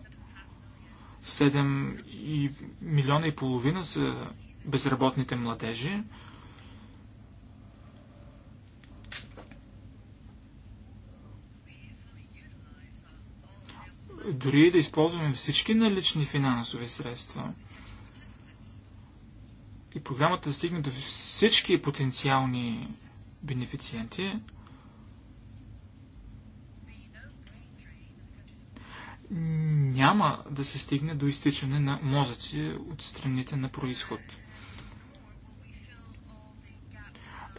Speaker 2: 7 и милиона и половина са безработните младежи, дори да използваме всички налични финансови средства и програмата да стигне до всички потенциални бенефициенти, няма да се стигне до изтичане на мозъци от страните на происход.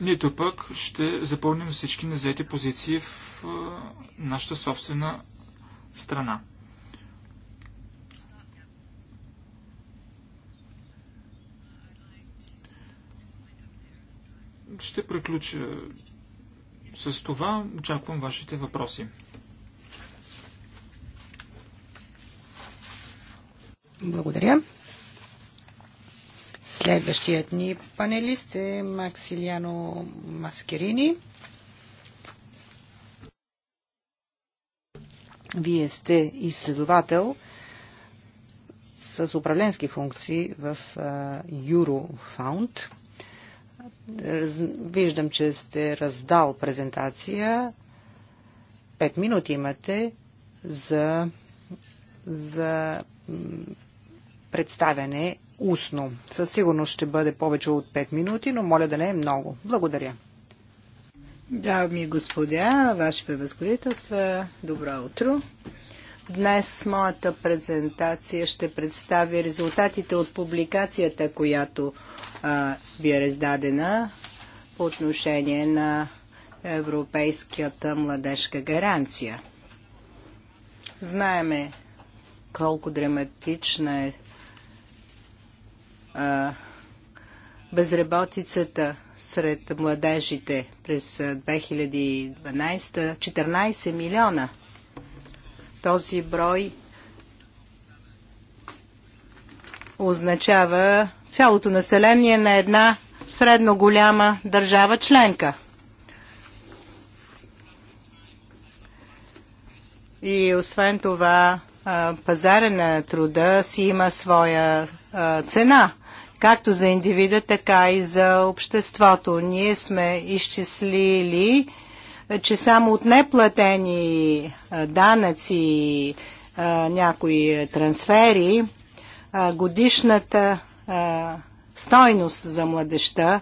Speaker 2: Нито пък ще запълним всички незаети позиции в нашата собствена страна. Ще приключа с това. Очаквам вашите въпроси.
Speaker 3: Благодаря. Следващият ни панелист е Максилиано Маскерини. Вие сте изследовател с управленски функции в Eurofound. Виждам, че сте раздал презентация. Пет минути имате за, за представяне устно. Със сигурност ще бъде повече от
Speaker 1: 5 минути, но моля да не е много. Благодаря. Да, и господа, ваше превъзходителство, добро утро. Днес моята презентация ще представи резултатите от публикацията, която ви е раздадена по отношение на Европейската младежка гаранция. Знаеме колко драматична е а, безработицата сред младежите през 2012 14 милиона. Този брой означава цялото население на една средно голяма държава членка. И освен това, пазара на труда си има своя цена, както за индивида, така и за обществото. Ние сме изчислили, че само от неплатени данъци някои трансфери годишната стойност за младеща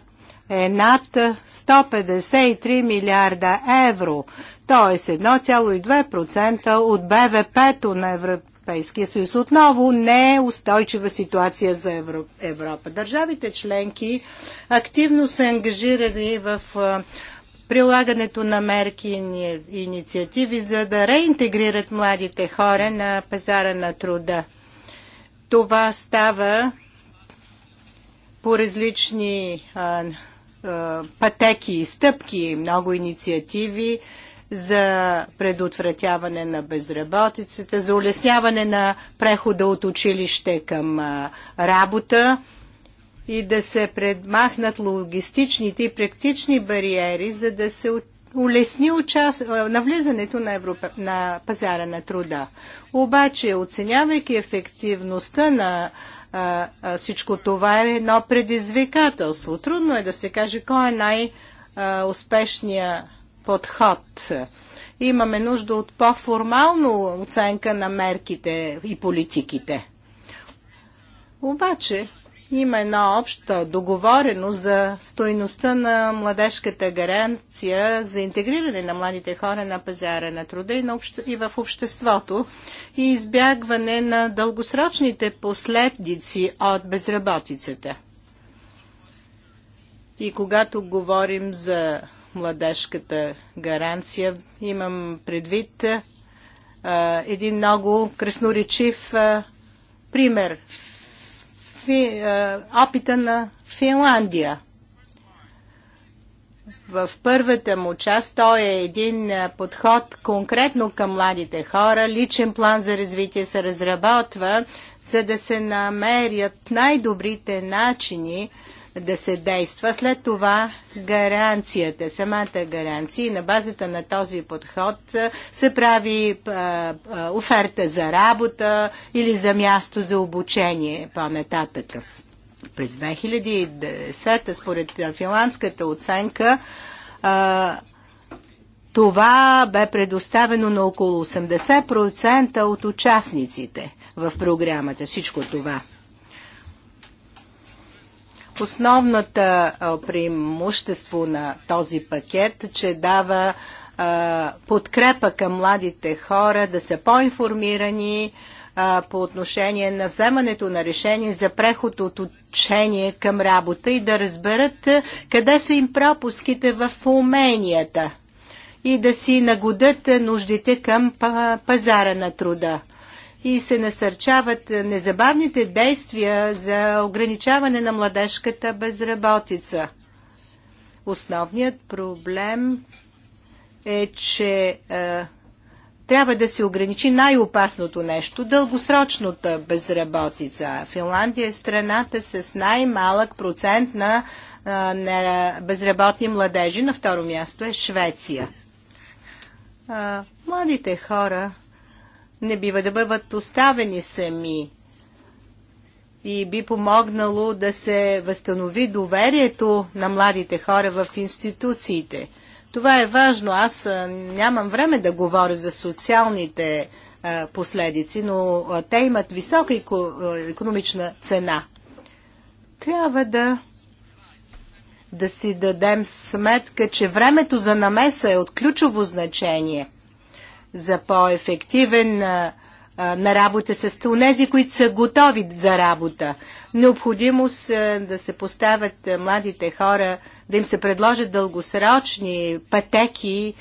Speaker 1: е над 153 милиарда евро, т.е. 1,2% от БВП-то на Европейския съюз. Отново не е устойчива ситуация за Европа. Държавите членки активно са ангажирани в прилагането на мерки и инициативи, за да реинтегрират младите хора на пазара на труда. Това става по различни а, а, пътеки и стъпки, много инициативи за предотвратяване на безработицата, за улесняване на прехода от училище към а, работа и да се предмахнат логистичните и практични бариери, за да се улесни участ... навлизането на, Европа... на пазара на труда. Обаче, оценявайки ефективността на а, а, всичко това е едно предизвикателство. Трудно е да се каже кой е най-успешният подход. Имаме нужда от по-формално оценка на мерките и политиките. Обаче, има една обща договореност за стойността на младежката гаранция за интегриране на младите хора на пазара на труда и, на обще... и в обществото и избягване на дългосрочните последици от безработицата. И когато говорим за младежката гаранция, имам предвид а, един много красноречив а, пример фи, е, опита на Финландия. В първата му част той е един е, подход конкретно към младите хора. Личен план за развитие се разработва, за да се намерят най-добрите начини да се действа. След това гаранцията, самата гаранция на базата на този подход е, се прави е, е, оферта за работа или за място за обучение по-нататък. През 2010, според финландската оценка, това бе предоставено на около 80% от участниците в програмата. Всичко това. Основната преимущество на този пакет, че дава подкрепа към младите хора да са по-информирани по отношение на вземането на решение за преход от учение към работа и да разберат къде са им пропуските в уменията и да си нагодат нуждите към пазара на труда и се насърчават незабавните действия за ограничаване на младежката безработица. Основният проблем е, че е, трябва да се ограничи най-опасното нещо – дългосрочната безработица. Финландия е страната с най-малък процент на, е, на безработни младежи. На второ място е Швеция. Е, младите хора не бива да бъдат оставени сами и би помогнало да се възстанови доверието на младите хора в институциите. Това е важно. Аз нямам време да говоря за социалните последици, но те имат висока економична цена. Трябва да, да си дадем сметка, че времето за намеса е от ключово значение – за по-ефективен на работа с тези, които са готови за работа. Необходимост да се поставят младите хора, да им се предложат дългосрочни пътеки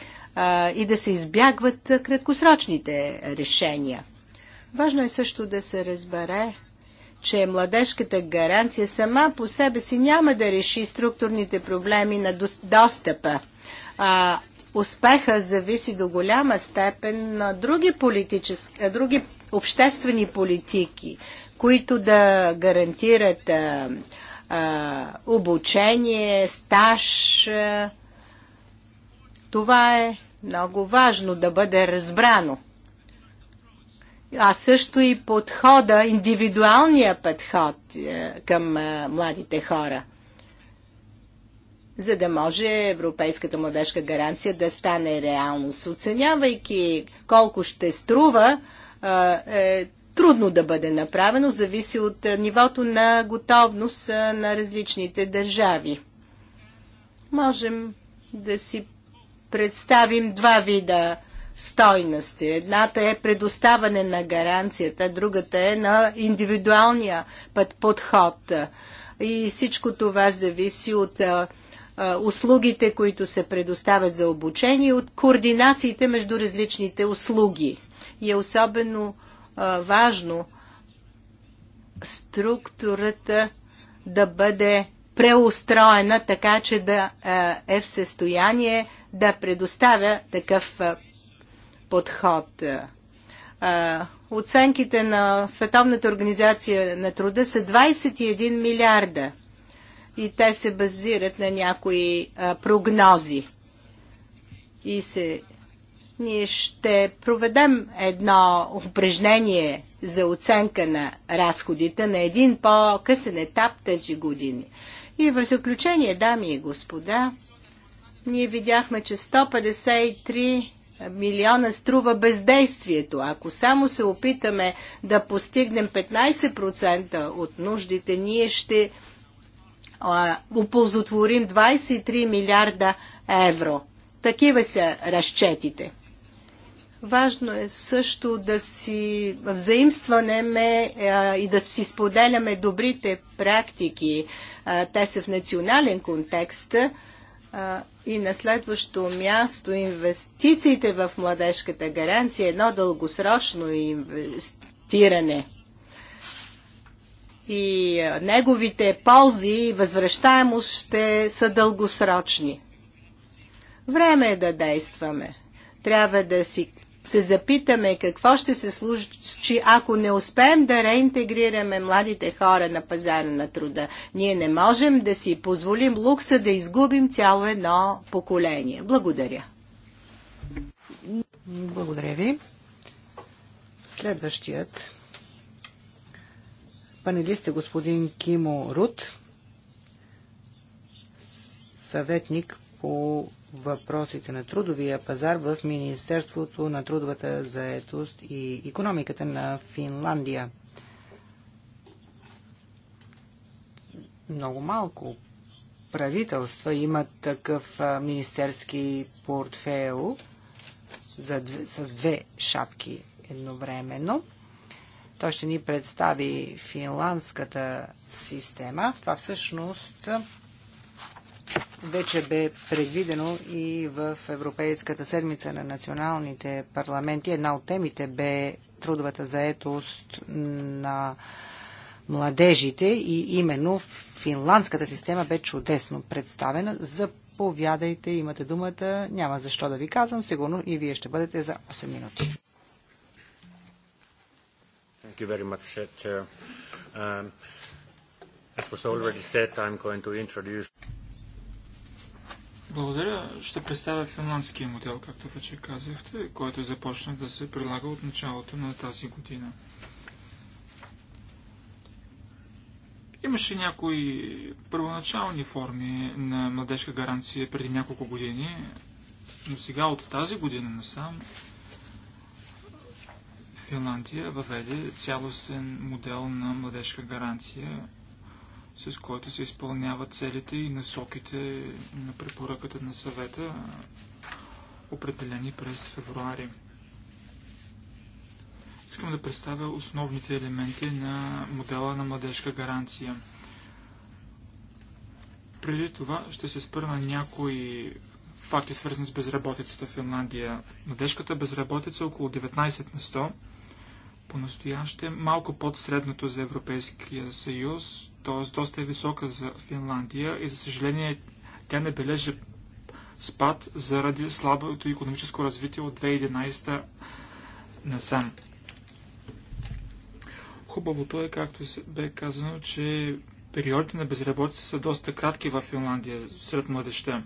Speaker 1: и да се избягват краткосрочните решения. Важно е също да се разбере, че младежката гаранция сама по себе си няма да реши структурните проблеми на достъпа. А, успеха зависи до голяма степен на други, политически, е, други обществени политики, които да гарантират а, е, а, е, обучение, стаж. А, това е много важно да бъде разбрано. А също и подхода, индивидуалния подход към младите хора – за да може Европейската младежка гаранция да стане реалност. Оценявайки колко ще струва, е трудно да бъде направено, зависи от нивото на готовност на различните държави. Можем да си представим два вида стойности. Едната е предоставане на гаранцията, другата е на индивидуалния подход. И всичко това зависи от услугите, които се предоставят за обучение, от координациите между различните услуги. И е особено важно структурата да бъде преустроена така, че да е в състояние да предоставя такъв подход. Оценките на Световната организация на труда са 21 милиарда – и те се базират на някои а, прогнози. И се, ние ще проведем едно упражнение за оценка на разходите на един по-късен етап тези години. И в заключение, дами и господа, ние видяхме, че 153 милиона струва бездействието. Ако само се опитаме да постигнем 15% от нуждите, ние ще оползотворим 23 милиарда евро. Такива са разчетите. Важно е също да си взаимстваме и да си споделяме добрите практики. те са в национален контекст. и на следващо място инвестициите в младежката гаранция, едно дългосрочно инвестиране – и е, неговите ползи и възвръщаемост ще са дългосрочни. Време е да действаме. Трябва да си се запитаме какво ще се случи, ако не успеем да реинтегрираме младите хора на пазара на труда. Ние не можем да си позволим лукса да изгубим цяло едно поколение. Благодаря. Благодаря ви. Следващият
Speaker 3: Панелист е господин Кимо Рут, съветник по въпросите на трудовия пазар в Министерството на трудовата заетост и економиката на Финландия. Много малко правителства имат такъв министерски портфел за, с две шапки едновременно. Той ще ни представи финландската система. Това всъщност вече бе предвидено и в Европейската седмица на националните парламенти. Една от темите бе трудовата заетост на младежите и именно финландската система бе чудесно представена. Заповядайте, имате думата. Няма защо да ви казвам. Сигурно и вие ще бъдете за 8 минути.
Speaker 2: Thank you very much,
Speaker 1: Chair. Um, as was already said, I'm going to introduce...
Speaker 2: Благодаря. Ще представя финландския модел, както вече казахте, който започна да се прилага от началото на тази година. Имаше някои първоначални форми на младежка гаранция преди няколко години, но сега от тази година насам Финландия въведе цялостен модел на младежка гаранция, с който се изпълняват целите и насоките на препоръката на съвета, определени през февруари. Искам да представя основните елементи на модела на младежка гаранция. Преди това ще се спра на някои факти, свързани с безработицата в Финландия. Младежката безработица е около 19 на 100, по-настояще малко под средното за Европейския съюз, т.е. доста е висока за Финландия и за съжаление тя не бележи спад заради слабото економическо развитие от 2011 насам. Хубавото е, както бе казано, че периодите на безработица са доста кратки в Финландия сред младеща.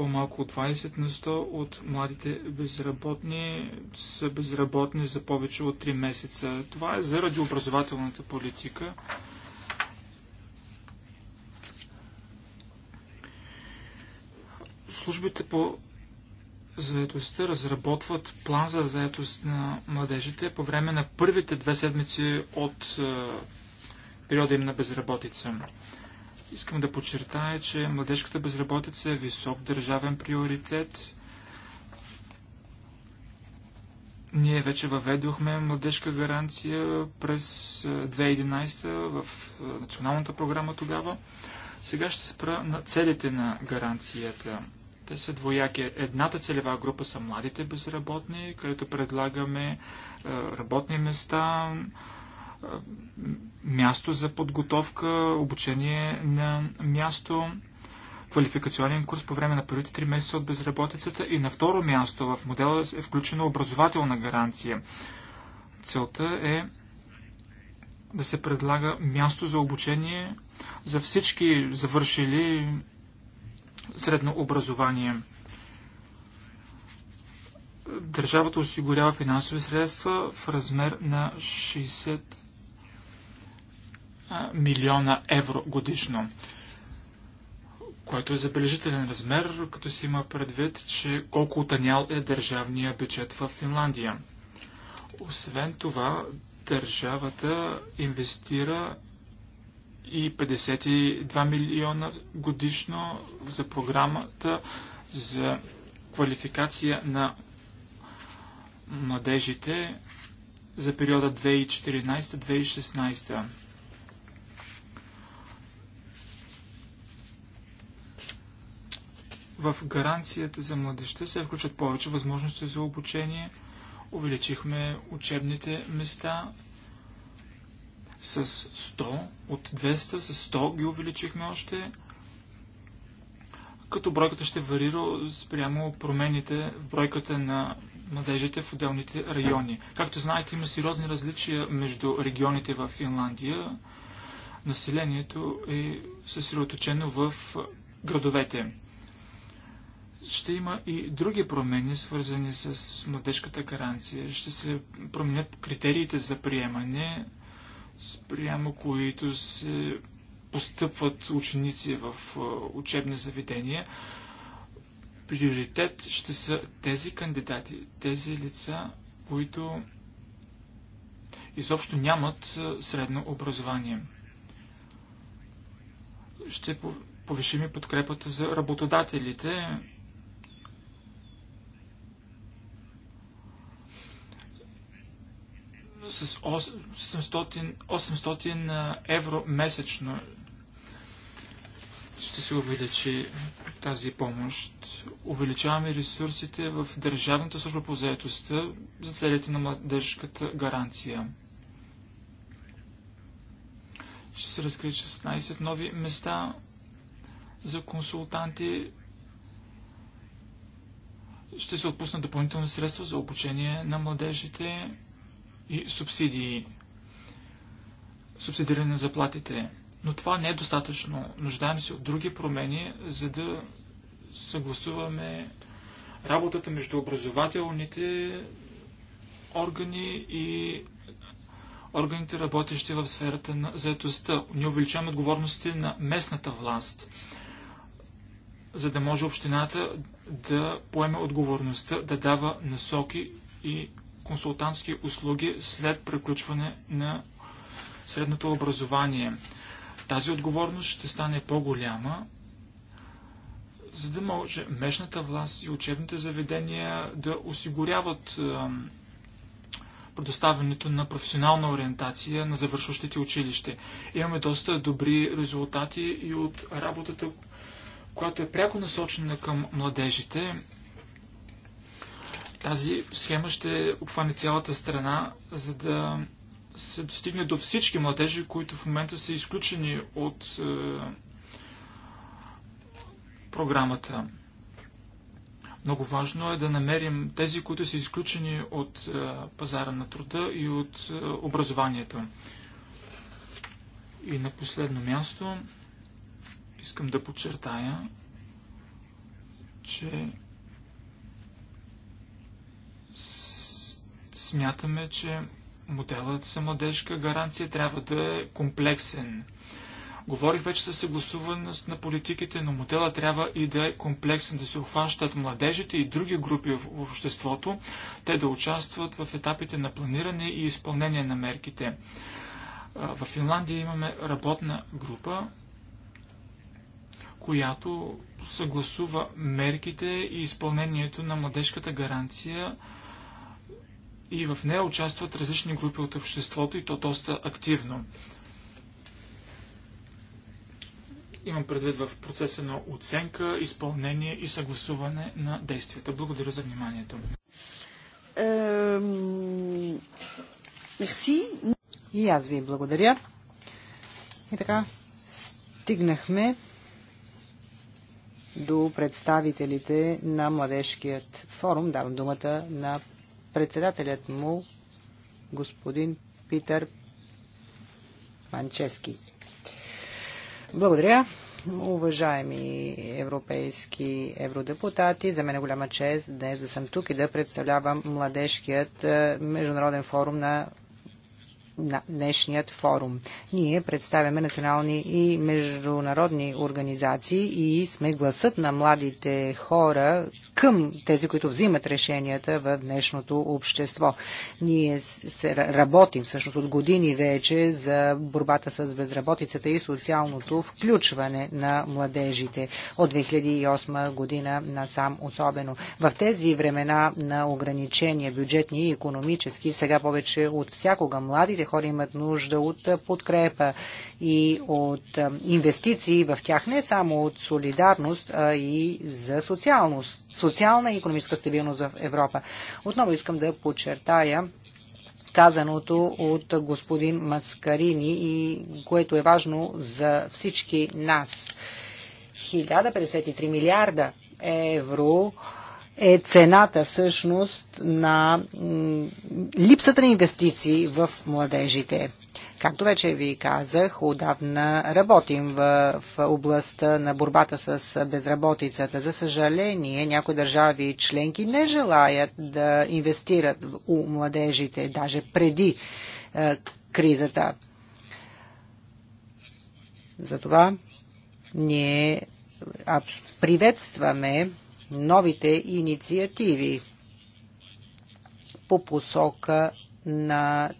Speaker 2: По-малко от 20 на 100 от младите безработни са безработни за повече от 3 месеца. Това е заради образователната политика. Службите по заедостта разработват план за заедост на младежите по време на първите две седмици от е, периода им на безработица. Искам да подчертая, че младежката безработица е висок държавен приоритет. Ние вече въведохме младежка гаранция през 2011 е, в е, националната програма тогава. Сега ще спра на целите на гаранцията. Те са двояки. Едната целева група са младите безработни, където предлагаме е, работни места, място за подготовка, обучение на място, квалификационен курс по време на първите 3 месеца от безработицата и на второ място в модела е включена образователна гаранция. Целта е да се предлага място за обучение за всички завършили средно образование. Държавата осигурява финансови средства в размер на 60 милиона евро годишно, което е забележителен размер, като се има предвид, че колко отънял е държавния бюджет в Финландия. Освен това, държавата инвестира и 52 милиона годишно за програмата за квалификация на младежите за периода 2014-2016. В гаранцията за младеща се включат повече възможности за обучение. Увеличихме учебните места с 100, от 200 с 100 ги увеличихме още, като бройката ще варира спрямо промените в бройката на младежите в отделните райони. Както знаете, има сериозни различия между регионите в Финландия. Населението е съсредоточено в градовете ще има и други промени, свързани с младежката гаранция. Ще се променят критериите за приемане, спрямо които се постъпват ученици в учебни заведения. Приоритет ще са тези кандидати, тези лица, които изобщо нямат средно образование. Ще повишим и подкрепата за работодателите, с 800, 800 евро месечно ще се увеличи тази помощ. Увеличаваме ресурсите в Държавната служба по заедостта за целите на младежката гаранция. Ще се разкрият 16 нови места за консултанти. Ще се отпуснат допълнителни средства за обучение на младежите и субсидии, субсидиране на заплатите. Но това не е достатъчно. Нуждаем се от други промени, за да съгласуваме работата между образователните органи и органите, работещи в сферата на заетостта. Ние увеличаваме отговорности на местната власт, за да може общината да поеме отговорността да дава насоки и консултантски услуги след приключване на средното образование. Тази отговорност ще стане по-голяма, за да може мешната власт и учебните заведения да осигуряват предоставянето на професионална ориентация на завършващите училище. Имаме доста добри резултати и от работата, която е пряко насочена към младежите. Тази схема ще обхване цялата страна, за да се достигне до всички младежи, които в момента са изключени от е, програмата. Много важно е да намерим тези, които са изключени от е, пазара на труда и от е, образованието. И на последно място искам да подчертая, че Смятаме, че моделът за младежка гаранция трябва да е комплексен. Говорих вече за съгласуваност на политиките, но модела трябва и да е комплексен, да се охващат младежите и други групи в обществото, те да участват в етапите на планиране и изпълнение на мерките. В Финландия имаме работна група, която съгласува мерките и изпълнението на младежката гаранция и в нея участват различни групи от обществото и то доста активно. Имам предвид в процеса на оценка, изпълнение и съгласуване на действията. Благодаря за вниманието.
Speaker 1: Мерси.
Speaker 3: И аз ви благодаря. И така, стигнахме до представителите на Младежкият форум. Давам думата на председателят му господин Питър Манчески. Благодаря. Уважаеми европейски евродепутати, за мен е голяма чест днес да съм тук и да представлявам младежкият е, международен форум на на днешният форум. Ние представяме национални и международни организации и сме гласът на младите хора към тези, които взимат решенията в днешното общество. Ние се работим всъщност от години вече за борбата с безработицата и социалното включване на младежите от 2008 година на сам особено. В тези времена на ограничения бюджетни и економически, сега повече от всякога младите хора имат нужда от подкрепа и от инвестиции в тях, не само от солидарност, а и за социалност социална и економическа стабилност в Европа. Отново искам да подчертая казаното от господин Маскарини и което е важно за всички нас. 1053 милиарда евро е цената всъщност на липсата на инвестиции в младежите. Както вече ви казах, отдавна работим в, в областта на борбата с безработицата. За съжаление, някои държави и членки не желаят да инвестират у младежите, даже преди е, кризата. Затова ние приветстваме новите инициативи по посока на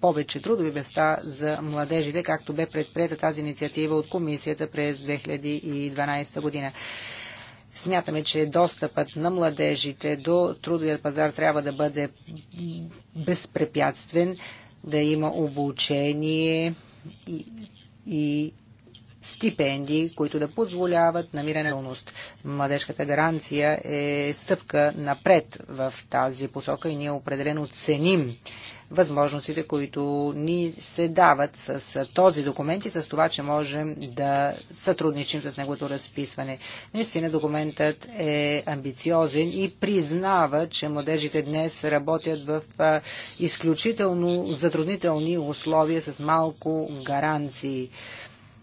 Speaker 3: повече трудови места за младежите, както бе предприета тази инициатива от комисията през 2012 година. Смятаме, че достъпът на младежите до трудовия пазар трябва да бъде безпрепятствен, да има обучение и, и стипендии, които да позволяват намиране на Младежката гаранция е стъпка напред в тази посока и ние определено ценим възможностите, които ни се дават с този документ и с това, че можем да сътрудничим с неговото разписване. Наистина документът е амбициозен и признава, че младежите днес работят в изключително затруднителни условия с малко гаранции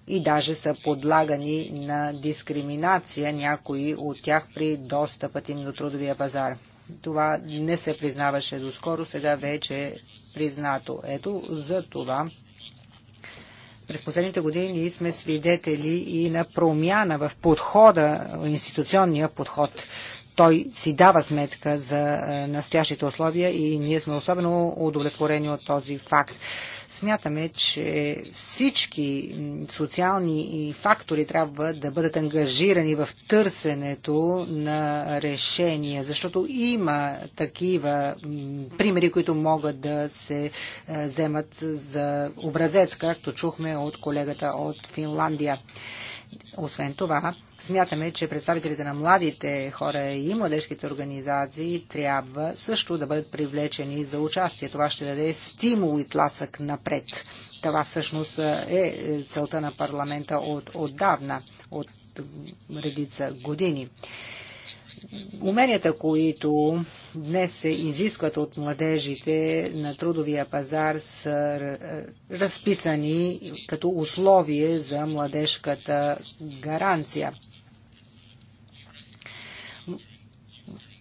Speaker 3: и даже са подлагани на дискриминация някои от тях при достъпът им до трудовия пазар. Това не се признаваше доскоро, сега вече е признато. Ето за това през последните години сме свидетели и на промяна в подхода, институционния подход. Той си дава сметка за е, настоящите условия и ние сме особено удовлетворени от този факт. Смятаме, че всички социални фактори трябва да бъдат ангажирани в търсенето на решения, защото има такива примери, които могат да се е, вземат за образец, както чухме от колегата от Финландия. Освен това, смятаме, че представителите на младите хора и младежките организации трябва също да бъдат привлечени за участие. Това ще даде стимул и тласък напред. Това всъщност е целта на парламента от отдавна, от редица години уменията, които днес се изискват от младежите на трудовия пазар, са разписани като условие за младежката гаранция.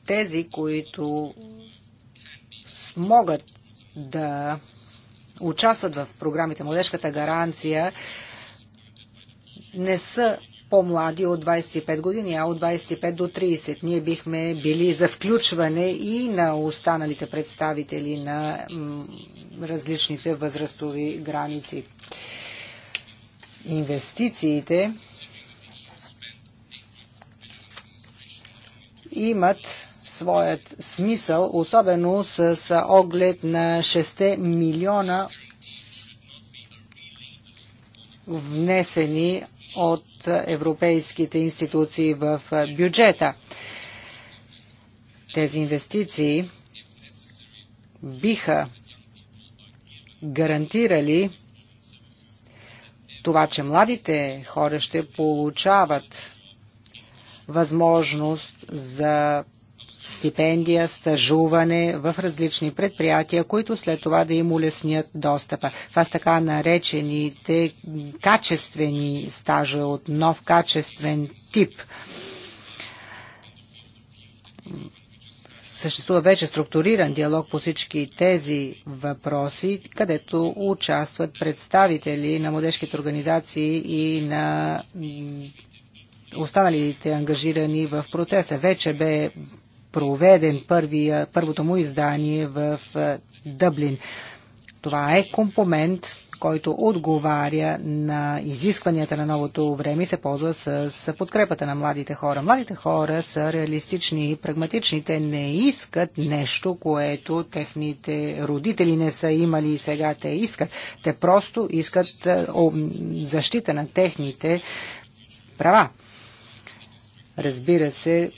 Speaker 3: Тези, които могат да участват в програмите Младежката гаранция, не са по-млади от 25 години, а от 25 до 30. Ние бихме били за включване и на останалите представители на различните възрастови граници. Инвестициите имат своят смисъл, особено с оглед на 6 милиона внесени от европейските институции в бюджета. Тези инвестиции биха гарантирали това, че младите хора ще получават възможност за стипендия, стажуване в различни предприятия, които след това да им улеснят достъпа. Това са така наречените качествени стажа от нов качествен тип съществува вече структуриран диалог по всички тези въпроси, където участват представители на младежките организации и на останалите ангажирани в процеса. Вече бе проведен първия, първото му издание в Дъблин. Това е компонент, който отговаря на изискванията на новото време и се ползва с, с подкрепата на младите хора. Младите хора са реалистични и прагматични. Те не искат нещо, което техните родители не са имали и сега те искат. Те просто искат защита на техните права. Разбира се,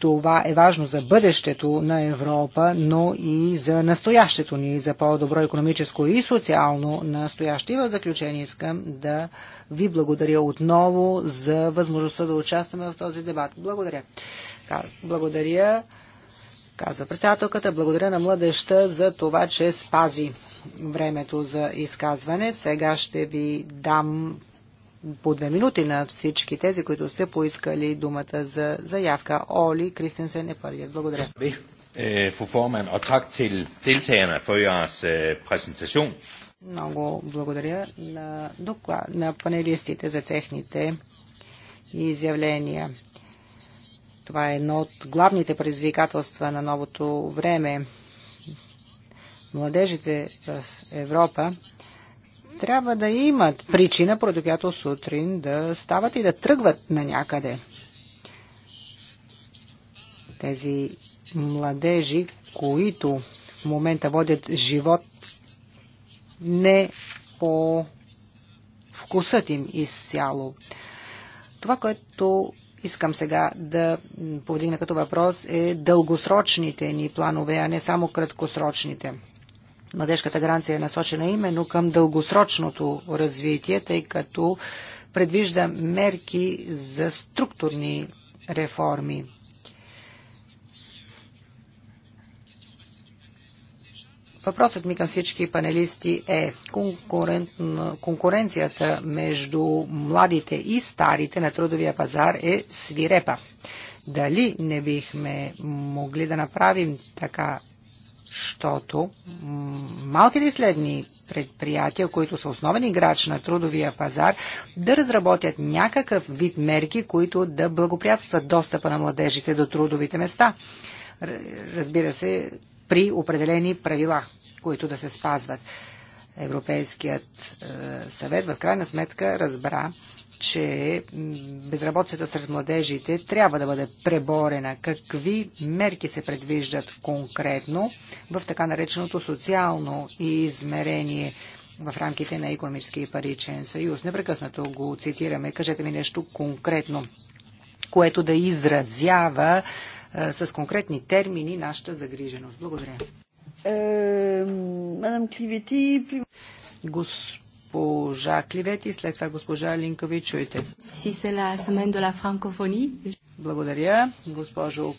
Speaker 3: това е важно за бъдещето на Европа, но и за настоящето ни, за по-добро економическо и социално настояще. И в заключение искам да ви благодаря отново за възможността да участваме в този дебат. Благодаря. Благодаря, казва председателката, благодаря на младеща за това, че спази времето за изказване. Сега ще ви дам по две минути на всички тези, които сте поискали думата за заявка. Оли Кристенсен е първият. Благодаря. Е, е, Много благодаря на, доклад, на панелистите за техните изявления. Това е едно от главните предизвикателства на новото време. Младежите в Европа трябва да имат причина, поради която сутрин да стават и да тръгват на някъде. Тези младежи, които в момента водят живот не по вкусът им изцяло. Това, което искам сега да повдигна като въпрос е дългосрочните ни планове, а не само краткосрочните младежката гаранция е насочена именно към дългосрочното развитие, тъй като предвижда мерки за структурни реформи. Въпросът ми към всички панелисти е конкурен... конкуренцията между младите и старите на трудовия пазар е свирепа. Дали не бихме могли да направим така, защото малките и следни предприятия, които са основен играч на трудовия пазар, да разработят някакъв вид мерки, които да благоприятстват достъпа на младежите до трудовите места. Разбира се, при определени правила, които да се спазват. Европейският е, съвет в крайна сметка разбра, че безработицата сред младежите трябва да бъде преборена. Какви мерки се предвиждат конкретно в така нареченото социално измерение в рамките на економически и паричен съюз? Непрекъснато го цитираме. Кажете ми нещо конкретно, което да изразява а, е, с конкретни термини нашата загриженост. Благодаря. Е,
Speaker 1: мадам Кливети
Speaker 3: госпожа Кливет и след това госпожа Линкови. Чуйте. Благодаря, госпожо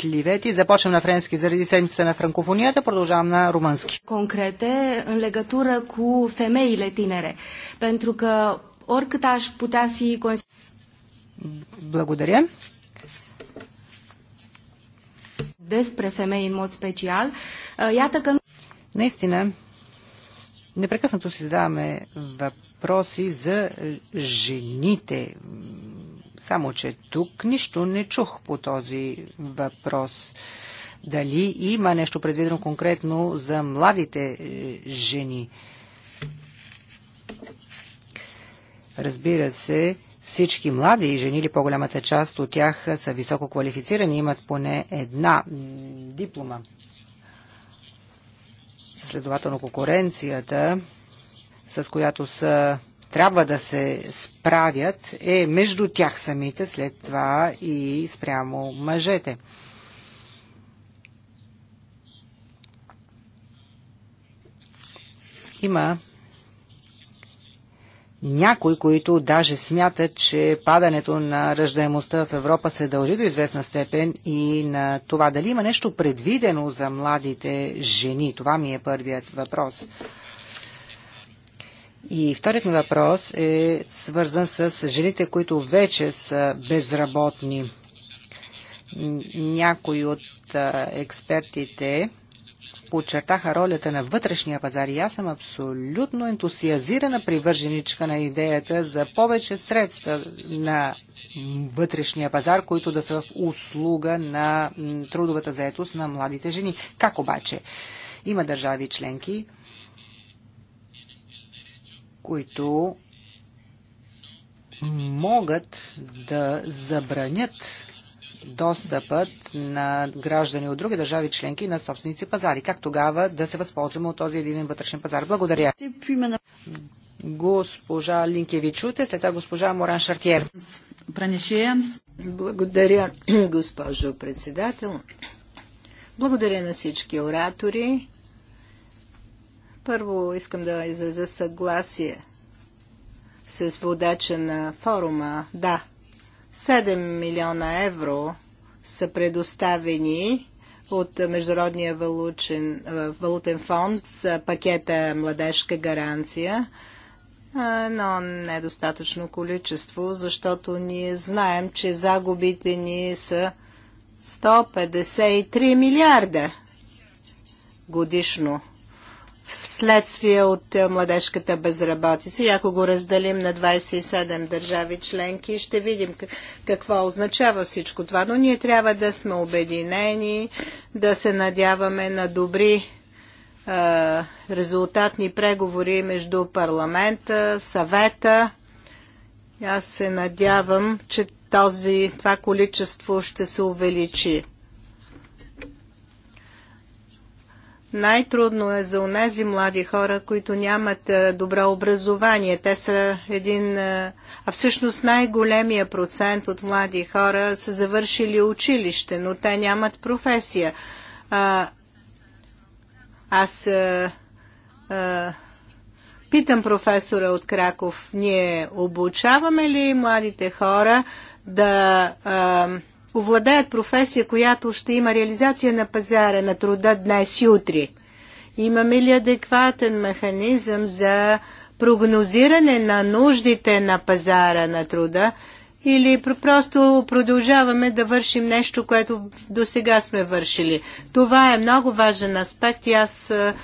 Speaker 3: Кливети. Започвам на френски заради седмицата на франкофонията, продължавам на румънски.
Speaker 1: Конкрете, în легатура cu femeile tinere, pentru că oricât aș putea fi... Благодаря. Despre femei în mod special, iată că...
Speaker 3: Наистина, Непрекъснато си задаваме въпроси за жените. Само, че тук нищо не чух по този въпрос. Дали има нещо предвидено конкретно за младите е, жени? Разбира се, всички млади жени или по-голямата част от тях са високо квалифицирани, имат поне една диплома. Следователно конкуренцията, с която са трябва да се справят е между тях самите, след това и спрямо мъжете. Има някои, които даже смятат, че падането на ръждаемостта в Европа се дължи до известна степен и на това дали има нещо предвидено за младите жени. Това ми е първият въпрос. И вторият ми въпрос е свързан с жените, които вече са безработни. Някои от експертите подчертаха ролята на вътрешния пазар и аз съм абсолютно ентусиазирана привърженичка на идеята за повече средства на вътрешния пазар, които да са в услуга на трудовата заетост на младите жени. Как обаче? Има държави членки, които могат да забранят достъпът на граждани от други държави членки на собственици пазари. Как тогава да се възползваме от този един вътрешен пазар? Благодаря. Госпожа Линкевичуте, след
Speaker 1: това госпожа Моран Шартиер. Благодаря, госпожо председател. Благодаря на всички оратори. Първо искам да изразя съгласие с водача на форума. Да, 7 милиона евро са предоставени от Международния валучен, валутен фонд за пакета Младежка гаранция, но недостатъчно количество, защото ние знаем, че загубите ни са 153 милиарда годишно вследствие от е, младежката безработица. И ако го разделим на 27 държави членки, ще видим какво означава всичко това. Но ние трябва да сме обединени, да се надяваме на добри е, резултатни преговори между парламента, съвета. Аз се надявам, че този, това количество ще се увеличи. Най-трудно е за онези млади хора, които нямат е, добро образование. Те са един... Е, а всъщност най-големия процент от млади хора са завършили училище, но те нямат професия. А, аз а, е, а, питам професора от Краков, ние обучаваме ли младите хора да... А, овладеят професия, която ще има реализация на пазара на труда днес и утре? Имаме ли адекватен механизъм за прогнозиране на нуждите на пазара на труда или просто продължаваме да вършим нещо, което до сега сме вършили. Това е много важен аспект и аз е,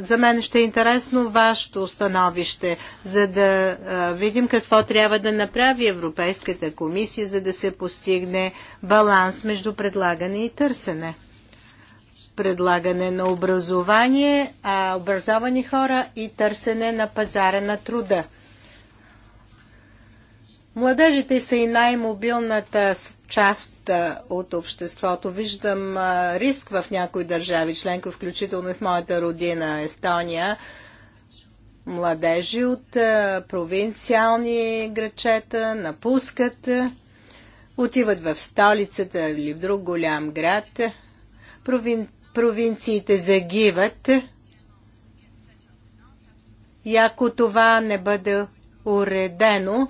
Speaker 1: за мен ще е интересно вашето установище, за да видим какво трябва да направи Европейската комисия, за да се постигне баланс между предлагане и търсене. Предлагане на образование, а образовани хора и търсене на пазара на труда. Младежите са и най-мобилната част от обществото. Виждам риск в някои държави членко, включително и в моята родина Естония. Младежи от провинциални грачета напускат, отиват в столицата или в друг голям град. Провин... Провинциите загиват. И ако това не бъде уредено,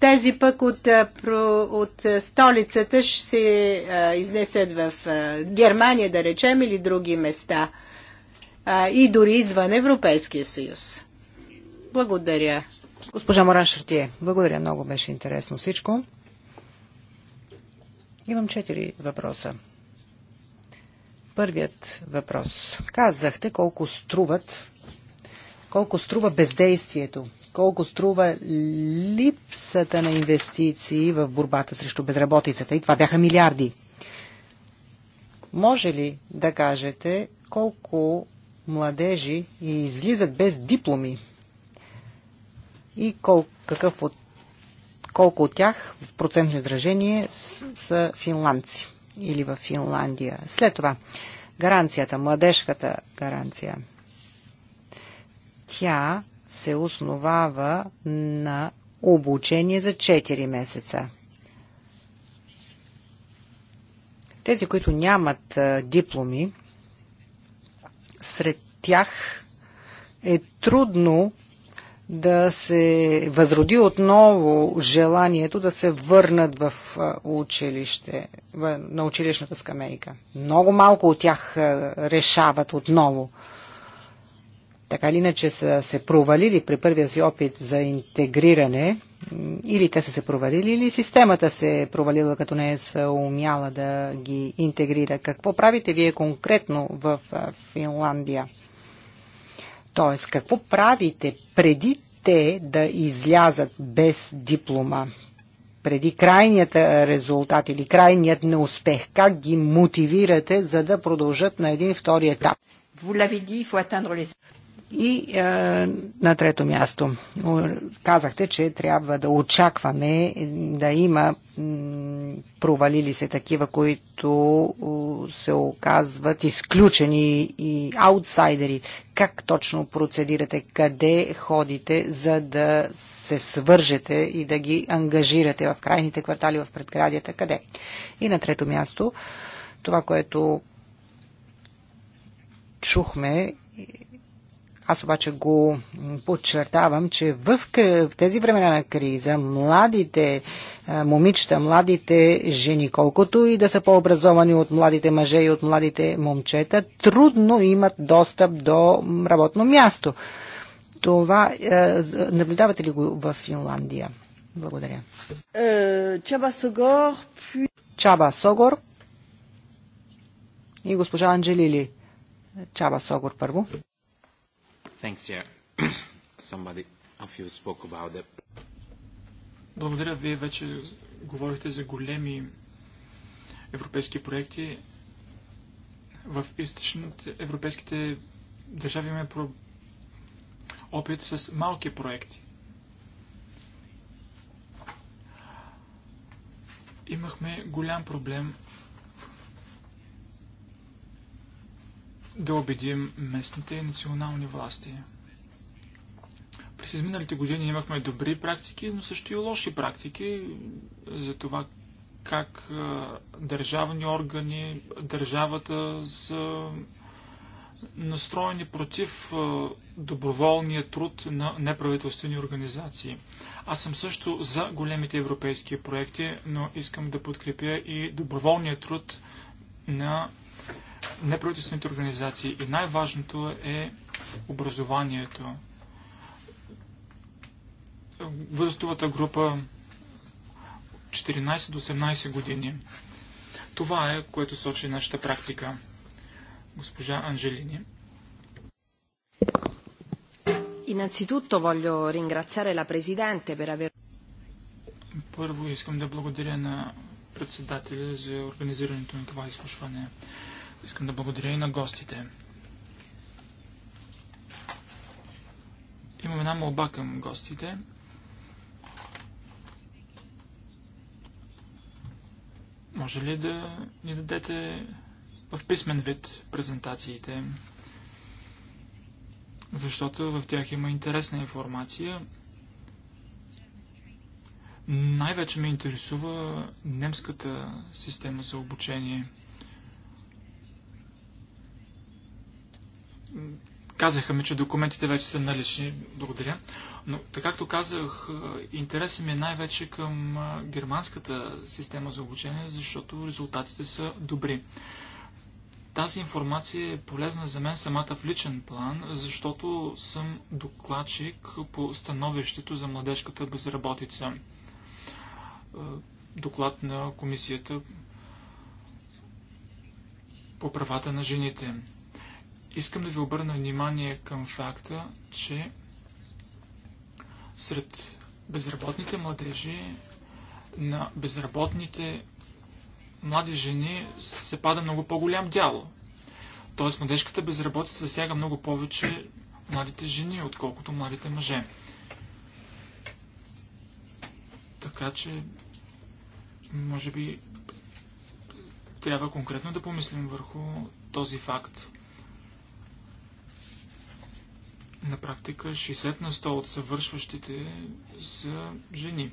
Speaker 1: тези пък от, от столицата ще се изнесат в Германия, да речем, или други места. И дори извън Европейския съюз. Благодаря.
Speaker 3: Госпожа Моран Шартие, благодаря много, беше интересно всичко. Имам четири въпроса. Първият въпрос. Казахте колко струват, колко струва бездействието колко струва липсата на инвестиции в борбата срещу безработицата. И това бяха милиарди. Може ли да кажете колко младежи излизат без дипломи? И кол, какъв от, колко от тях в процентно изражение са финландци или в Финландия? След това, гаранцията, младежката гаранция. Тя се основава на обучение за 4 месеца. Тези, които нямат дипломи, сред тях е трудно да се възроди отново желанието да се върнат в училище, на училищната скамейка. Много малко от тях решават отново така или иначе са се провалили при първия си опит за интегриране, или те са се провалили, или системата се е провалила, като не е умяла да ги интегрира. Какво правите вие конкретно в Финландия? Тоест, какво правите преди те да излязат без диплома? преди крайният резултат или крайният неуспех? Как ги мотивирате, за да продължат на един втори етап? И е, на трето място, казахте, че трябва да очакваме да има провалили се такива, които се оказват изключени и аутсайдери. Как точно процедирате? Къде ходите, за да се свържете и да ги ангажирате в крайните квартали, в предградията? Къде? И на трето място, това, което чухме аз обаче го подчертавам, че в, в тези времена на криза младите момичета, младите жени, колкото и да са по-образовани от младите мъже и от младите момчета, трудно имат достъп до работно място. Това е, наблюдавате ли го в Финландия? Благодаря.
Speaker 1: Е, Чаба Согор.
Speaker 3: Чаба Согор. И госпожа Анджелили. Чаба Согор първо.
Speaker 2: Thanks, yeah. (clears throat) Somebody of you spoke about Благодаря. Вие вече говорихте за големи европейски проекти. В източните европейските държави имаме про... опит с малки проекти. Имахме голям проблем да убедим местните и национални власти. През изминалите години имахме добри практики, но също и лоши практики за това как държавни органи, държавата са настроени против доброволния труд на неправителствени организации. Аз съм също за големите европейски проекти, но искам да подкрепя и доброволния труд на неправителствените организации и най-важното е образованието. Възрастовата група 14 до 18 години. Това е, което сочи нашата практика. Госпожа Анжелини.
Speaker 1: Innanzitutto voglio ringraziare la Presidente per
Speaker 2: aver... Първо искам да благодаря на председателя за организирането на това изслушване. Искам да благодаря и на гостите. Имам една молба към гостите. Може ли да ни дадете в писмен вид презентациите? Защото в тях има интересна информация. Най-вече ме интересува немската система за обучение – Казаха ми, че документите вече са налични. Благодаря. Но, така както казах, е, интересът ми е най-вече към е, германската система за обучение, защото резултатите са добри. Тази информация е полезна за мен самата в личен план, защото съм докладчик по становището за младежката безработица. Е, доклад на комисията по правата на жените. Искам да ви обърна внимание към факта, че сред безработните младежи на безработните млади жени се пада много по-голям дял. Тоест младежката безработица засяга много повече младите жени, отколкото младите мъже. Така че, може би, трябва конкретно да помислим върху този факт. На практика 60 на 100 от съвършващите са жени.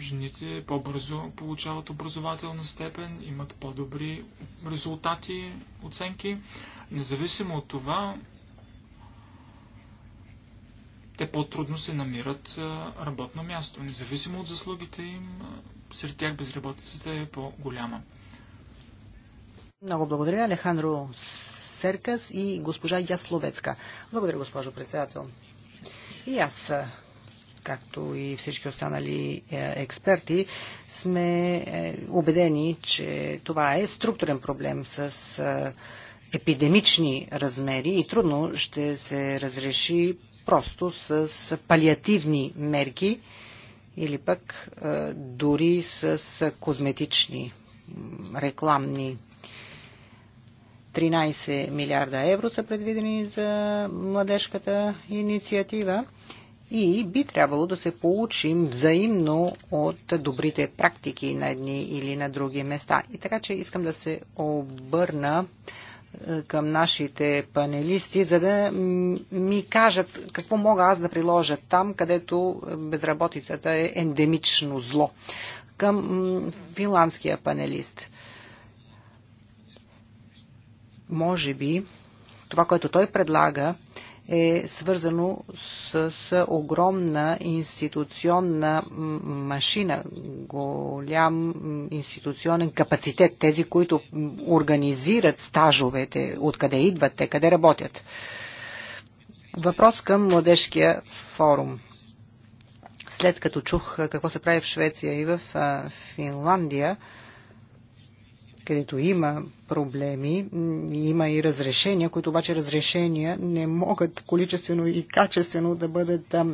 Speaker 2: Жените по-бързо получават образователна степен, имат по-добри резултати, оценки. Независимо от това, те по-трудно се намират работно място. Независимо от заслугите им, сред тях безработицата е по-голяма.
Speaker 3: Много благодаря, Алехандро Серкас и госпожа Ясловецка. Благодаря,
Speaker 2: госпожо председател.
Speaker 3: И аз, както и всички останали е, експерти, сме е, убедени, че това е структурен проблем с епидемични размери и трудно ще се разреши просто с палиативни мерки или пък дори с козметични рекламни 13 милиарда евро са предвидени за младежката инициатива и би трябвало да се получим взаимно от добрите практики на едни или на други места. И така, че искам да се обърна е, към нашите панелисти, за да ми кажат какво мога аз да приложа там, където безработицата е ендемично зло. Към финландския панелист – може би това, което той предлага, е свързано с, с огромна институционна машина, голям институционен капацитет, тези, които организират стажовете, откъде идват те, къде работят. Въпрос към Младежкия форум. След като чух какво се прави в Швеция и в Финландия, където има проблеми, има и разрешения, които обаче разрешения не могат количествено и качествено да бъдат а,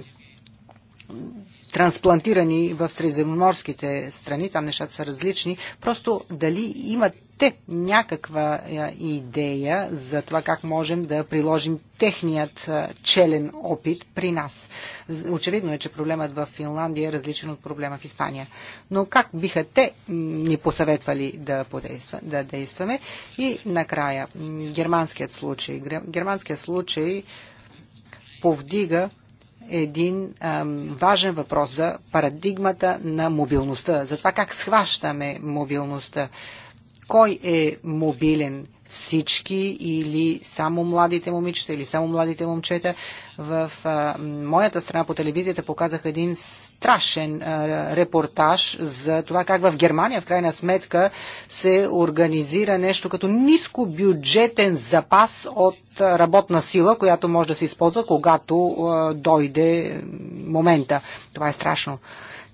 Speaker 3: трансплантирани в средиземноморските страни, там нещата са различни. Просто дали имат те някаква е, идея за това как можем да приложим техният е, челен опит при нас. Очевидно е, че проблемът в Финландия е различен от проблема в Испания. Но как биха те ни посъветвали да, подейства, да действаме? И накрая, германският случай. Германският случай повдига един ам, важен въпрос за парадигмата на мобилността, за това как схващаме мобилността. Кой е мобилен? Всички или само младите момичета или само младите момчета? В а, моята страна по телевизията показах един страшен а, репортаж за това как в Германия в крайна сметка се организира нещо като ниско бюджетен запас от работна сила, която може да се използва, когато а, дойде момента. Това е страшно.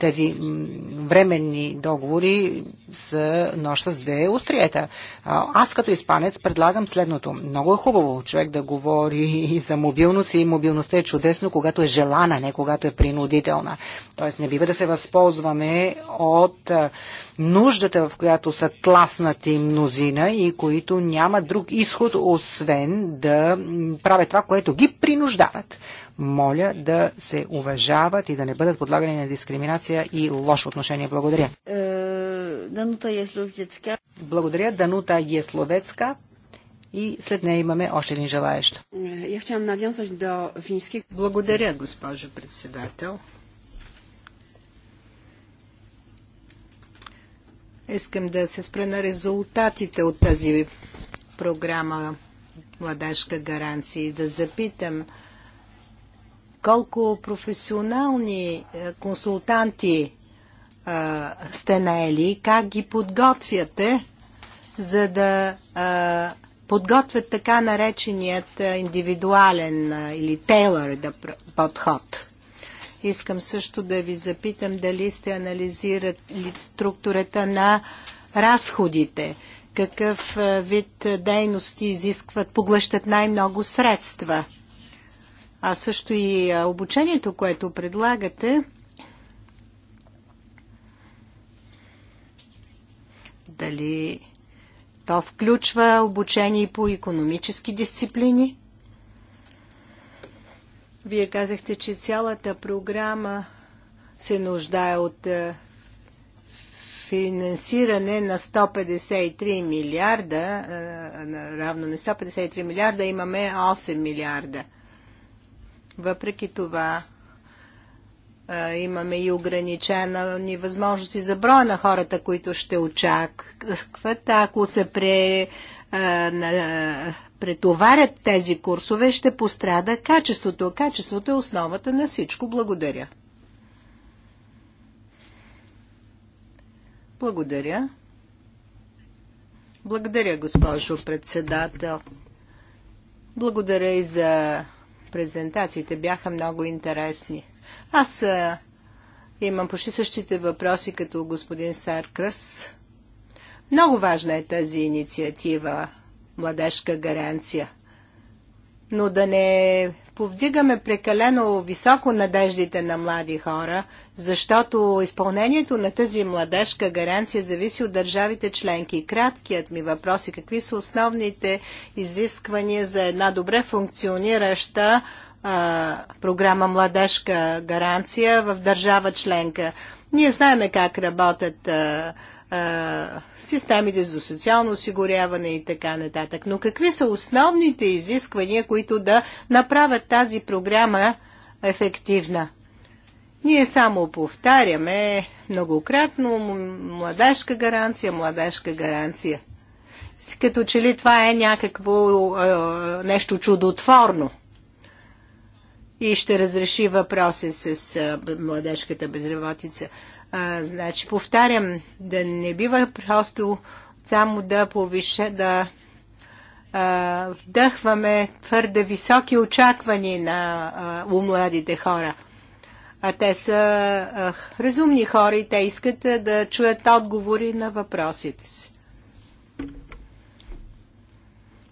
Speaker 3: Тези временни договори са нощ с две остриета. Аз като испанец предлагам следното. Много е хубаво човек да говори (laughs) и за мобилност и мобилността е чудесно, когато е желана, не когато е принудителна. Тоест не бива да се възползваме от нуждата, в която са тласнати мнозина и които няма друг изход, освен да правят това, което ги принуждават моля да се уважават и да не бъдат подлагани на дискриминация и лошо отношение. Благодаря. Е, Данута Есловецка. Благодаря, Данута Есловецка. И след нея имаме още един желаещ. Е, я до фински.
Speaker 1: Благодаря, госпожо председател. Искам да се спра на резултатите от тази програма Младежка гаранция и да запитам колко професионални е, консултанти е, сте наели, как ги подготвяте, за да е, подготвят така нареченият индивидуален или тейлър подход. Искам също да ви запитам дали сте анализирали структурата на разходите. Какъв вид дейности изискват, поглъщат най-много средства – а също и обучението, което предлагате, дали то включва обучение по економически дисциплини? Вие казахте, че цялата програма се нуждае от финансиране на 153 милиарда, равно на 153 милиарда имаме 8 милиарда. Въпреки това а, имаме и ограничена ни възможности за броя на хората, които ще очакват. Ако се пре, а, на, претоварят тези курсове, ще пострада качеството. Качеството е основата на всичко. Благодаря. Благодаря. Благодаря, госпожо председател. Благодаря и за презентациите бяха много интересни. Аз а, имам почти същите въпроси като господин Саркръс. Много важна е тази инициатива, младежка гаранция. Но да не повдигаме прекалено високо надеждите на млади хора, защото изпълнението на тази младежка гаранция зависи от държавите членки. Краткият ми въпрос е какви са основните изисквания за една добре функционираща а, програма младежка гаранция в държава членка. Ние знаеме как работят а, системите за социално осигуряване и така нататък. Но какви са основните изисквания, които да направят тази програма ефективна? Ние само повтаряме многократно младежка гаранция, младежка гаранция. Като че ли това е някакво е, нещо чудотворно и ще разреши въпроси с е, младежката безработица. А, значи, повтарям, да не бива просто само да повиша, да а, вдъхваме твърде високи очаквания на а, у младите хора. А те са а, разумни хора и те искат а, да чуят отговори на въпросите си.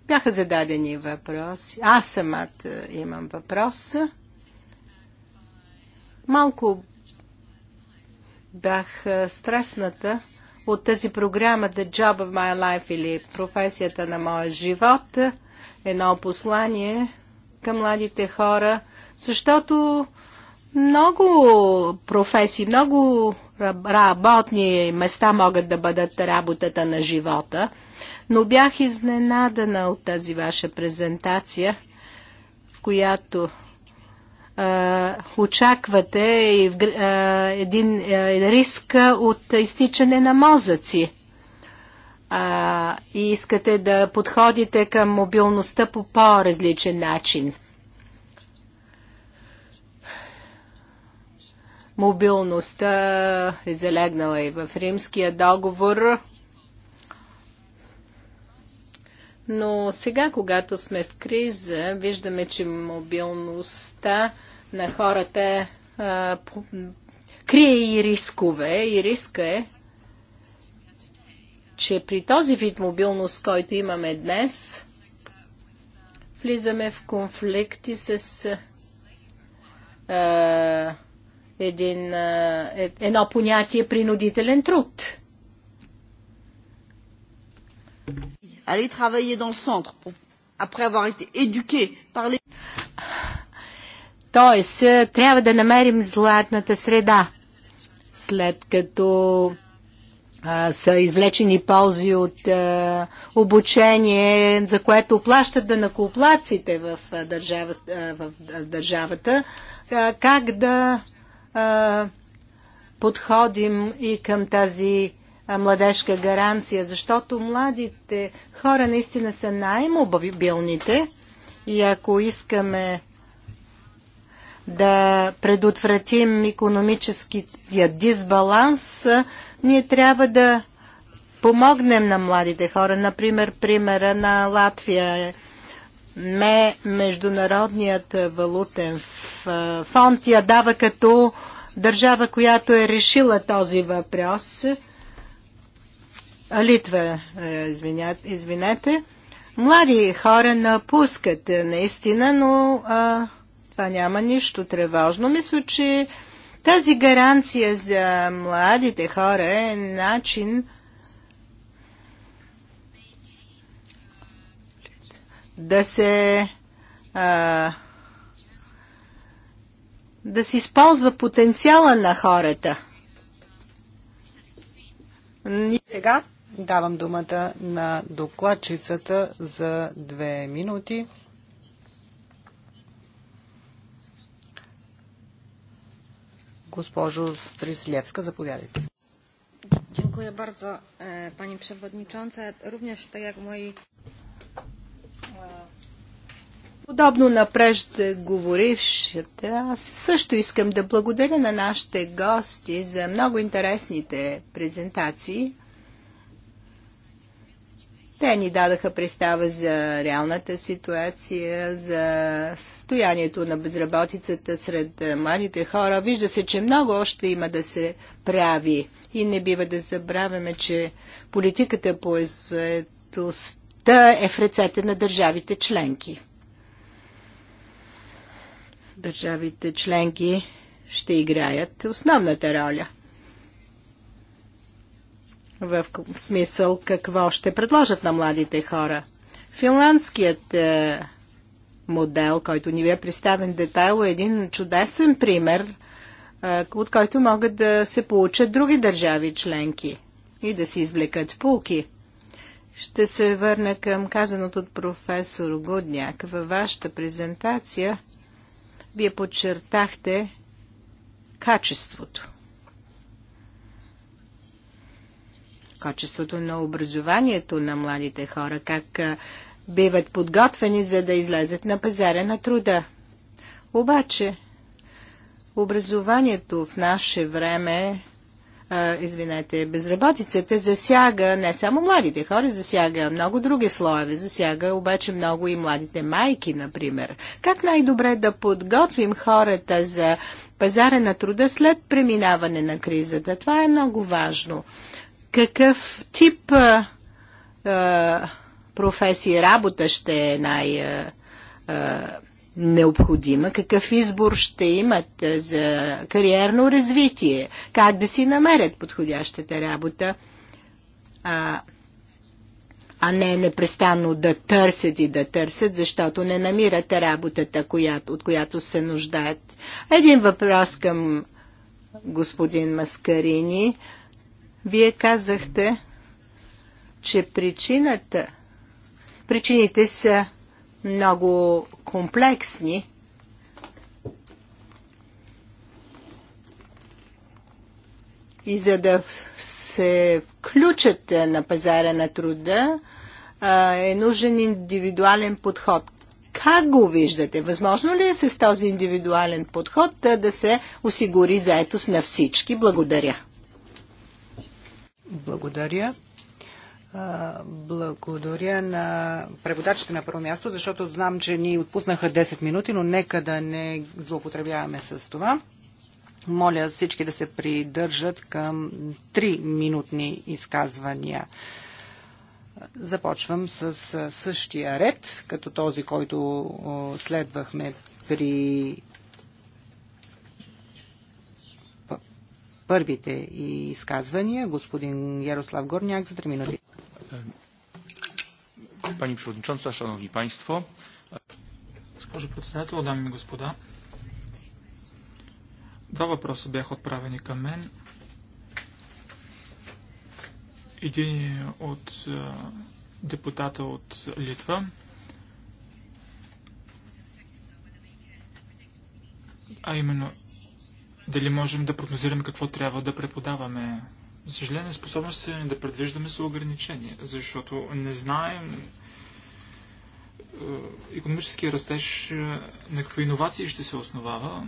Speaker 1: Бяха зададени въпроси. Аз самата имам въпрос. Малко бях стресната от тази програма The Job of My Life или професията на моя живот. Едно послание към младите хора, защото много професии, много работни места могат да бъдат работата на живота, но бях изненадана от тази ваша презентация, в която очаквате и в, един риск от изтичане на мозъци а, и искате да подходите към мобилността по по-различен начин. Мобилността е залегнала и в римския договор. Но сега, когато сме в криза, виждаме, че мобилността на хората крие и рискове. И риска е, че при този вид мобилност, който имаме днес, влизаме в конфликти с а, един, а, е, едно понятие принудителен труд. Aller travailler dans le centre pour, après avoir été éduqué par les Тоест, е, трябва да намерим златната среда, след като а, са извлечени ползи от а, обучение, за което плащат данакоплаците в, държава, в държавата, а, как да а, подходим и към тази младежка гаранция, защото младите хора наистина са най-мобилните и ако искаме да предотвратим економическия дисбаланс, ние трябва да помогнем на младите хора. Например, примера на Латвия ме Международният валутен фонд я дава като държава, която е решила този въпрос. Литва, е, извинете. Млади хора напускат е, наистина, но а, това няма нищо тревожно. Мисля, че тази гаранция за младите хора е начин да се а, да се използва потенциала на хората.
Speaker 3: И сега давам думата на докладчицата за две минути. Госпожо Стрислевска, заповядайте.
Speaker 1: Dziękuję bardzo e, Pani Przewodnicząca. Również tak jak moi... E, Подобно на преждеговорившите, аз също искам да благодаря на нашите гости за много интересните презентации. Те ни дадаха представа за реалната ситуация, за състоянието на безработицата сред е, младите хора. Вижда се, че много още има да се прави. И не бива да забравяме, че политиката по заедостта е в ръцете на държавите членки. Държавите членки ще играят основната роля – в смисъл какво ще предложат на младите хора. Финландският е, модел, който ни е представен детайл, е един чудесен пример, е, от който могат да се получат други държави членки и да се извлекат пулки. Ще се върна към казаното от професор Годняк. Във вашата презентация вие подчертахте качеството. качеството на образованието на младите хора, как биват подготвени за да излезат на пазара на труда. Обаче, образованието в наше време, а, извинете, безработицата засяга не само младите хора, засяга много други слоеве, засяга обаче много и младите майки, например. Как най-добре да подготвим хората за пазара на труда след преминаване на кризата? Това е много важно. Какъв тип а, а, професия, работа ще е най- а, а, необходима, какъв избор ще имат за кариерно развитие, как да си намерят подходящата работа, а, а не непрестанно да търсят и да търсят, защото не намират работата, която, от която се нуждаят. Един въпрос към господин Маскарини. Вие казахте, че причината, причините са много комплексни. И за да се включат на пазара на труда, е нужен индивидуален подход. Как го виждате? Възможно ли е с този индивидуален подход да се осигури заетост на всички? Благодаря.
Speaker 3: Благодаря. Благодаря на преводачите на първо място, защото знам, че ни отпуснаха 10 минути, но нека да не злоупотребяваме с това. Моля всички да се придържат към 3-минутни изказвания. Започвам с същия ред, като този, който следвахме при първите изказвания. Господин Ярослав Горняк за 3 минути.
Speaker 2: Пани Przewodnicząca, Szanowni Państwo. Госпожо председател, дами и господа, два въпроса бяха отправени към мен. Един е от депутата от Литва, а именно дали можем да прогнозираме какво трябва да преподаваме? За съжаление, способностите ни да предвиждаме са ограничени, защото не знаем економическия растеж е, на какви иновации ще се основава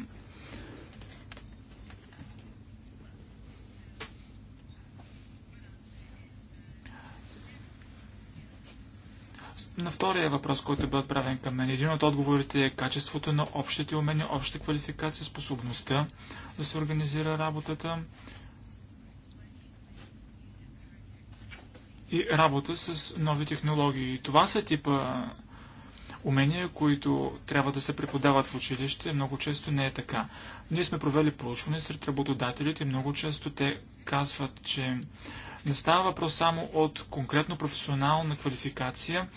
Speaker 2: на втория въпрос, който бе отправен към мен. Един от отговорите е качеството на общите умения, обща квалификация, способността да се организира работата и работа с нови технологии. Това са типа умения, които трябва да се преподават в училище. Много често не е така. Ние сме провели проучване сред работодателите много често те казват, че не става въпрос само от конкретно професионална квалификация,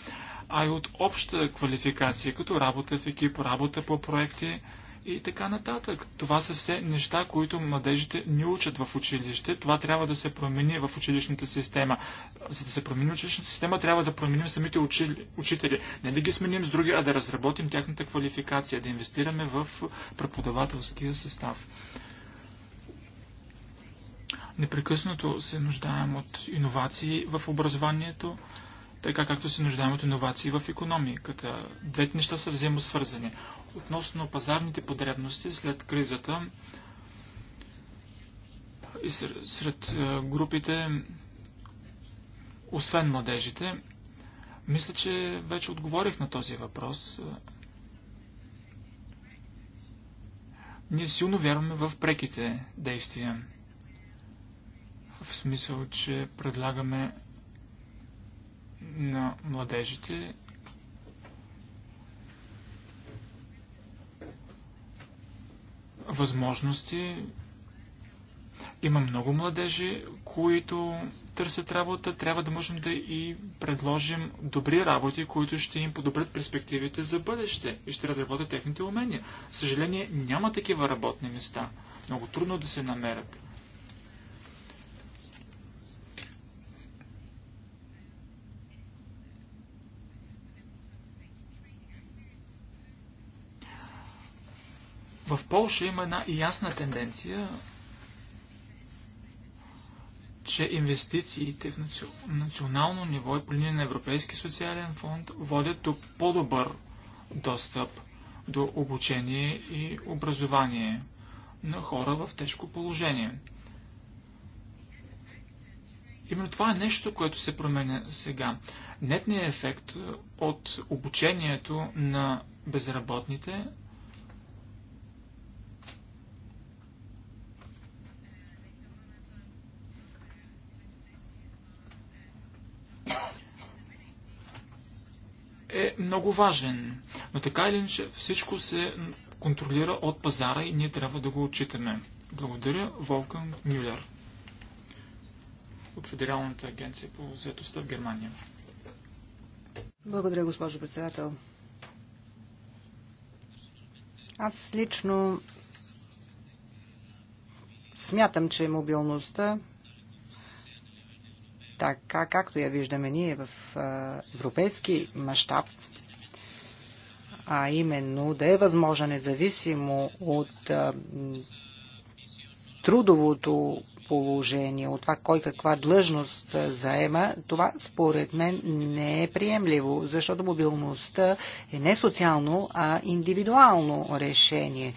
Speaker 2: а и от обща квалификация, като работа в екип, работа по проекти и така нататък. Това са все неща, които младежите ни учат в училище. Това трябва да се промени в училищната система. За да се промени училищната система, трябва да променим самите учили... учители. Не да ги сменим с други, а да разработим тяхната квалификация, да инвестираме в преподавателския състав. Непрекъснато се нуждаем от иновации в образованието, така както се нуждаем от иновации в економиката. Двете неща са взаимосвързани. Относно пазарните потребности след кризата и сред е, групите, освен младежите, мисля, че вече отговорих на този въпрос. Е, ние силно вярваме в преките действия в смисъл, че предлагаме на младежите възможности. Има много младежи, които търсят работа. Трябва да можем да и предложим добри работи, които ще им подобрят перспективите за бъдеще и ще разработят техните умения. Съжаление, няма такива работни места. Много трудно да се намерят. В Польша има една ясна тенденция, че инвестициите в наци... национално ниво и по линия на Европейски социален фонд водят до по-добър достъп до обучение и образование на хора в тежко положение. Именно това е нещо, което се променя сега. Нетният ефект от обучението на безработните е много важен. Но така или иначе всичко се контролира от пазара и ние трябва да го отчитаме. Благодаря, Волкан Мюлер от Федералната агенция по заедостта в Германия. Благодаря, госпожо
Speaker 3: председател. Аз лично смятам, че мобилността така както я виждаме ние в европейски мащаб, а именно да е възможно независимо от трудовото положение, от това кой каква длъжност заема, това според мен не е приемливо, защото мобилността е не социално, а индивидуално решение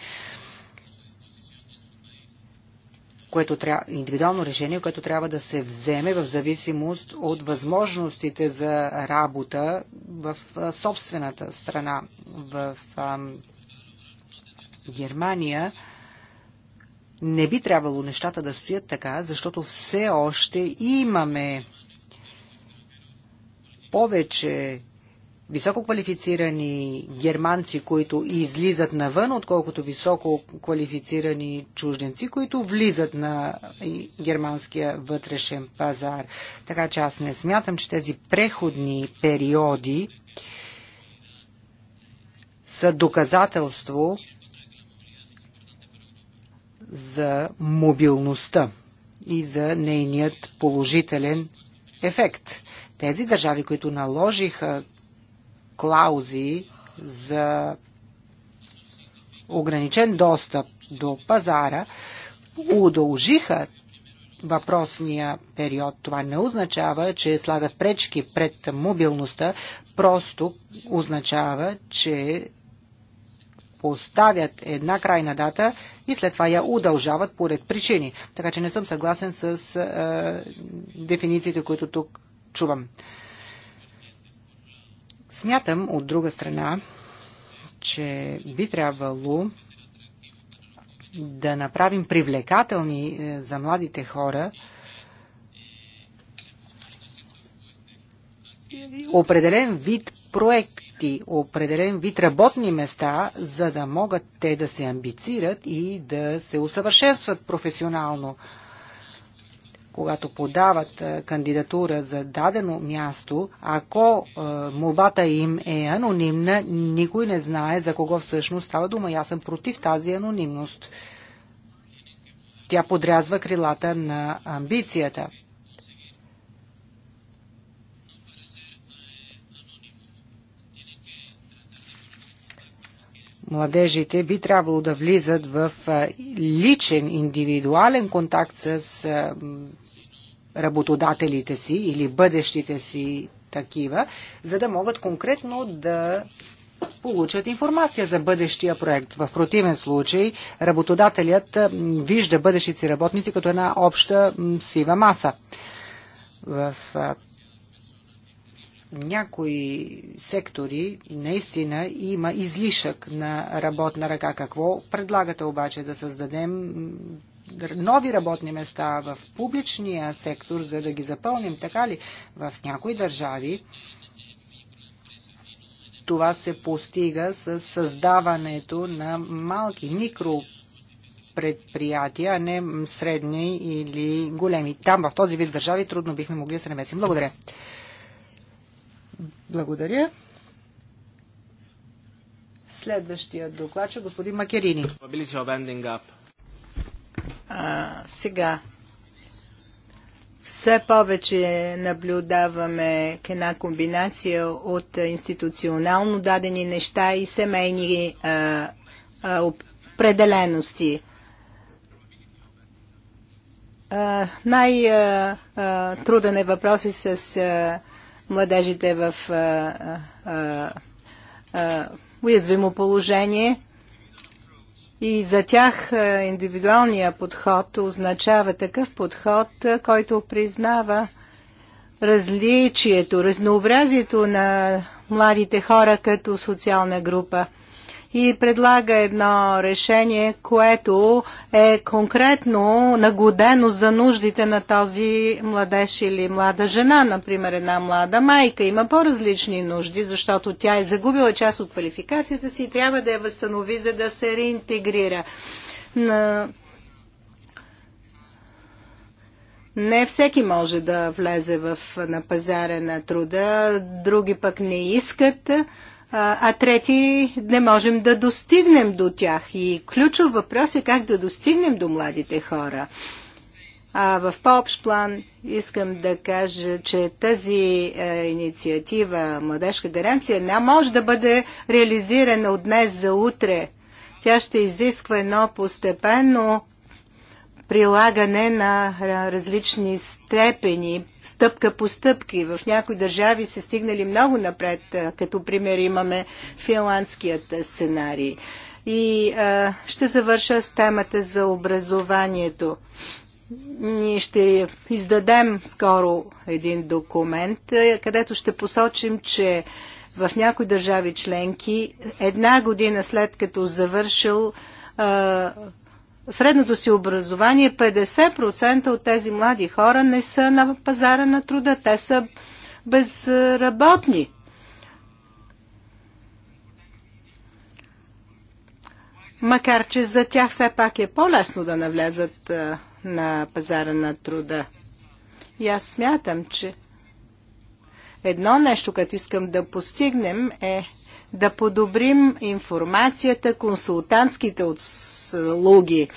Speaker 3: което трябва, индивидуално решение, което трябва да се вземе в зависимост от възможностите за работа в собствената страна. В ам, Германия не би трябвало нещата да стоят така, защото все още имаме повече високо квалифицирани германци, които излизат навън, отколкото високо квалифицирани чужденци, които влизат на германския вътрешен пазар. Така че аз не смятам, че тези преходни периоди са доказателство за мобилността и за нейният положителен ефект. Тези държави, които наложиха клаузи за ограничен достъп до пазара, удължиха въпросния период. Това не означава, че слагат пречки пред мобилността, просто означава, че поставят една крайна дата и след това я удължават поред причини. Така че не съм съгласен с е, дефинициите, които тук чувам. Смятам, от друга страна, че би трябвало да направим привлекателни е, за младите хора определен вид проекти, определен вид работни места, за да могат те да се амбицират и да се усъвършенстват професионално когато подават е, кандидатура за дадено място, ако е, молбата им е анонимна, никой не знае за кого всъщност става дума. Аз съм против тази анонимност. Тя подрязва крилата на амбицията. младежите би трябвало да влизат в е, личен, индивидуален контакт с работодателите си или бъдещите си такива, за да могат конкретно да получат информация за бъдещия проект. В противен случай работодателят вижда бъдещите си работници като една обща сива маса. В някои сектори наистина има излишък на работна ръка. Какво предлагате обаче да създадем нови работни места в публичния сектор, за да ги запълним, така ли? В някои държави това се постига с създаването на малки микро предприятия, а не средни или големи. Там, в този вид държави, трудно бихме могли да се намесим. Благодаря. Благодаря. Следващия доклад господин Макерини.
Speaker 1: А, сега, все повече наблюдаваме една комбинация от институционално дадени неща и семейни а, а, определености. Най-труден е въпрос е с а, младежите в а, а, уязвимо положение. И за тях е, индивидуалния подход означава такъв подход, е, който признава различието, разнообразието на младите хора като социална група – и предлага едно решение, което е конкретно нагодено за нуждите на този младеж или млада жена. Например, една млада майка има по-различни нужди, защото тя е загубила част от квалификацията си и трябва да я възстанови, за да се реинтегрира. На... Не всеки може да влезе в, на пазара на труда, други пък не искат а трети не можем да достигнем до тях. И ключов въпрос е как да достигнем до младите хора. А в по-общ план искам да кажа, че тази е, инициатива Младежка гаранция не може да бъде реализирана от днес за утре. Тя ще изисква едно постепенно прилагане на различни степени, стъпка по стъпки. В някои държави се стигнали много напред, като пример имаме финландският сценарий. И а, ще завърша с темата за образованието. Ние ще издадем скоро един документ, където ще посочим, че в някои държави членки една година след като завършил а, средното си образование, 50% от тези млади хора не са на пазара на труда. Те са безработни. Макар, че за тях все пак е по-лесно да навлязат на пазара на труда. И аз смятам, че едно нещо, което искам да постигнем е да подобрим информацията, консултантските услуги,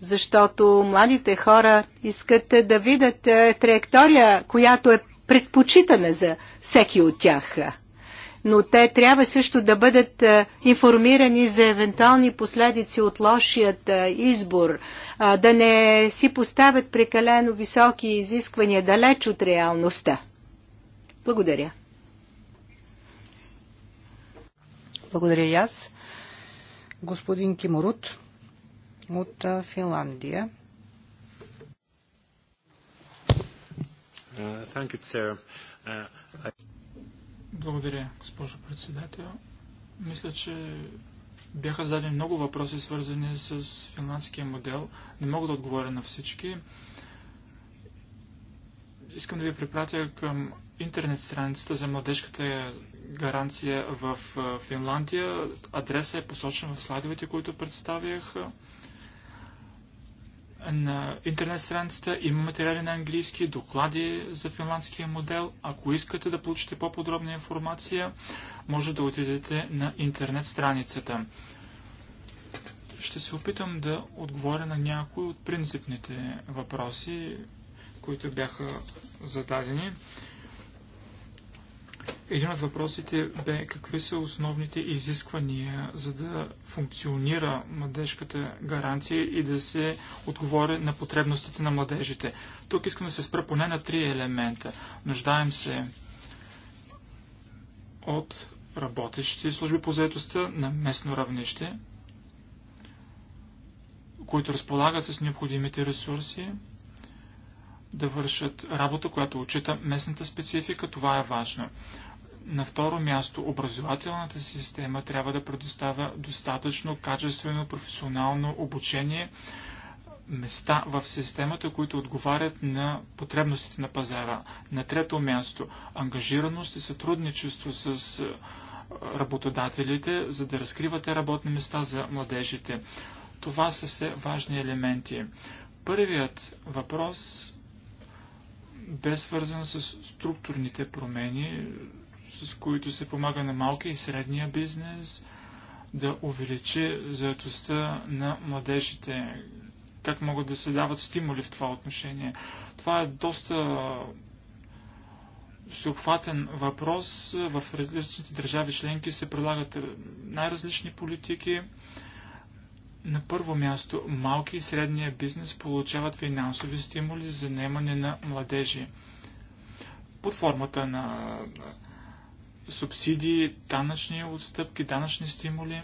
Speaker 1: защото младите хора искат да видят е, траектория, която е предпочитана за всеки от тях. Но те трябва също да бъдат е, информирани за евентуални последици от лошият е, избор, да не си поставят прекалено високи изисквания далеч от реалността. Благодаря. Благодаря и аз. Господин Киморут
Speaker 3: от Финландия.
Speaker 2: Uh, you, uh, I... Благодаря, госпожо председател. Мисля, че бяха зададени много въпроси, свързани с финландския модел. Не мога да отговоря на всички. Искам да ви препратя към интернет страницата за младежката гаранция в Финландия. Адреса е посочен в слайдовете, които представях. На интернет страницата има материали на английски, доклади за финландския модел. Ако искате да получите по-подробна информация, може да отидете на интернет страницата. Ще се опитам да отговоря на някои от принципните въпроси, които бяха зададени. Един от въпросите бе какви са основните изисквания, за да функционира младежката гаранция и да се отговори на потребностите на младежите. Тук искам да се спра поне на три елемента. Нуждаем се от работещи служби по заедостта на местно равнище, които разполагат с необходимите ресурси, да вършат работа, която отчита местната специфика. Това е важно. На второ място, образователната система трябва да предоставя достатъчно качествено професионално обучение, места в системата, които отговарят на потребностите на пазара. На трето място, ангажираност и сътрудничество с работодателите, за да разкривате работни места за младежите. Това са все важни елементи. Първият въпрос бе свързан с структурните промени, с които се помага на малкия и средния бизнес да увеличи заедостта на младежите. Как могат да се дават стимули в това отношение? Това е доста всеобхватен въпрос. В различните държави членки се прилагат най-различни политики. На първо място, малки и средния бизнес получават финансови стимули за наемане на младежи под формата на субсидии, данъчни отстъпки, данъчни стимули.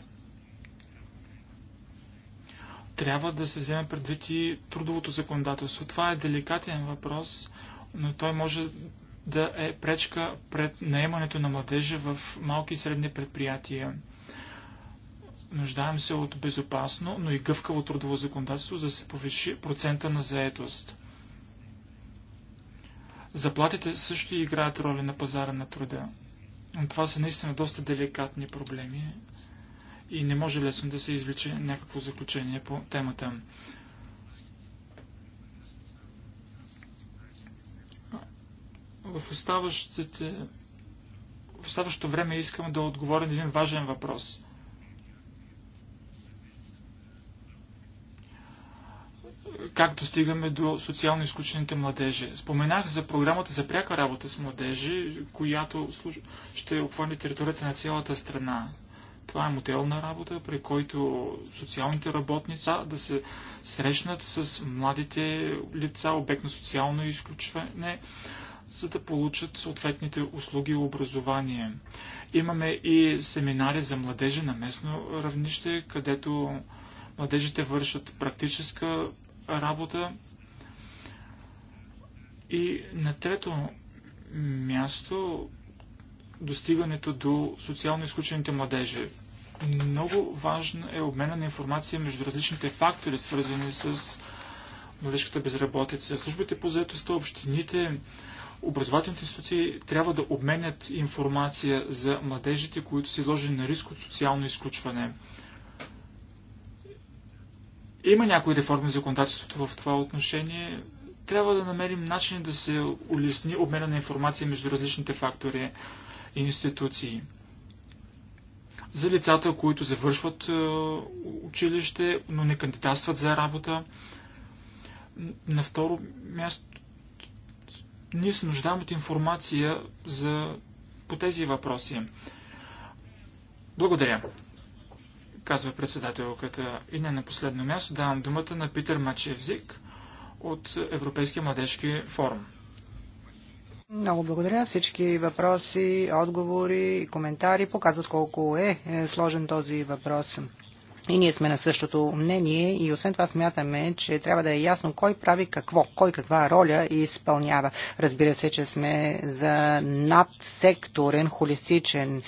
Speaker 2: Трябва да се вземе предвид и трудовото законодателство. Това е деликатен въпрос, но той може да е пречка пред наемането на младежи в малки и средни предприятия. Нуждаем се от безопасно, но и гъвкаво трудово законодателство, за да се повиши процента на заетост. Заплатите също играят роля на пазара на труда. Но това са наистина доста деликатни проблеми и не може лесно да се извлече някакво заключение по темата. В, оставащите... в оставащото време искам да отговоря на един важен въпрос. как достигаме до социално изключените младежи. Споменах за програмата за пряка работа с младежи, която ще обхване територията на цялата страна. Това е модел на работа, при който социалните работници да се срещнат с младите лица, обект на социално изключване, за да получат съответните услуги и образование. Имаме и семинари за младежи на местно равнище, където младежите вършат практическа работа. И на трето място достигането до социално изключените младежи. Много важно е обмена на информация между различните фактори, свързани с младежката безработица. Службите по заедостта, общините, образователните институции трябва да обменят информация за младежите, които са изложени на риск от социално изключване. Има някои реформи в законодателството в това отношение. Трябва да намерим начин да се улесни обмена на информация между различните фактори и институции. За лицата, които завършват е, училище, но не кандидатстват за работа. На второ място, ние се нуждаем от информация за, по тези въпроси. Благодаря казва председателката. И не на последно място давам думата на Питър Мачевзик от Европейския младежки форум.
Speaker 3: Много благодаря. Всички въпроси, отговори и коментари показват колко е, е сложен този въпрос. И ние сме на същото мнение и освен това смятаме, че трябва да е ясно кой прави какво, кой каква роля изпълнява. Разбира се, че сме за надсекторен, холистичен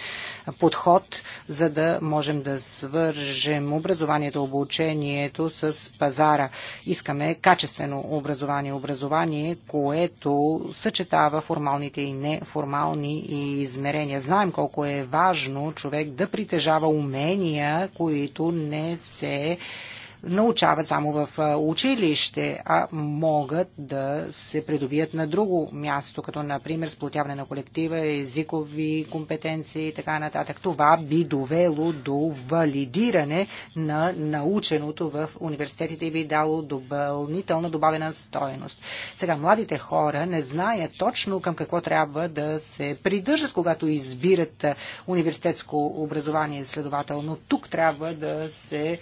Speaker 3: подход, за да можем да свържем образованието, обучението с пазара. Искаме качествено образование, образование, което съчетава формалните и неформални измерения. Знаем колко е важно човек да притежава умения, които не се научават само в училище, а могат да се придобият на друго място, като например сплотяване на колектива, езикови компетенции и така нататък. Това би довело до валидиране на наученото в университетите и би дало допълнителна добавена стоеност. Сега, младите хора не знаят точно към какво трябва да се придържат, когато избират университетско образование, следователно тук трябва да се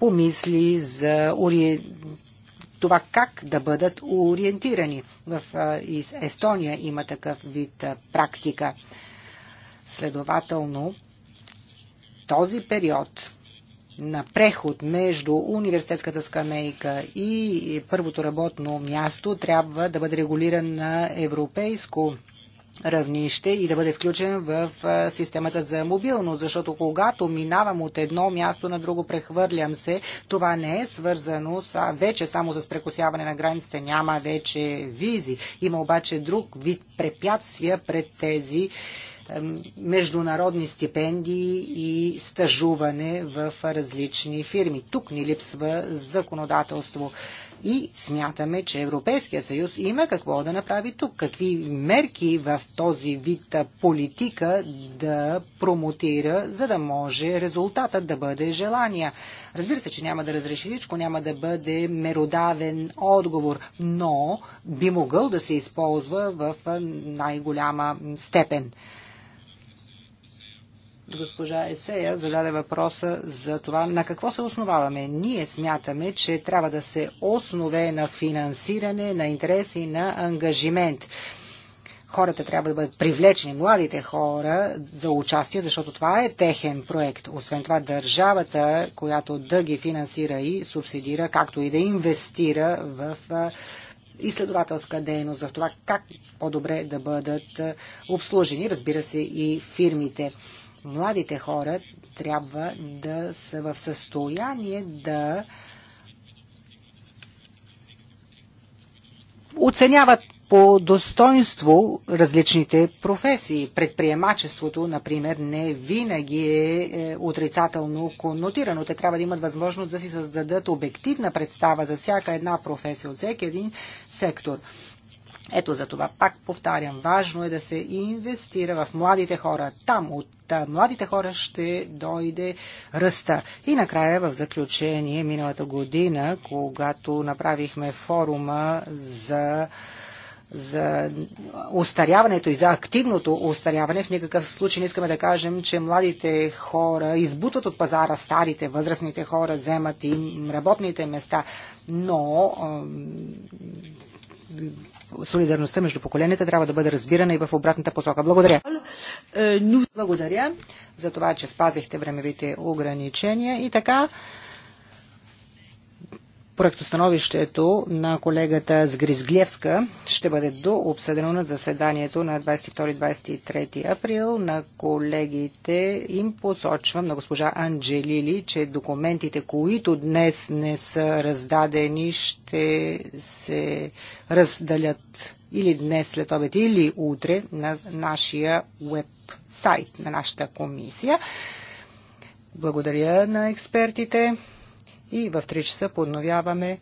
Speaker 3: помисли мисли за това как да бъдат ориентирани. В Естония има такъв вид практика. Следователно, този период на преход между университетската скамейка и първото работно място трябва да бъде регулиран на европейско равнище и да бъде включен в системата за мобилност, защото когато минавам от едно място на друго, прехвърлям се, това не е свързано с, вече само с прекосяване на границите, няма вече визи. Има обаче друг вид препятствия пред тези международни стипендии и стажуване в различни фирми. Тук ни липсва законодателство. И смятаме, че Европейския съюз има какво да направи тук, какви мерки в този вид политика да промотира, за да може резултатът да бъде желания. Разбира се, че няма да разреши всичко, няма да бъде меродавен отговор, но би могъл да се използва в най-голяма степен госпожа Есея зададе въпроса за това на какво се основаваме. Ние смятаме, че трябва да се основе на финансиране, на интереси, на ангажимент. Хората трябва да бъдат привлечени, младите хора, за участие, защото това е техен проект. Освен това, държавата, която да ги финансира и субсидира, както и да инвестира в изследователска дейност, за това как по-добре да бъдат обслужени, разбира се, и фирмите младите хора трябва да са в състояние да оценяват по достоинство различните професии. Предприемачеството, например, не винаги е, е отрицателно коннотирано. Те трябва да имат възможност да си създадат обективна представа за всяка една професия, от всеки един сектор. Ето за това пак повтарям, важно е да се инвестира в младите хора. Там от младите хора ще дойде ръста. И накрая в заключение, миналата година, когато направихме форума за за устаряването и за активното устаряване. В никакъв случай не искаме да кажем, че младите хора избутват от пазара старите, възрастните хора, вземат им работните места, но солидарността между поколенията трябва да бъде разбирана и в обратната посока. Благодаря. Е, Благодаря за това, че спазихте времевите ограничения и така Проектостановището на колегата Сгризглевска ще бъде дообсъдено на заседанието на 22-23 април. На колегите им посочвам, на госпожа Анджелили, че документите, които днес не са раздадени, ще се раздалят или днес след обед, или утре на нашия веб-сайт, на нашата комисия. Благодаря на експертите и в 3 часа подновяваме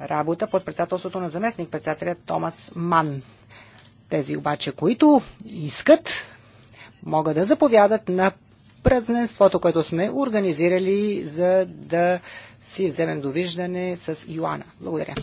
Speaker 3: работа под председателството на заместник председателя Томас Ман. Тези обаче, които искат, могат да заповядат на празненството, което сме организирали, за да си вземем довиждане с Йоана. Благодаря.